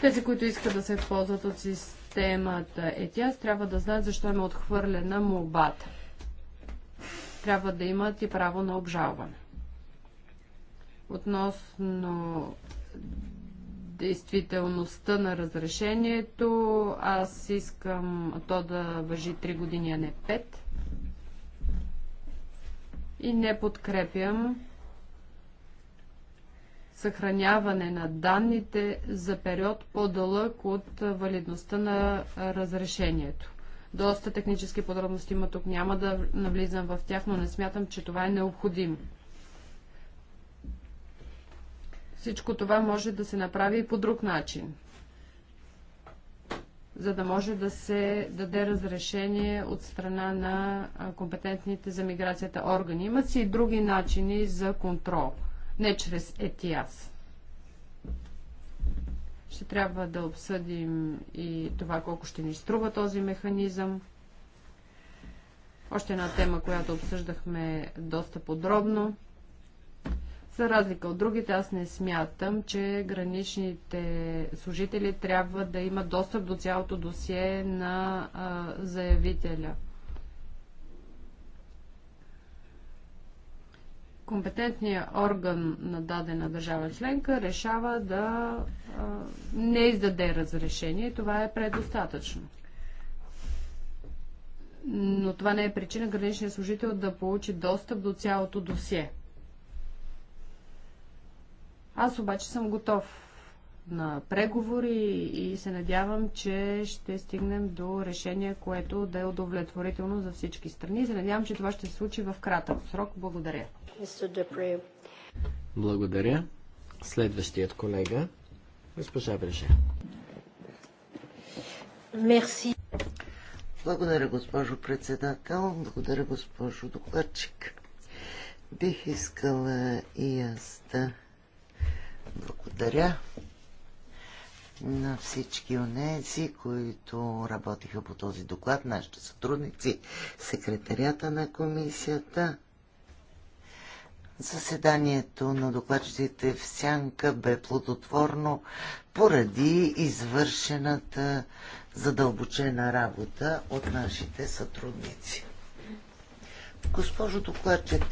Тези, които искат да се ползват от системата ЕТИАС, трябва да знаят защо им е отхвърлена молбата трябва да имат и право на обжалване. Относно действителността на разрешението, аз искам то да въжи 3 години, а не 5. И не подкрепям съхраняване на данните за период по-дълъг от валидността на разрешението. Доста технически подробности има тук, няма да навлизам в тях, но не смятам, че това е необходимо. Всичко това може да се направи и по друг начин, за да може да се даде разрешение от страна на компетентните за миграцията органи. Имат си и други начини за контрол, не чрез ЕТИАС. Ще трябва да обсъдим и това колко ще ни струва този механизъм. Още една тема, която обсъждахме доста подробно. За разлика от другите, аз не смятам, че граничните служители трябва да имат достъп до цялото досие на а, заявителя. компетентният орган на дадена държава членка решава да не издаде разрешение и това е предостатъчно. Но това не е причина граничният служител да получи достъп до цялото досие. Аз обаче съм готов на преговори и се надявам, че ще стигнем до решение, което да е удовлетворително за всички страни. Се надявам, че това ще се случи в кратък срок. Благодаря. Благодаря. Следващият колега, госпожа Бреже. Мерси. Благодаря, госпожо председател. Благодаря, госпожо докладчик. Бих искала и аз да благодаря на всички онези, които работиха по този доклад, нашите сътрудници, секретарята на комисията. Заседанието на докладчиците в Сянка бе плодотворно поради извършената задълбочена работа от нашите сътрудници. Госпожо докладчик,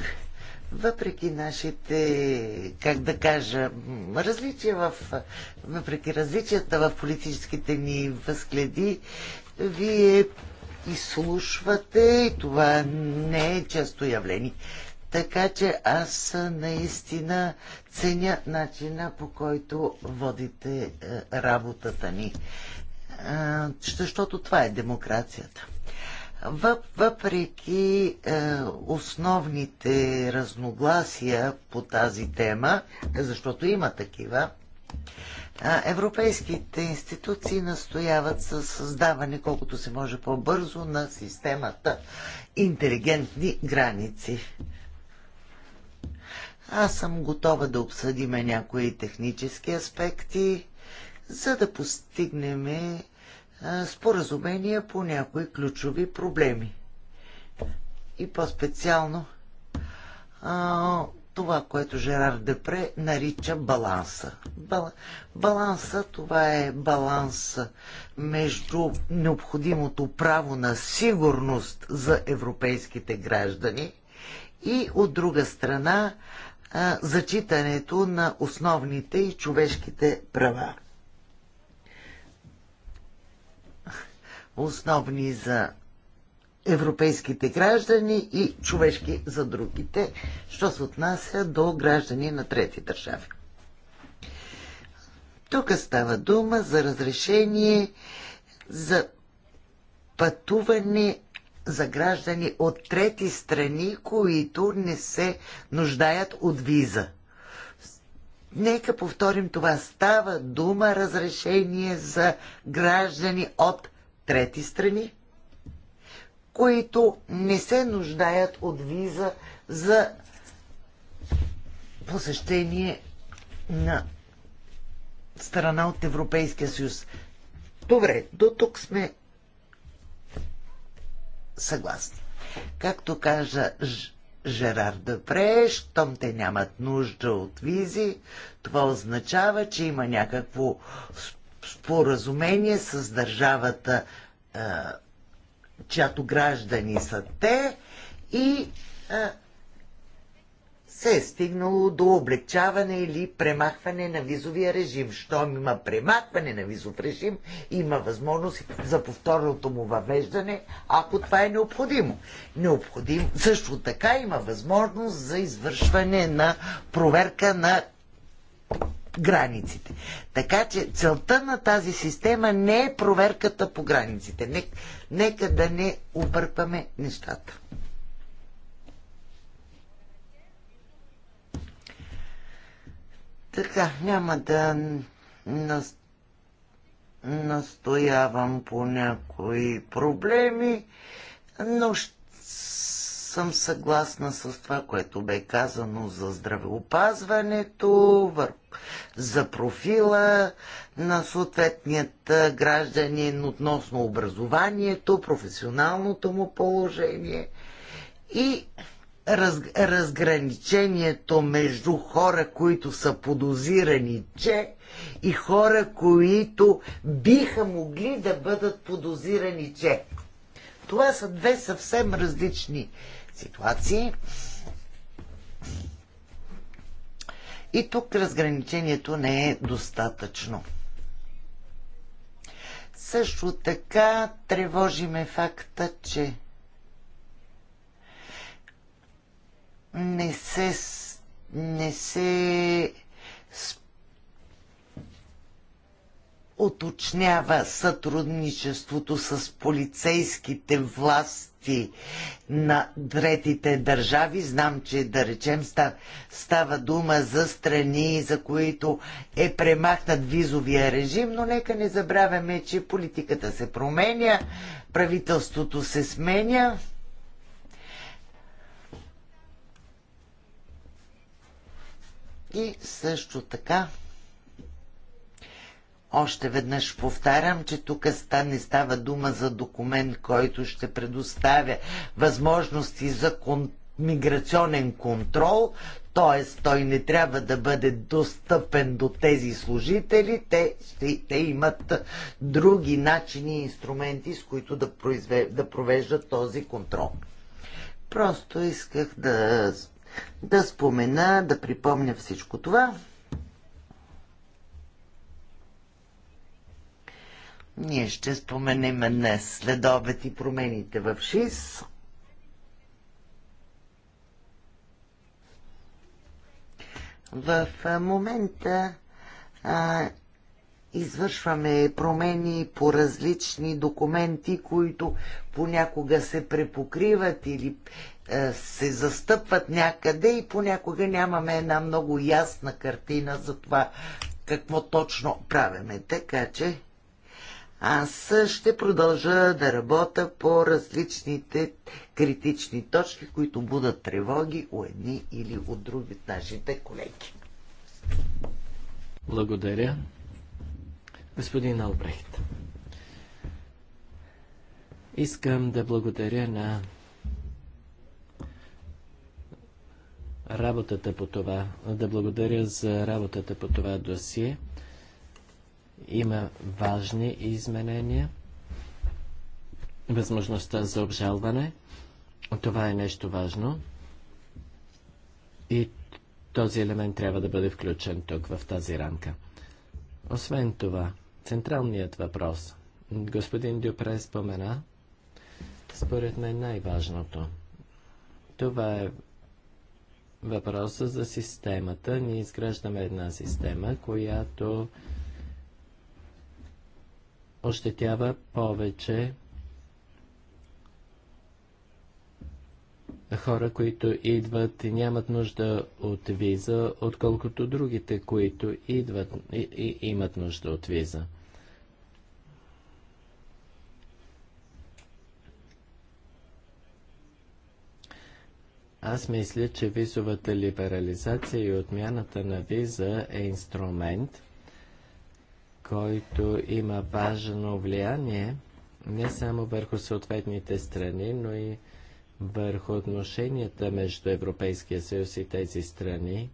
въпреки нашите, как да кажа, различия в, въпреки различията в политическите ни възгледи, вие изслушвате и това не е често явление. Така че аз наистина ценя начина по който водите е, работата ни. Е, защото това е демокрацията. Въпреки е, основните разногласия по тази тема, защото има такива, европейските институции настояват за създаване колкото се може по-бързо на системата интелигентни граници. Аз съм готова да обсъдиме някои технически аспекти, за да постигнем е, споразумения по някои ключови проблеми. И по-специално това, което Жерар Депре нарича баланса. Баланса, това е баланс между необходимото право на сигурност за европейските граждани и от друга страна зачитането на основните и човешките права. основни за европейските граждани и човешки за другите, що се отнася до граждани на трети държави. Тук става дума за разрешение за пътуване за граждани от трети страни, които не се нуждаят от виза. Нека повторим това. Става дума разрешение за граждани от трети страни, които не се нуждаят от виза за посещение на страна от Европейския съюз. Добре, до тук сме съгласни. Както кажа Жерар Депре, щом те нямат нужда от визи, това означава, че има някакво споразумение с държавата, чиято граждани са те и се е стигнало до облегчаване или премахване на визовия режим. Щом има премахване на визов режим, има възможност за повторното му въвеждане, ако това е необходимо. Необходим също така има възможност за извършване на проверка на границите. Така че целта на тази система не е проверката по границите. Нека, нека да не объркваме нещата. Така, няма да нас... настоявам по някои проблеми, но ще съм съгласна с това, което бе казано за здравеопазването, за профила на съответният гражданин относно образованието, професионалното му положение и раз, разграничението между хора, които са подозирани, че и хора, които биха могли да бъдат подозирани, че. Това са две съвсем различни ситуации. И тук разграничението не е достатъчно. Също така тревожиме факта, че не се, не се уточнява сътрудничеството с полицейските власти власти на третите държави. Знам, че да речем става дума за страни, за които е премахнат визовия режим, но нека не забравяме, че политиката се променя, правителството се сменя. И също така още веднъж повтарям, че тук не става дума за документ, който ще предоставя възможности за кон... миграционен контрол, т.е. той не трябва да бъде достъпен до тези служители, те, ще, те имат други начини и инструменти, с които да, произве, да провеждат този контрол. Просто исках да, да спомена, да припомня всичко това. Ние ще споменем днес след обед и промените в ШИС. В момента а, извършваме промени по различни документи, които понякога се препокриват или а, се застъпват някъде и понякога нямаме една много ясна картина за това какво точно правиме. Така че аз ще продължа да работя по различните критични точки, които будат тревоги у едни или от други от нашите колеги. Благодаря. Господин Албрехт, искам да благодаря на работата по това, да благодаря за работата по това досие. Има важни изменения. Възможността за обжалване. Това е нещо важно. И този елемент трябва да бъде включен тук, в тази рамка. Освен това, централният въпрос. Господин Дюпре спомена, според мен най-важното. Това е въпроса за системата. Ние изграждаме една система, която ощетява повече хора, които идват и нямат нужда от виза, отколкото другите, които идват и, и имат нужда от виза. Аз мисля, че визовата либерализация и отмяната на виза е инструмент, който има важно влияние не само върху съответните страни, но и върху отношенията между Европейския съюз и тези страни.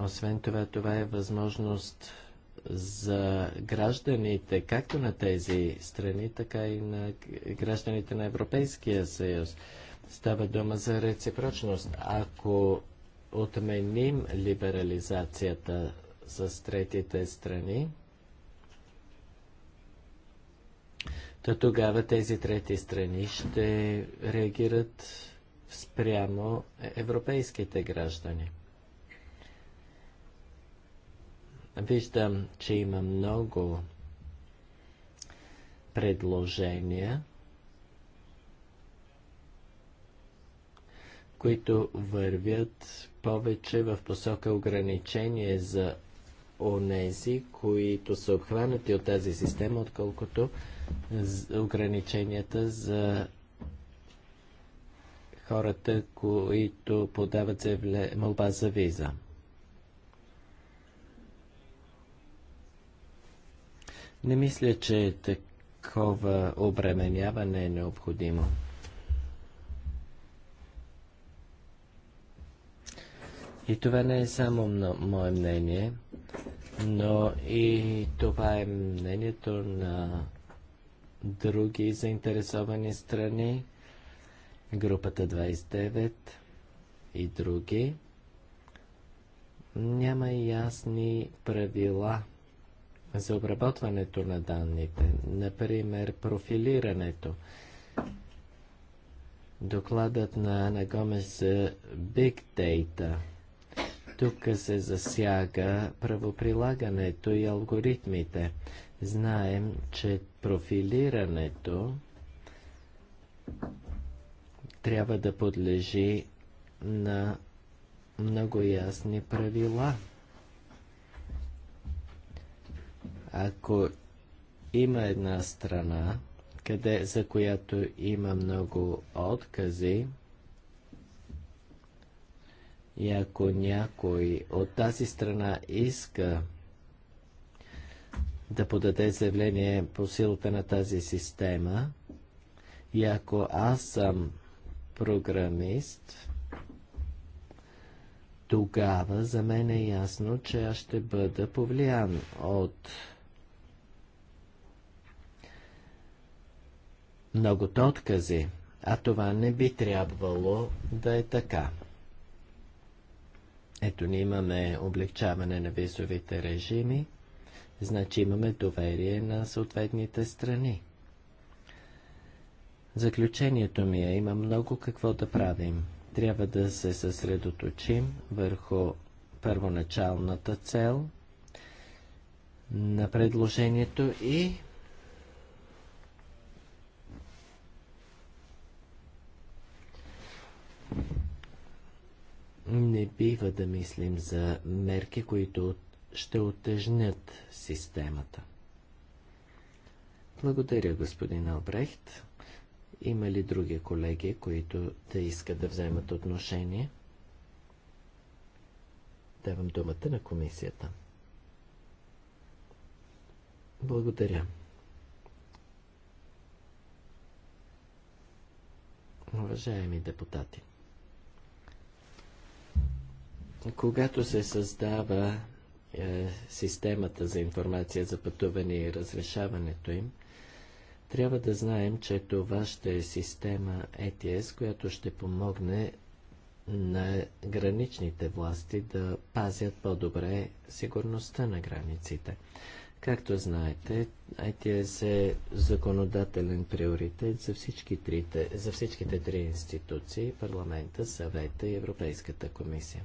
Освен това, това е възможност за гражданите, както на тези страни, така и на гражданите на Европейския съюз. Става дума за реципрочност. Ако отменим либерализацията с третите страни, то тогава тези трети страни ще реагират спрямо европейските граждани. Виждам, че има много предложения, които вървят повече в посока ограничение за онези, които са обхванати от тази система, отколкото ограниченията за хората, които подават заявле... молба за виза. Не мисля, че такова обременяване е необходимо. И това не е само мое мнение – но и това е мнението на други заинтересовани страни, групата 29 и други. Няма ясни правила за обработването на данните, например профилирането. Докладът на Анагомес Big Data – тук се засяга правоприлагането и алгоритмите. Знаем, че профилирането трябва да подлежи на много ясни правила. Ако има една страна, къде, за която има много откази, и ако някой от тази страна иска да подаде заявление по силата на тази система, и ако аз съм програмист, тогава за мен е ясно, че аз ще бъда повлиян от многото откази, а това не би трябвало да е така. Ето, ние имаме облегчаване на визовите режими, значи имаме доверие на съответните страни. Заключението ми е, има много какво да правим. Трябва да се съсредоточим върху първоначалната цел на предложението и не бива да мислим за мерки, които ще отежнят системата. Благодаря, господин Албрехт. Има ли други колеги, които да искат да вземат отношение? Давам думата на комисията. Благодаря. Уважаеми депутати, когато се създава е, системата за информация за пътуване и разрешаването им, трябва да знаем, че това ще е система ETS, е която ще помогне на граничните власти да пазят по-добре сигурността на границите. Както знаете, ITS е, е законодателен приоритет за, всички трите, за всичките три институции – парламента, съвета и Европейската комисия.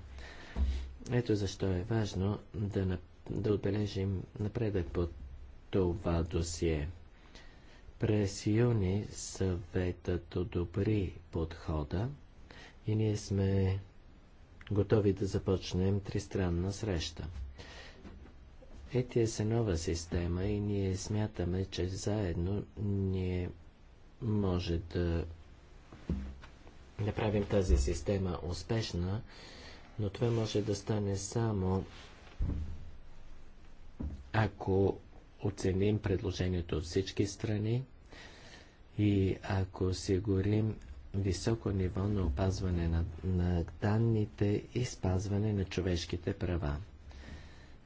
Ето защо е важно да, да отбележим напредък по това досие. През юни съветът одобри подхода и ние сме готови да започнем тристранна среща. Ети е се нова система и ние смятаме, че заедно ние може да направим тази система успешна но това може да стане само ако оценим предложението от всички страни и ако осигурим високо ниво на опазване на, на данните и спазване на човешките права.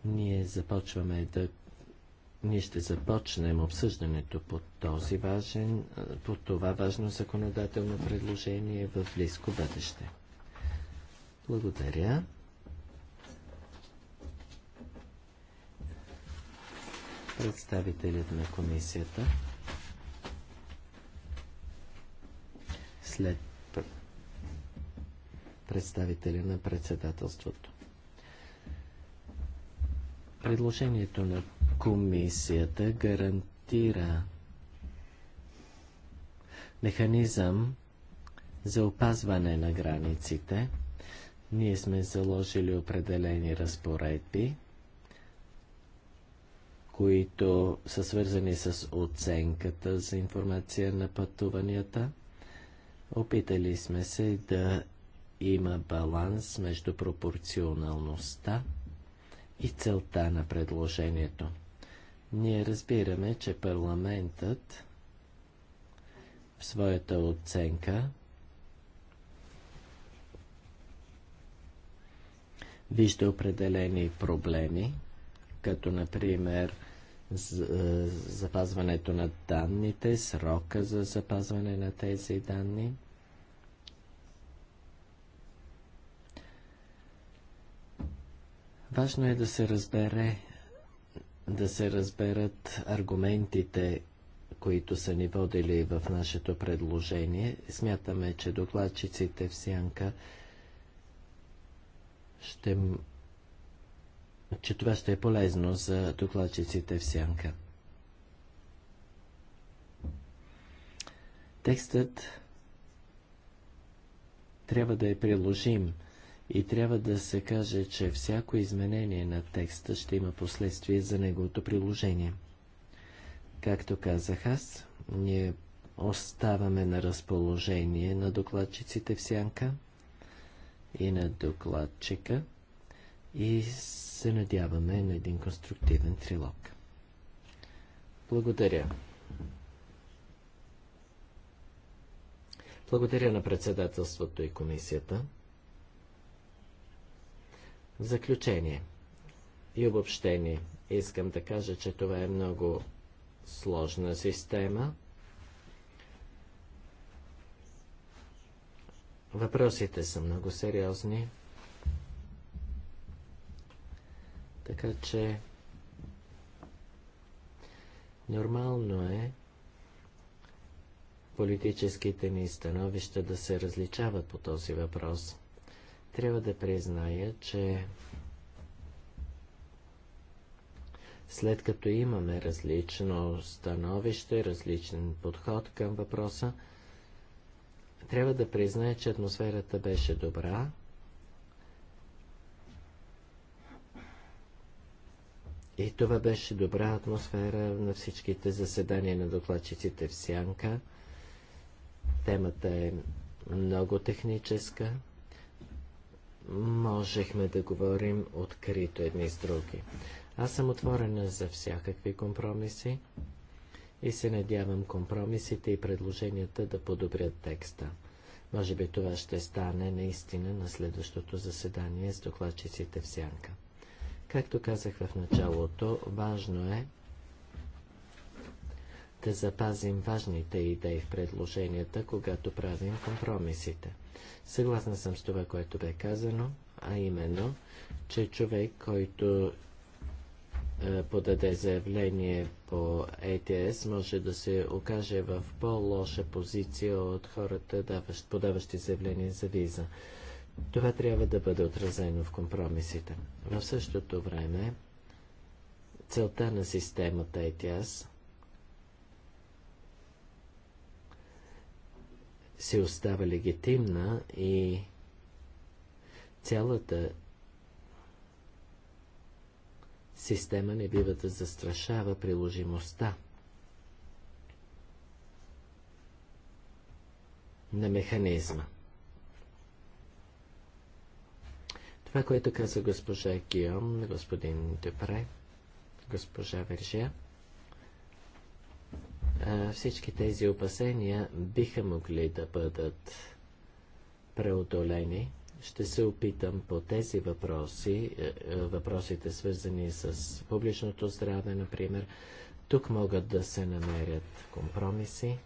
Ние започваме да ние ще започнем обсъждането по, този важен, по това важно законодателно предложение в близко бъдеще. Благодаря. Представителят на комисията. След представителя на председателството. Предложението на комисията гарантира механизъм за опазване на границите – ние сме заложили определени разпоредби, които са свързани с оценката за информация на пътуванията. Опитали сме се да има баланс между пропорционалността и целта на предложението. Ние разбираме, че парламентът в своята оценка вижда определени проблеми, като например е, запазването на данните, срока за запазване на тези данни. Важно е да се разбере да се разберат аргументите, които са ни водили в нашето предложение. Смятаме, че докладчиците в Сянка ще, че това ще е полезно за докладчиците в сянка. Текстът трябва да е приложим и трябва да се каже, че всяко изменение на текста ще има последствия за неговото приложение. Както казах аз, ние оставаме на разположение на докладчиците в сянка – и на докладчика и се надяваме на един конструктивен трилог. Благодаря. Благодаря на председателството и комисията. В заключение и обобщение искам да кажа, че това е много сложна система – Въпросите са много сериозни. Така че нормално е политическите ни становища да се различават по този въпрос. Трябва да призная, че след като имаме различно становище, различен подход към въпроса, трябва да призная, че атмосферата беше добра. И това беше добра атмосфера на всичките заседания на докладчиците в Сянка. Темата е много техническа. Можехме да говорим открито едни с други. Аз съм отворена за всякакви компромиси и се надявам компромисите и предложенията да подобрят текста. Може би това ще стане наистина на следващото заседание с докладчиците в сянка. Както казах в началото, важно е да запазим важните идеи в предложенията, когато правим компромисите. Съгласна съм с това, което бе казано, а именно, че човек, който е, подаде заявление по ЕТС, може да се окаже в по-лоша позиция от хората, подаващи заявление за виза. Това трябва да бъде отразено в компромисите. В същото време, целта на системата ATS е се остава легитимна и цялата система не бива да застрашава приложимостта на механизма. Това, което каза госпожа Гиом, господин Депре, госпожа Вержия, всички тези опасения биха могли да бъдат преодолени ще се опитам по тези въпроси, е, е, въпросите свързани с публичното здраве, например, тук могат да се намерят компромиси,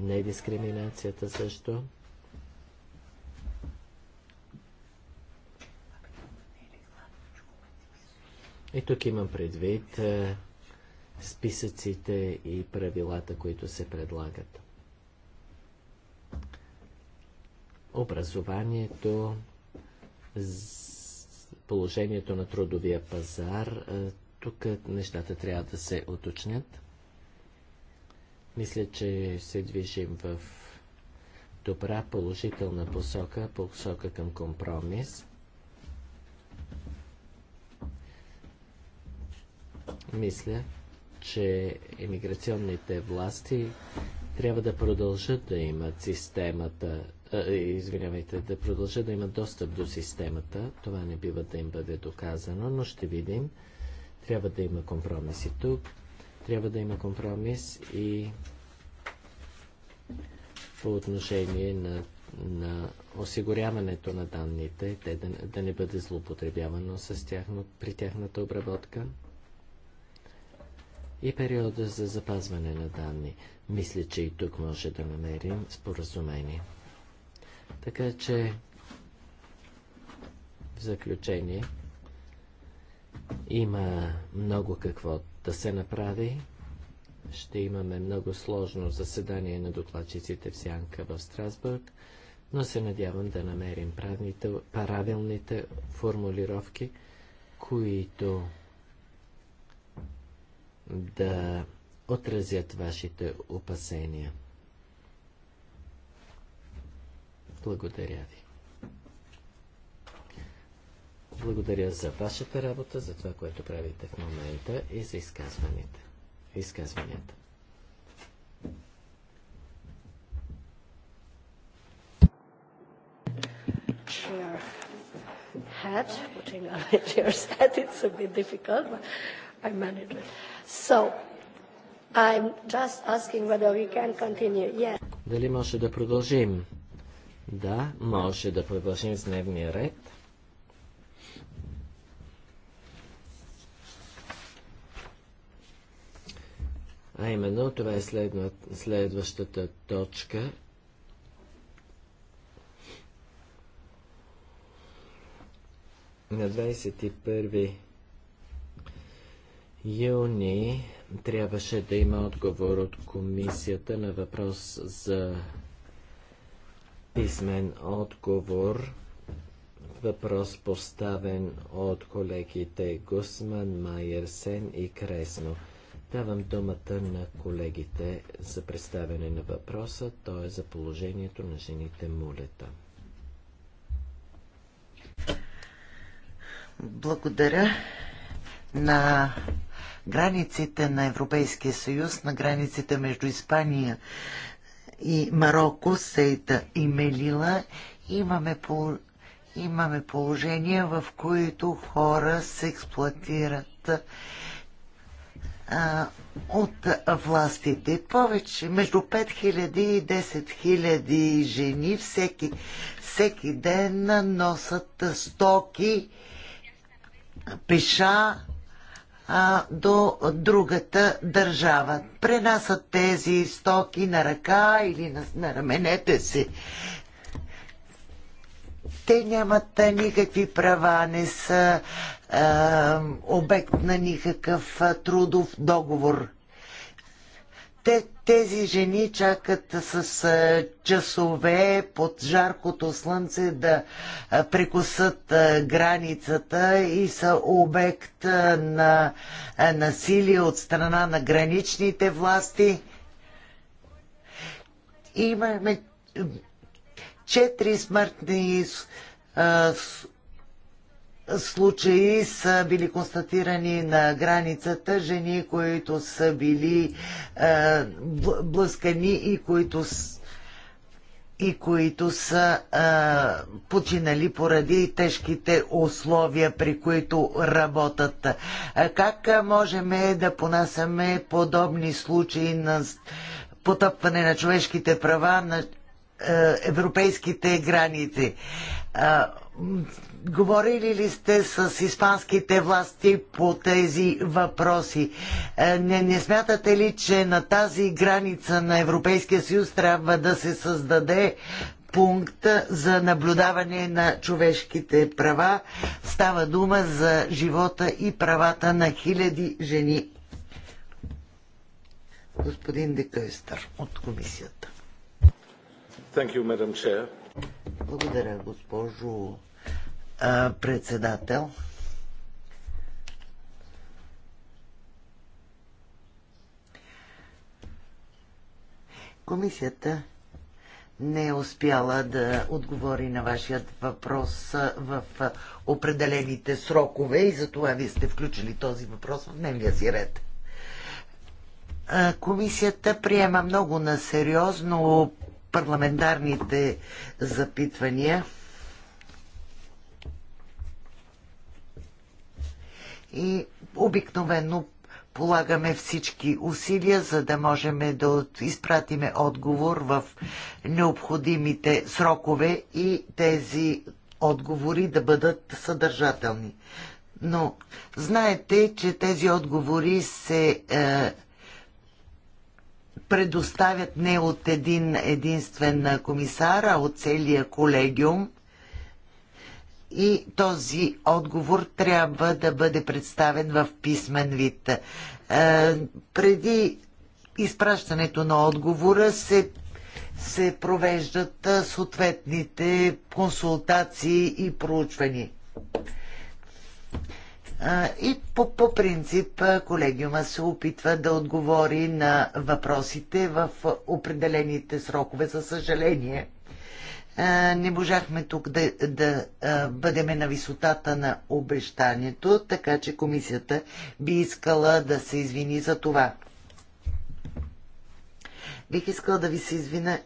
недискриминацията също. И тук имам предвид е, списъците и правилата, които се предлагат. образованието, положението на трудовия пазар. Тук нещата трябва да се уточнят. Мисля, че се движим в добра положителна посока, посока към компромис. Мисля, че емиграционните власти трябва да продължат да имат системата е, извинявайте, да продължат да имат достъп до системата. Това не бива да им бъде доказано, но ще видим. Трябва да има компромиси тук. Трябва да има компромис и по отношение на, на осигуряването на данните, те да, да не бъде злоупотребявано с тяхно, при тяхната обработка и периода за запазване на данни. Мисля, че и тук може да намерим споразумение. Така че в заключение има много какво да се направи. Ще имаме много сложно заседание на докладчиците в Сянка в Страсбург, но се надявам да намерим правните, правилните формулировки, които да отразят вашите опасения. Благодаря ви. Благодаря за вашата работа, за това, което правите в момента и за изказванията. изказванията. Chair hat, putting on a chair's hat, it's a bit difficult, but I managed it. So, I'm just asking whether we can continue. Yes. Yeah. Да, може да продължим с дневния ред. А именно, това е следва, следващата точка. На 21 юни трябваше да има отговор от комисията на въпрос за писмен отговор. Въпрос поставен от колегите Гусман, Майерсен и Кресно. Давам думата на колегите за представяне на въпроса, то е за положението на жените мулета. Благодаря. На границите на Европейския съюз, на границите между Испания и Марокко, Сейта е и Мелила, имаме, по, имаме положения, в които хора се експлуатират а, от властите. Повече, между 5000 и 10 000 жени всеки, всеки ден носят стоки, пеша, а, до другата държава. Пренасят тези стоки на ръка или на, на раменете си. Те нямат никакви права, не са а, обект на никакъв трудов договор те, тези жени чакат с а, часове под жаркото слънце да а, прекусат а, границата и са обект а, на а, насилие от страна на граничните власти. Имаме четири смъртни а, с, случаи са били констатирани на границата жени, които са били е, блъскани и които, и които са а, е, починали поради тежките условия, при които работят. Е, как можем да понасяме подобни случаи на потъпване на човешките права на а, е, европейските граници? Говорили ли сте с испанските власти по тези въпроси? Е, не, не смятате ли, че на тази граница на Европейския съюз трябва да се създаде пункт за наблюдаване на човешките права? Става дума за живота и правата на хиляди жени. Господин Декъстър от комисията. You, Благодаря, госпожо председател. Комисията не е успяла да отговори на вашият въпрос в определените срокове и затова вие сте включили този въпрос в дневния си ред. Комисията приема много на сериозно парламентарните запитвания – и обикновено полагаме всички усилия, за да можем да изпратиме отговор в необходимите срокове и тези отговори да бъдат съдържателни. Но знаете, че тези отговори се е, предоставят не от един единствен комисар, а от целия колегиум и този отговор трябва да бъде представен в писмен вид. Е, преди изпращането на отговора се, се провеждат е, съответните консултации и проучвания. Е, и по, по принцип е, колегиума се опитва да отговори на въпросите в определените срокове. За съжаление, не можахме тук да, да бъдеме на висотата на обещанието, така че комисията би искала да се извини за това. Бих искала да ви се извина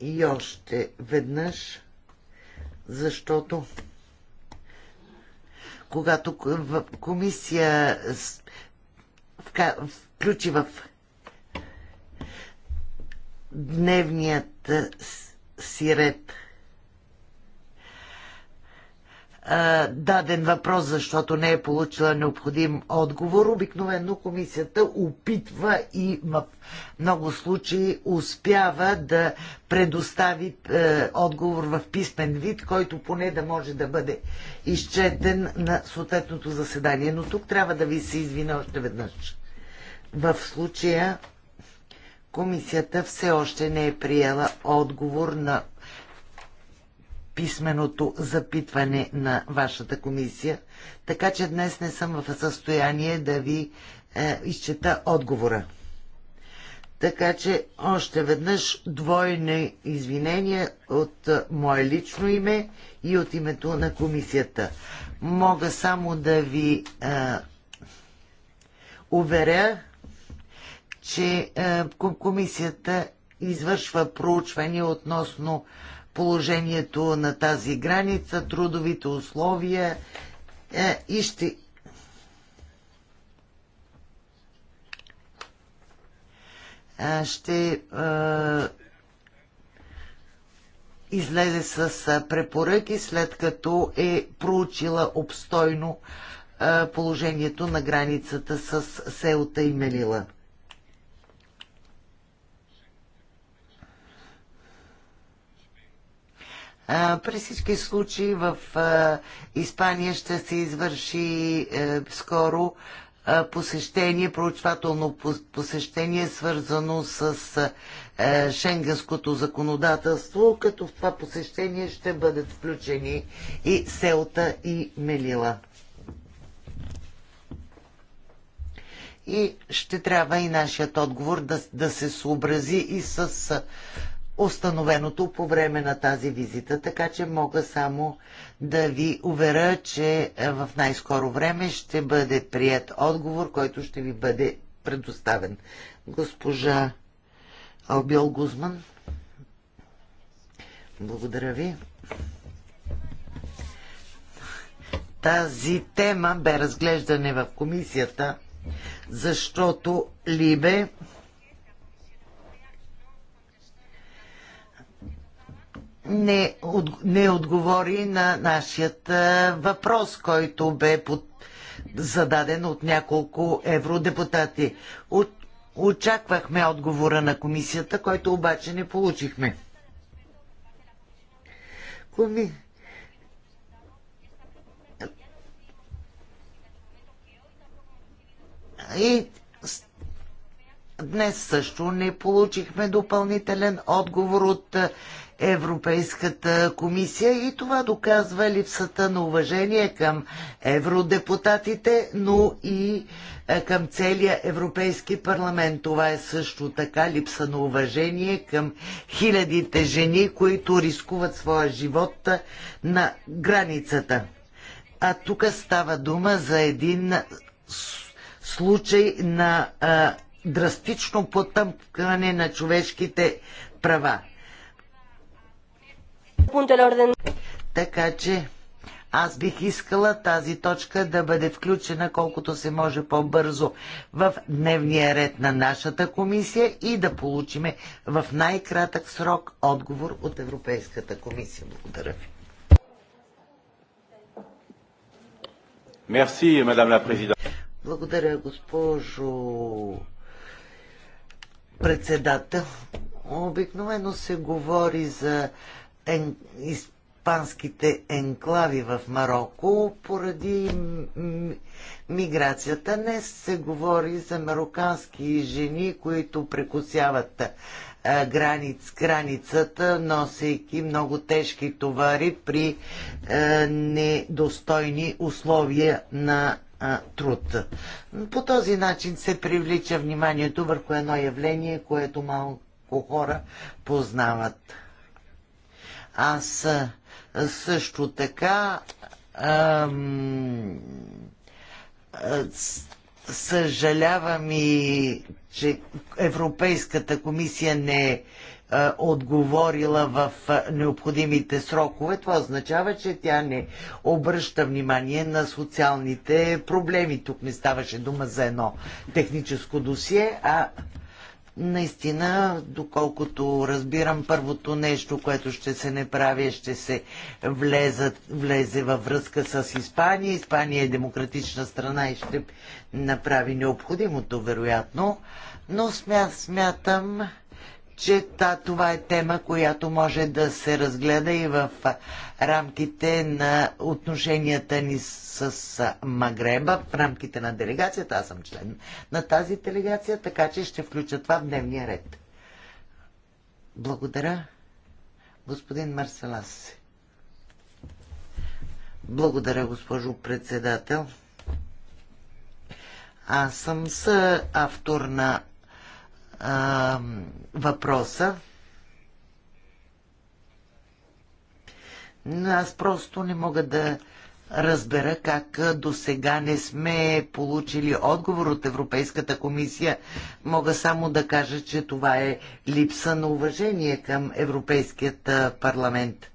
и още веднъж, защото когато комисия включи в дневният си ред даден въпрос, защото не е получила необходим отговор, обикновено комисията опитва и в много случаи успява да предостави е, отговор в писмен вид, който поне да може да бъде изчетен на съответното заседание. Но тук трябва да ви се извина още веднъж. В случая Комисията все още не е приела отговор на писменото запитване на вашата комисия, така че днес не съм в състояние да ви е, изчета отговора. Така че още веднъж двойни извинения от е, мое лично име и от името на комисията. Мога само да ви е, уверя, че е, комисията извършва проучвания относно положението на тази граница, трудовите условия е, и ще. Е, ще излезе с препоръки, след като е проучила обстойно положението на границата с селта и Мелила. При всички случаи в Испания ще се извърши е, скоро посещение, проучвателно посещение, свързано с е, шенгенското законодателство, като в това посещение ще бъдат включени и Селта и Мелила. И ще трябва и нашият отговор да, да се съобрази и с установеното по време на тази визита, така че мога само да ви уверя, че е, в най-скоро време ще бъде прият отговор, който ще ви бъде предоставен. Госпожа Албил Гузман, благодаря ви. Тази тема бе разглеждане в комисията, защото Либе не, от, не отговори на нашият въпрос, който бе под, зададен от няколко евродепутати. От, очаквахме отговора на комисията, който обаче не получихме. Коми... И днес също не получихме допълнителен отговор от Европейската комисия и това доказва липсата на уважение към евродепутатите, но и е, към целия Европейски парламент. Това е също така липса на уважение към хилядите жени, които рискуват своя живот е, на границата. А тук става дума за един случай на а, е, драстично потъмкване на човешките права. Така че аз бих искала тази точка да бъде включена колкото се може по-бързо в дневния ред на нашата комисия и да получиме в най-кратък срок отговор от Европейската комисия. Благодаря ви. Merci, Благодаря, госпожо председател. Обикновено се говори за ен, испанските енклави в Марокко поради миграцията. Днес се говори за марокански жени, които прекусяват границ, границата, носейки много тежки товари при е, недостойни условия на е, труд. По този начин се привлича вниманието върху едно явление, което малко хора познават. Аз също така ам, съжалявам и, че Европейската комисия не е отговорила в необходимите срокове. Това означава, че тя не обръща внимание на социалните проблеми. Тук не ставаше дума за едно техническо досие, а Наистина, доколкото разбирам, първото нещо, което ще се не прави, е, ще се влезат, влезе във връзка с Испания. Испания е демократична страна и ще направи необходимото, вероятно. Но смя, смятам, че та, това е тема, която може да се разгледа и в рамките на отношенията ни с Магреба, в рамките на делегацията. Аз съм член на тази делегация, така че ще включа това в дневния ред. Благодаря, господин Марселас. Благодаря, госпожо председател. Аз съм съавтор на а, въпроса. Но аз просто не мога да разбера как до сега не сме получили отговор от Европейската комисия. Мога само да кажа, че това е липса на уважение към Европейският парламент.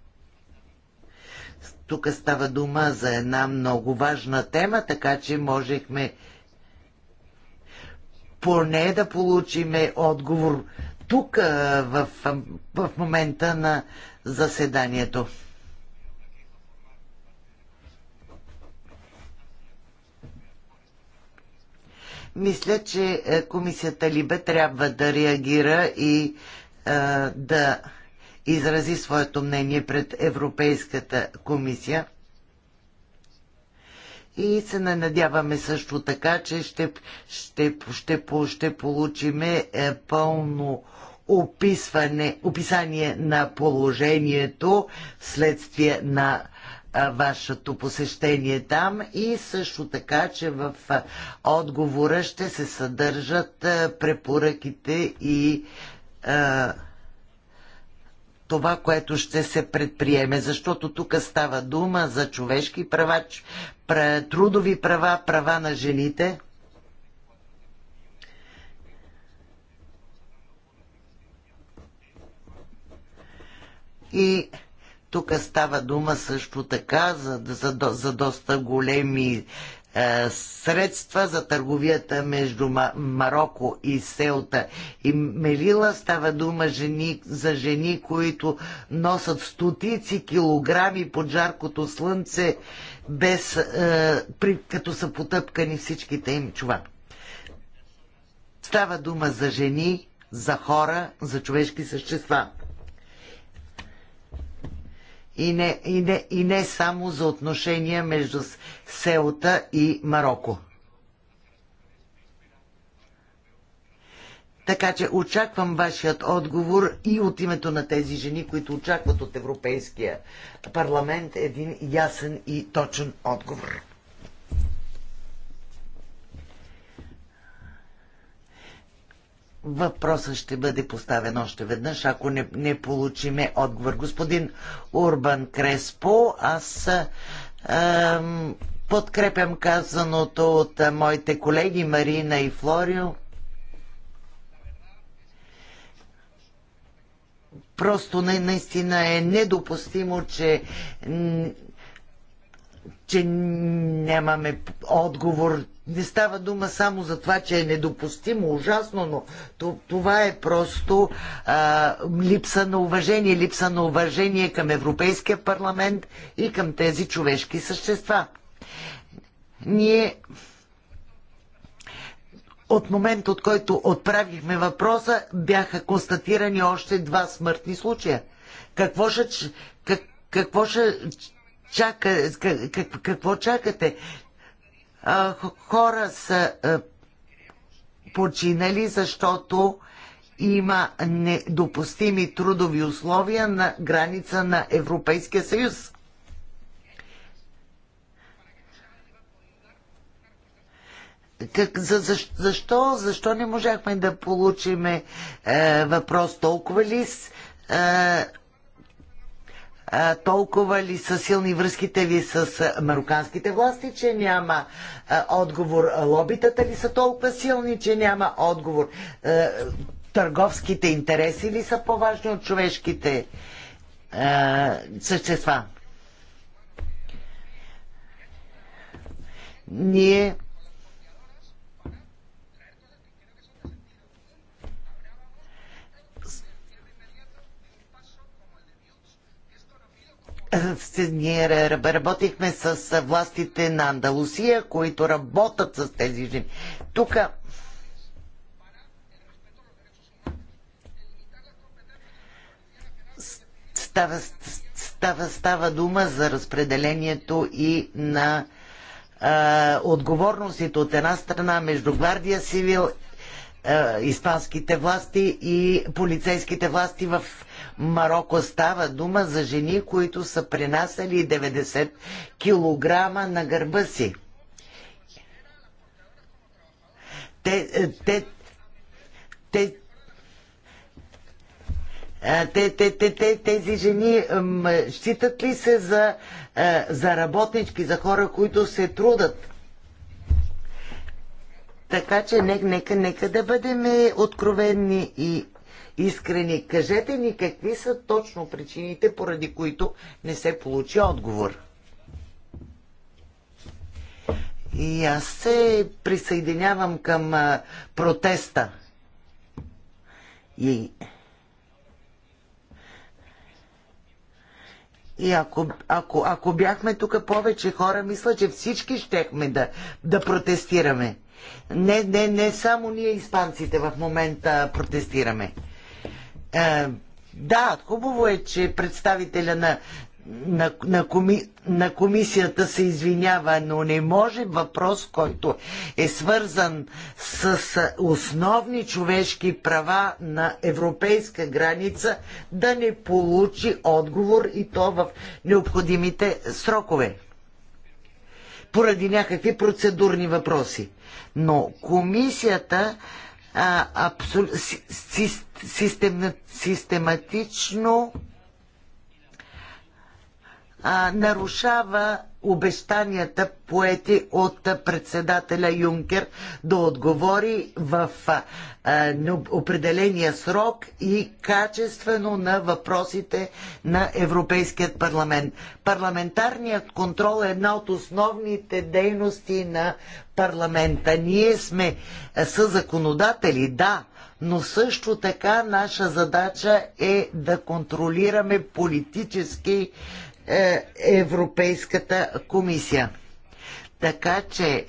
Тук става дума за една много важна тема, така че можехме поне да получиме отговор тук в, в момента на заседанието. Мисля, че е, комисията Либе трябва да реагира и а, е, да изрази своето мнение пред Европейската комисия. И се надяваме също така, че ще, ще, ще, ще получиме е, пълно описване, описание на положението вследствие на е, вашето посещение там и също така, че в е, отговора ще се съдържат препоръките и а, това, което ще се предприеме, защото тук става дума за човешки права, трудови права, права на жените. И тук става дума също така за, за, за доста големи е, средства за търговията между Марокко и Селта и Мелила. Става дума жени, за жени, които носят стотици килограми под жаркото слънце, без, е, при, като са потъпкани всичките им чува. Става дума за жени, за хора, за човешки същества и не, и не, и не само за отношения между Селта и Марокко. Така че очаквам вашият отговор и от името на тези жени, които очакват от Европейския парламент един ясен и точен отговор. въпросът ще бъде поставен още веднъж, ако не, не получиме отговор. Господин Урбан Креспо, аз ам, подкрепям казаното от а, моите колеги Марина и Флорио. Просто не, наистина е недопустимо, че че нямаме отговор не става дума само за това, че е недопустимо, ужасно, но това е просто а, липса на уважение, липса на уважение към Европейския парламент и към тези човешки същества. Ние от момента, от който отправихме въпроса, бяха констатирани още два смъртни случая. Какво ще, как, какво ще чака, как, какво чакате? хора са починали, защото има недопустими трудови условия на граница на Европейския съюз. Как, за, защо, защо, защо не можахме да получиме е, въпрос толкова ли с, е, толкова ли са силни връзките ви с мароканските власти, че няма отговор? Лобитата ли са толкова силни, че няма отговор? търговските интереси ли са по-важни от човешките същества? Ние ние работихме с властите на Андалусия, които работят с тези жени. Тук става, става, става дума за разпределението и на а, отговорностите от една страна между Гвардия Сивил, а, испанските власти и полицейските власти в Марокко става дума за жени, които са принасяли 90 кг на гърба си. Те, е, те, те, е, те, те, те, те, тези жени е, считат ли се за, за работнички, за хора, които се трудат? Така че нека, нека, нека да бъдем откровенни и искрени. Кажете ни какви са точно причините, поради които не се получи отговор. И аз се присъединявам към а, протеста. И, и ако, ако, ако бяхме тук повече хора, мисля, че всички щехме да, да протестираме. Не, не, не само ние, испанците, в момента протестираме. Е, да, хубаво е, че представителя на, на, на, коми, на комисията се извинява, но не може въпрос, който е свързан с основни човешки права на европейска граница, да не получи отговор и то в необходимите срокове. Поради някакви процедурни въпроси. Но комисията а, абсол... система... систематично а, нарушава обещанията поети от председателя Юнкер да отговори в а, определения срок и качествено на въпросите на Европейският парламент. Парламентарният контрол е една от основните дейности на парламента. Ние сме законодатели, да, но също така наша задача е да контролираме политически е, Европейската комисия. Така че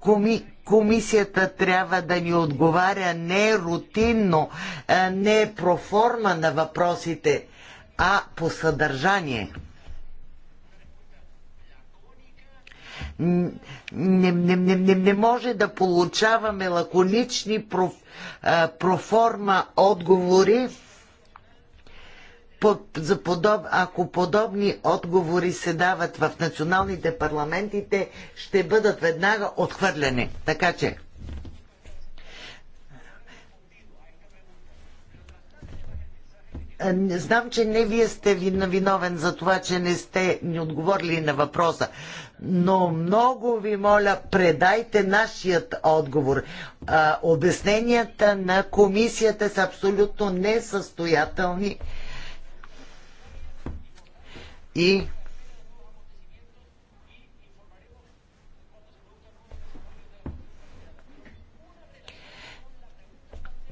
коми, комисията трябва да ни отговаря не рутинно, е, не проформа на въпросите, а по съдържание. Не, не, не, не, не може да получаваме лаконични проф, е, проформа отговори за подоб, ако подобни отговори се дават в националните парламенти, те ще бъдат веднага отхвърляни. Така че. Знам, че не вие сте виновен за това, че не сте ни отговорили на въпроса, но много ви моля, предайте нашият отговор. обясненията на комисията са абсолютно несъстоятелни и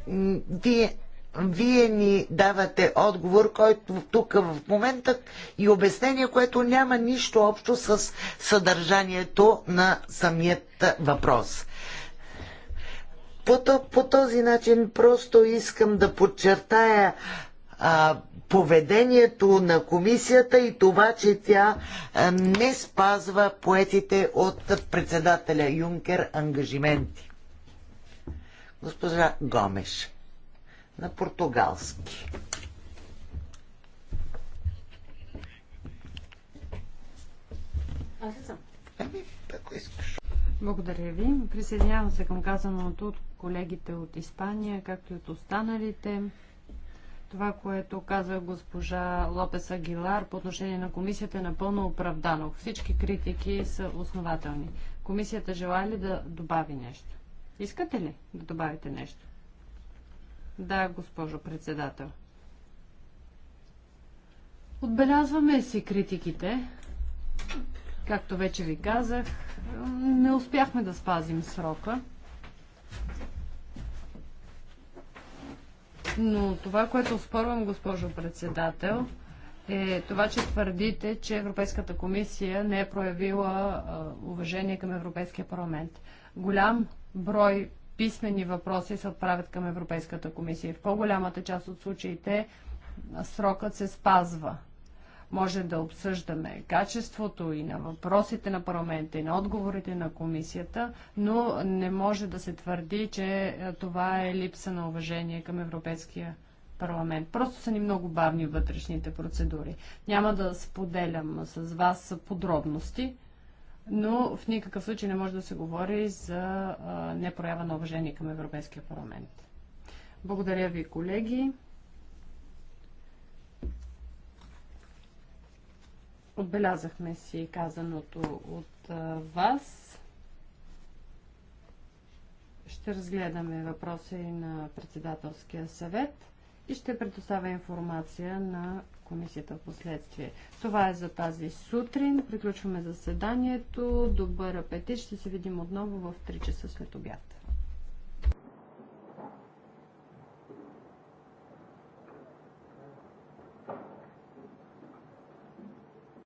вие, вие ни давате отговор, който тук в момента и обяснение, което няма нищо общо с съдържанието на самият въпрос. По, по този начин просто искам да подчертая а, поведението на комисията и това, че тя е, не спазва поетите от председателя Юнкер ангажименти. Госпожа Гомеш на португалски. Аз съм. Ами, ако искаш. Благодаря ви. Присъединявам се към казаното от колегите от Испания, както и от останалите. Това, което казва госпожа Лопес Агилар по отношение на комисията е напълно оправдано. Всички критики са основателни. Комисията желая ли да добави нещо? Искате ли да добавите нещо? Да, госпожо председател. Отбелязваме си критиките. Както вече ви казах, не успяхме да спазим срока. Но това, което спорвам, госпожо председател, е това, че твърдите, че Европейската комисия не е проявила а, уважение към Европейския парламент. Голям брой писмени въпроси се отправят към Европейската комисия. В по-голямата част от случаите срокът се спазва. Може да обсъждаме качеството и на въпросите на парламента, и на отговорите на комисията, но не може да се твърди, че е, това е липса на уважение към Европейския парламент. Просто са ни много бавни вътрешните процедури. Няма да споделям с вас подробности, но в никакъв случай не може да се говори за непроява на уважение към Европейския парламент. Благодаря ви, колеги. Отбелязахме си казаното от вас. Ще разгледаме въпроса и на председателския съвет и ще предоставя информация на комисията в последствие. Това е за тази сутрин. Приключваме заседанието. Добър апетит. Ще се видим отново в 3 часа след обяд.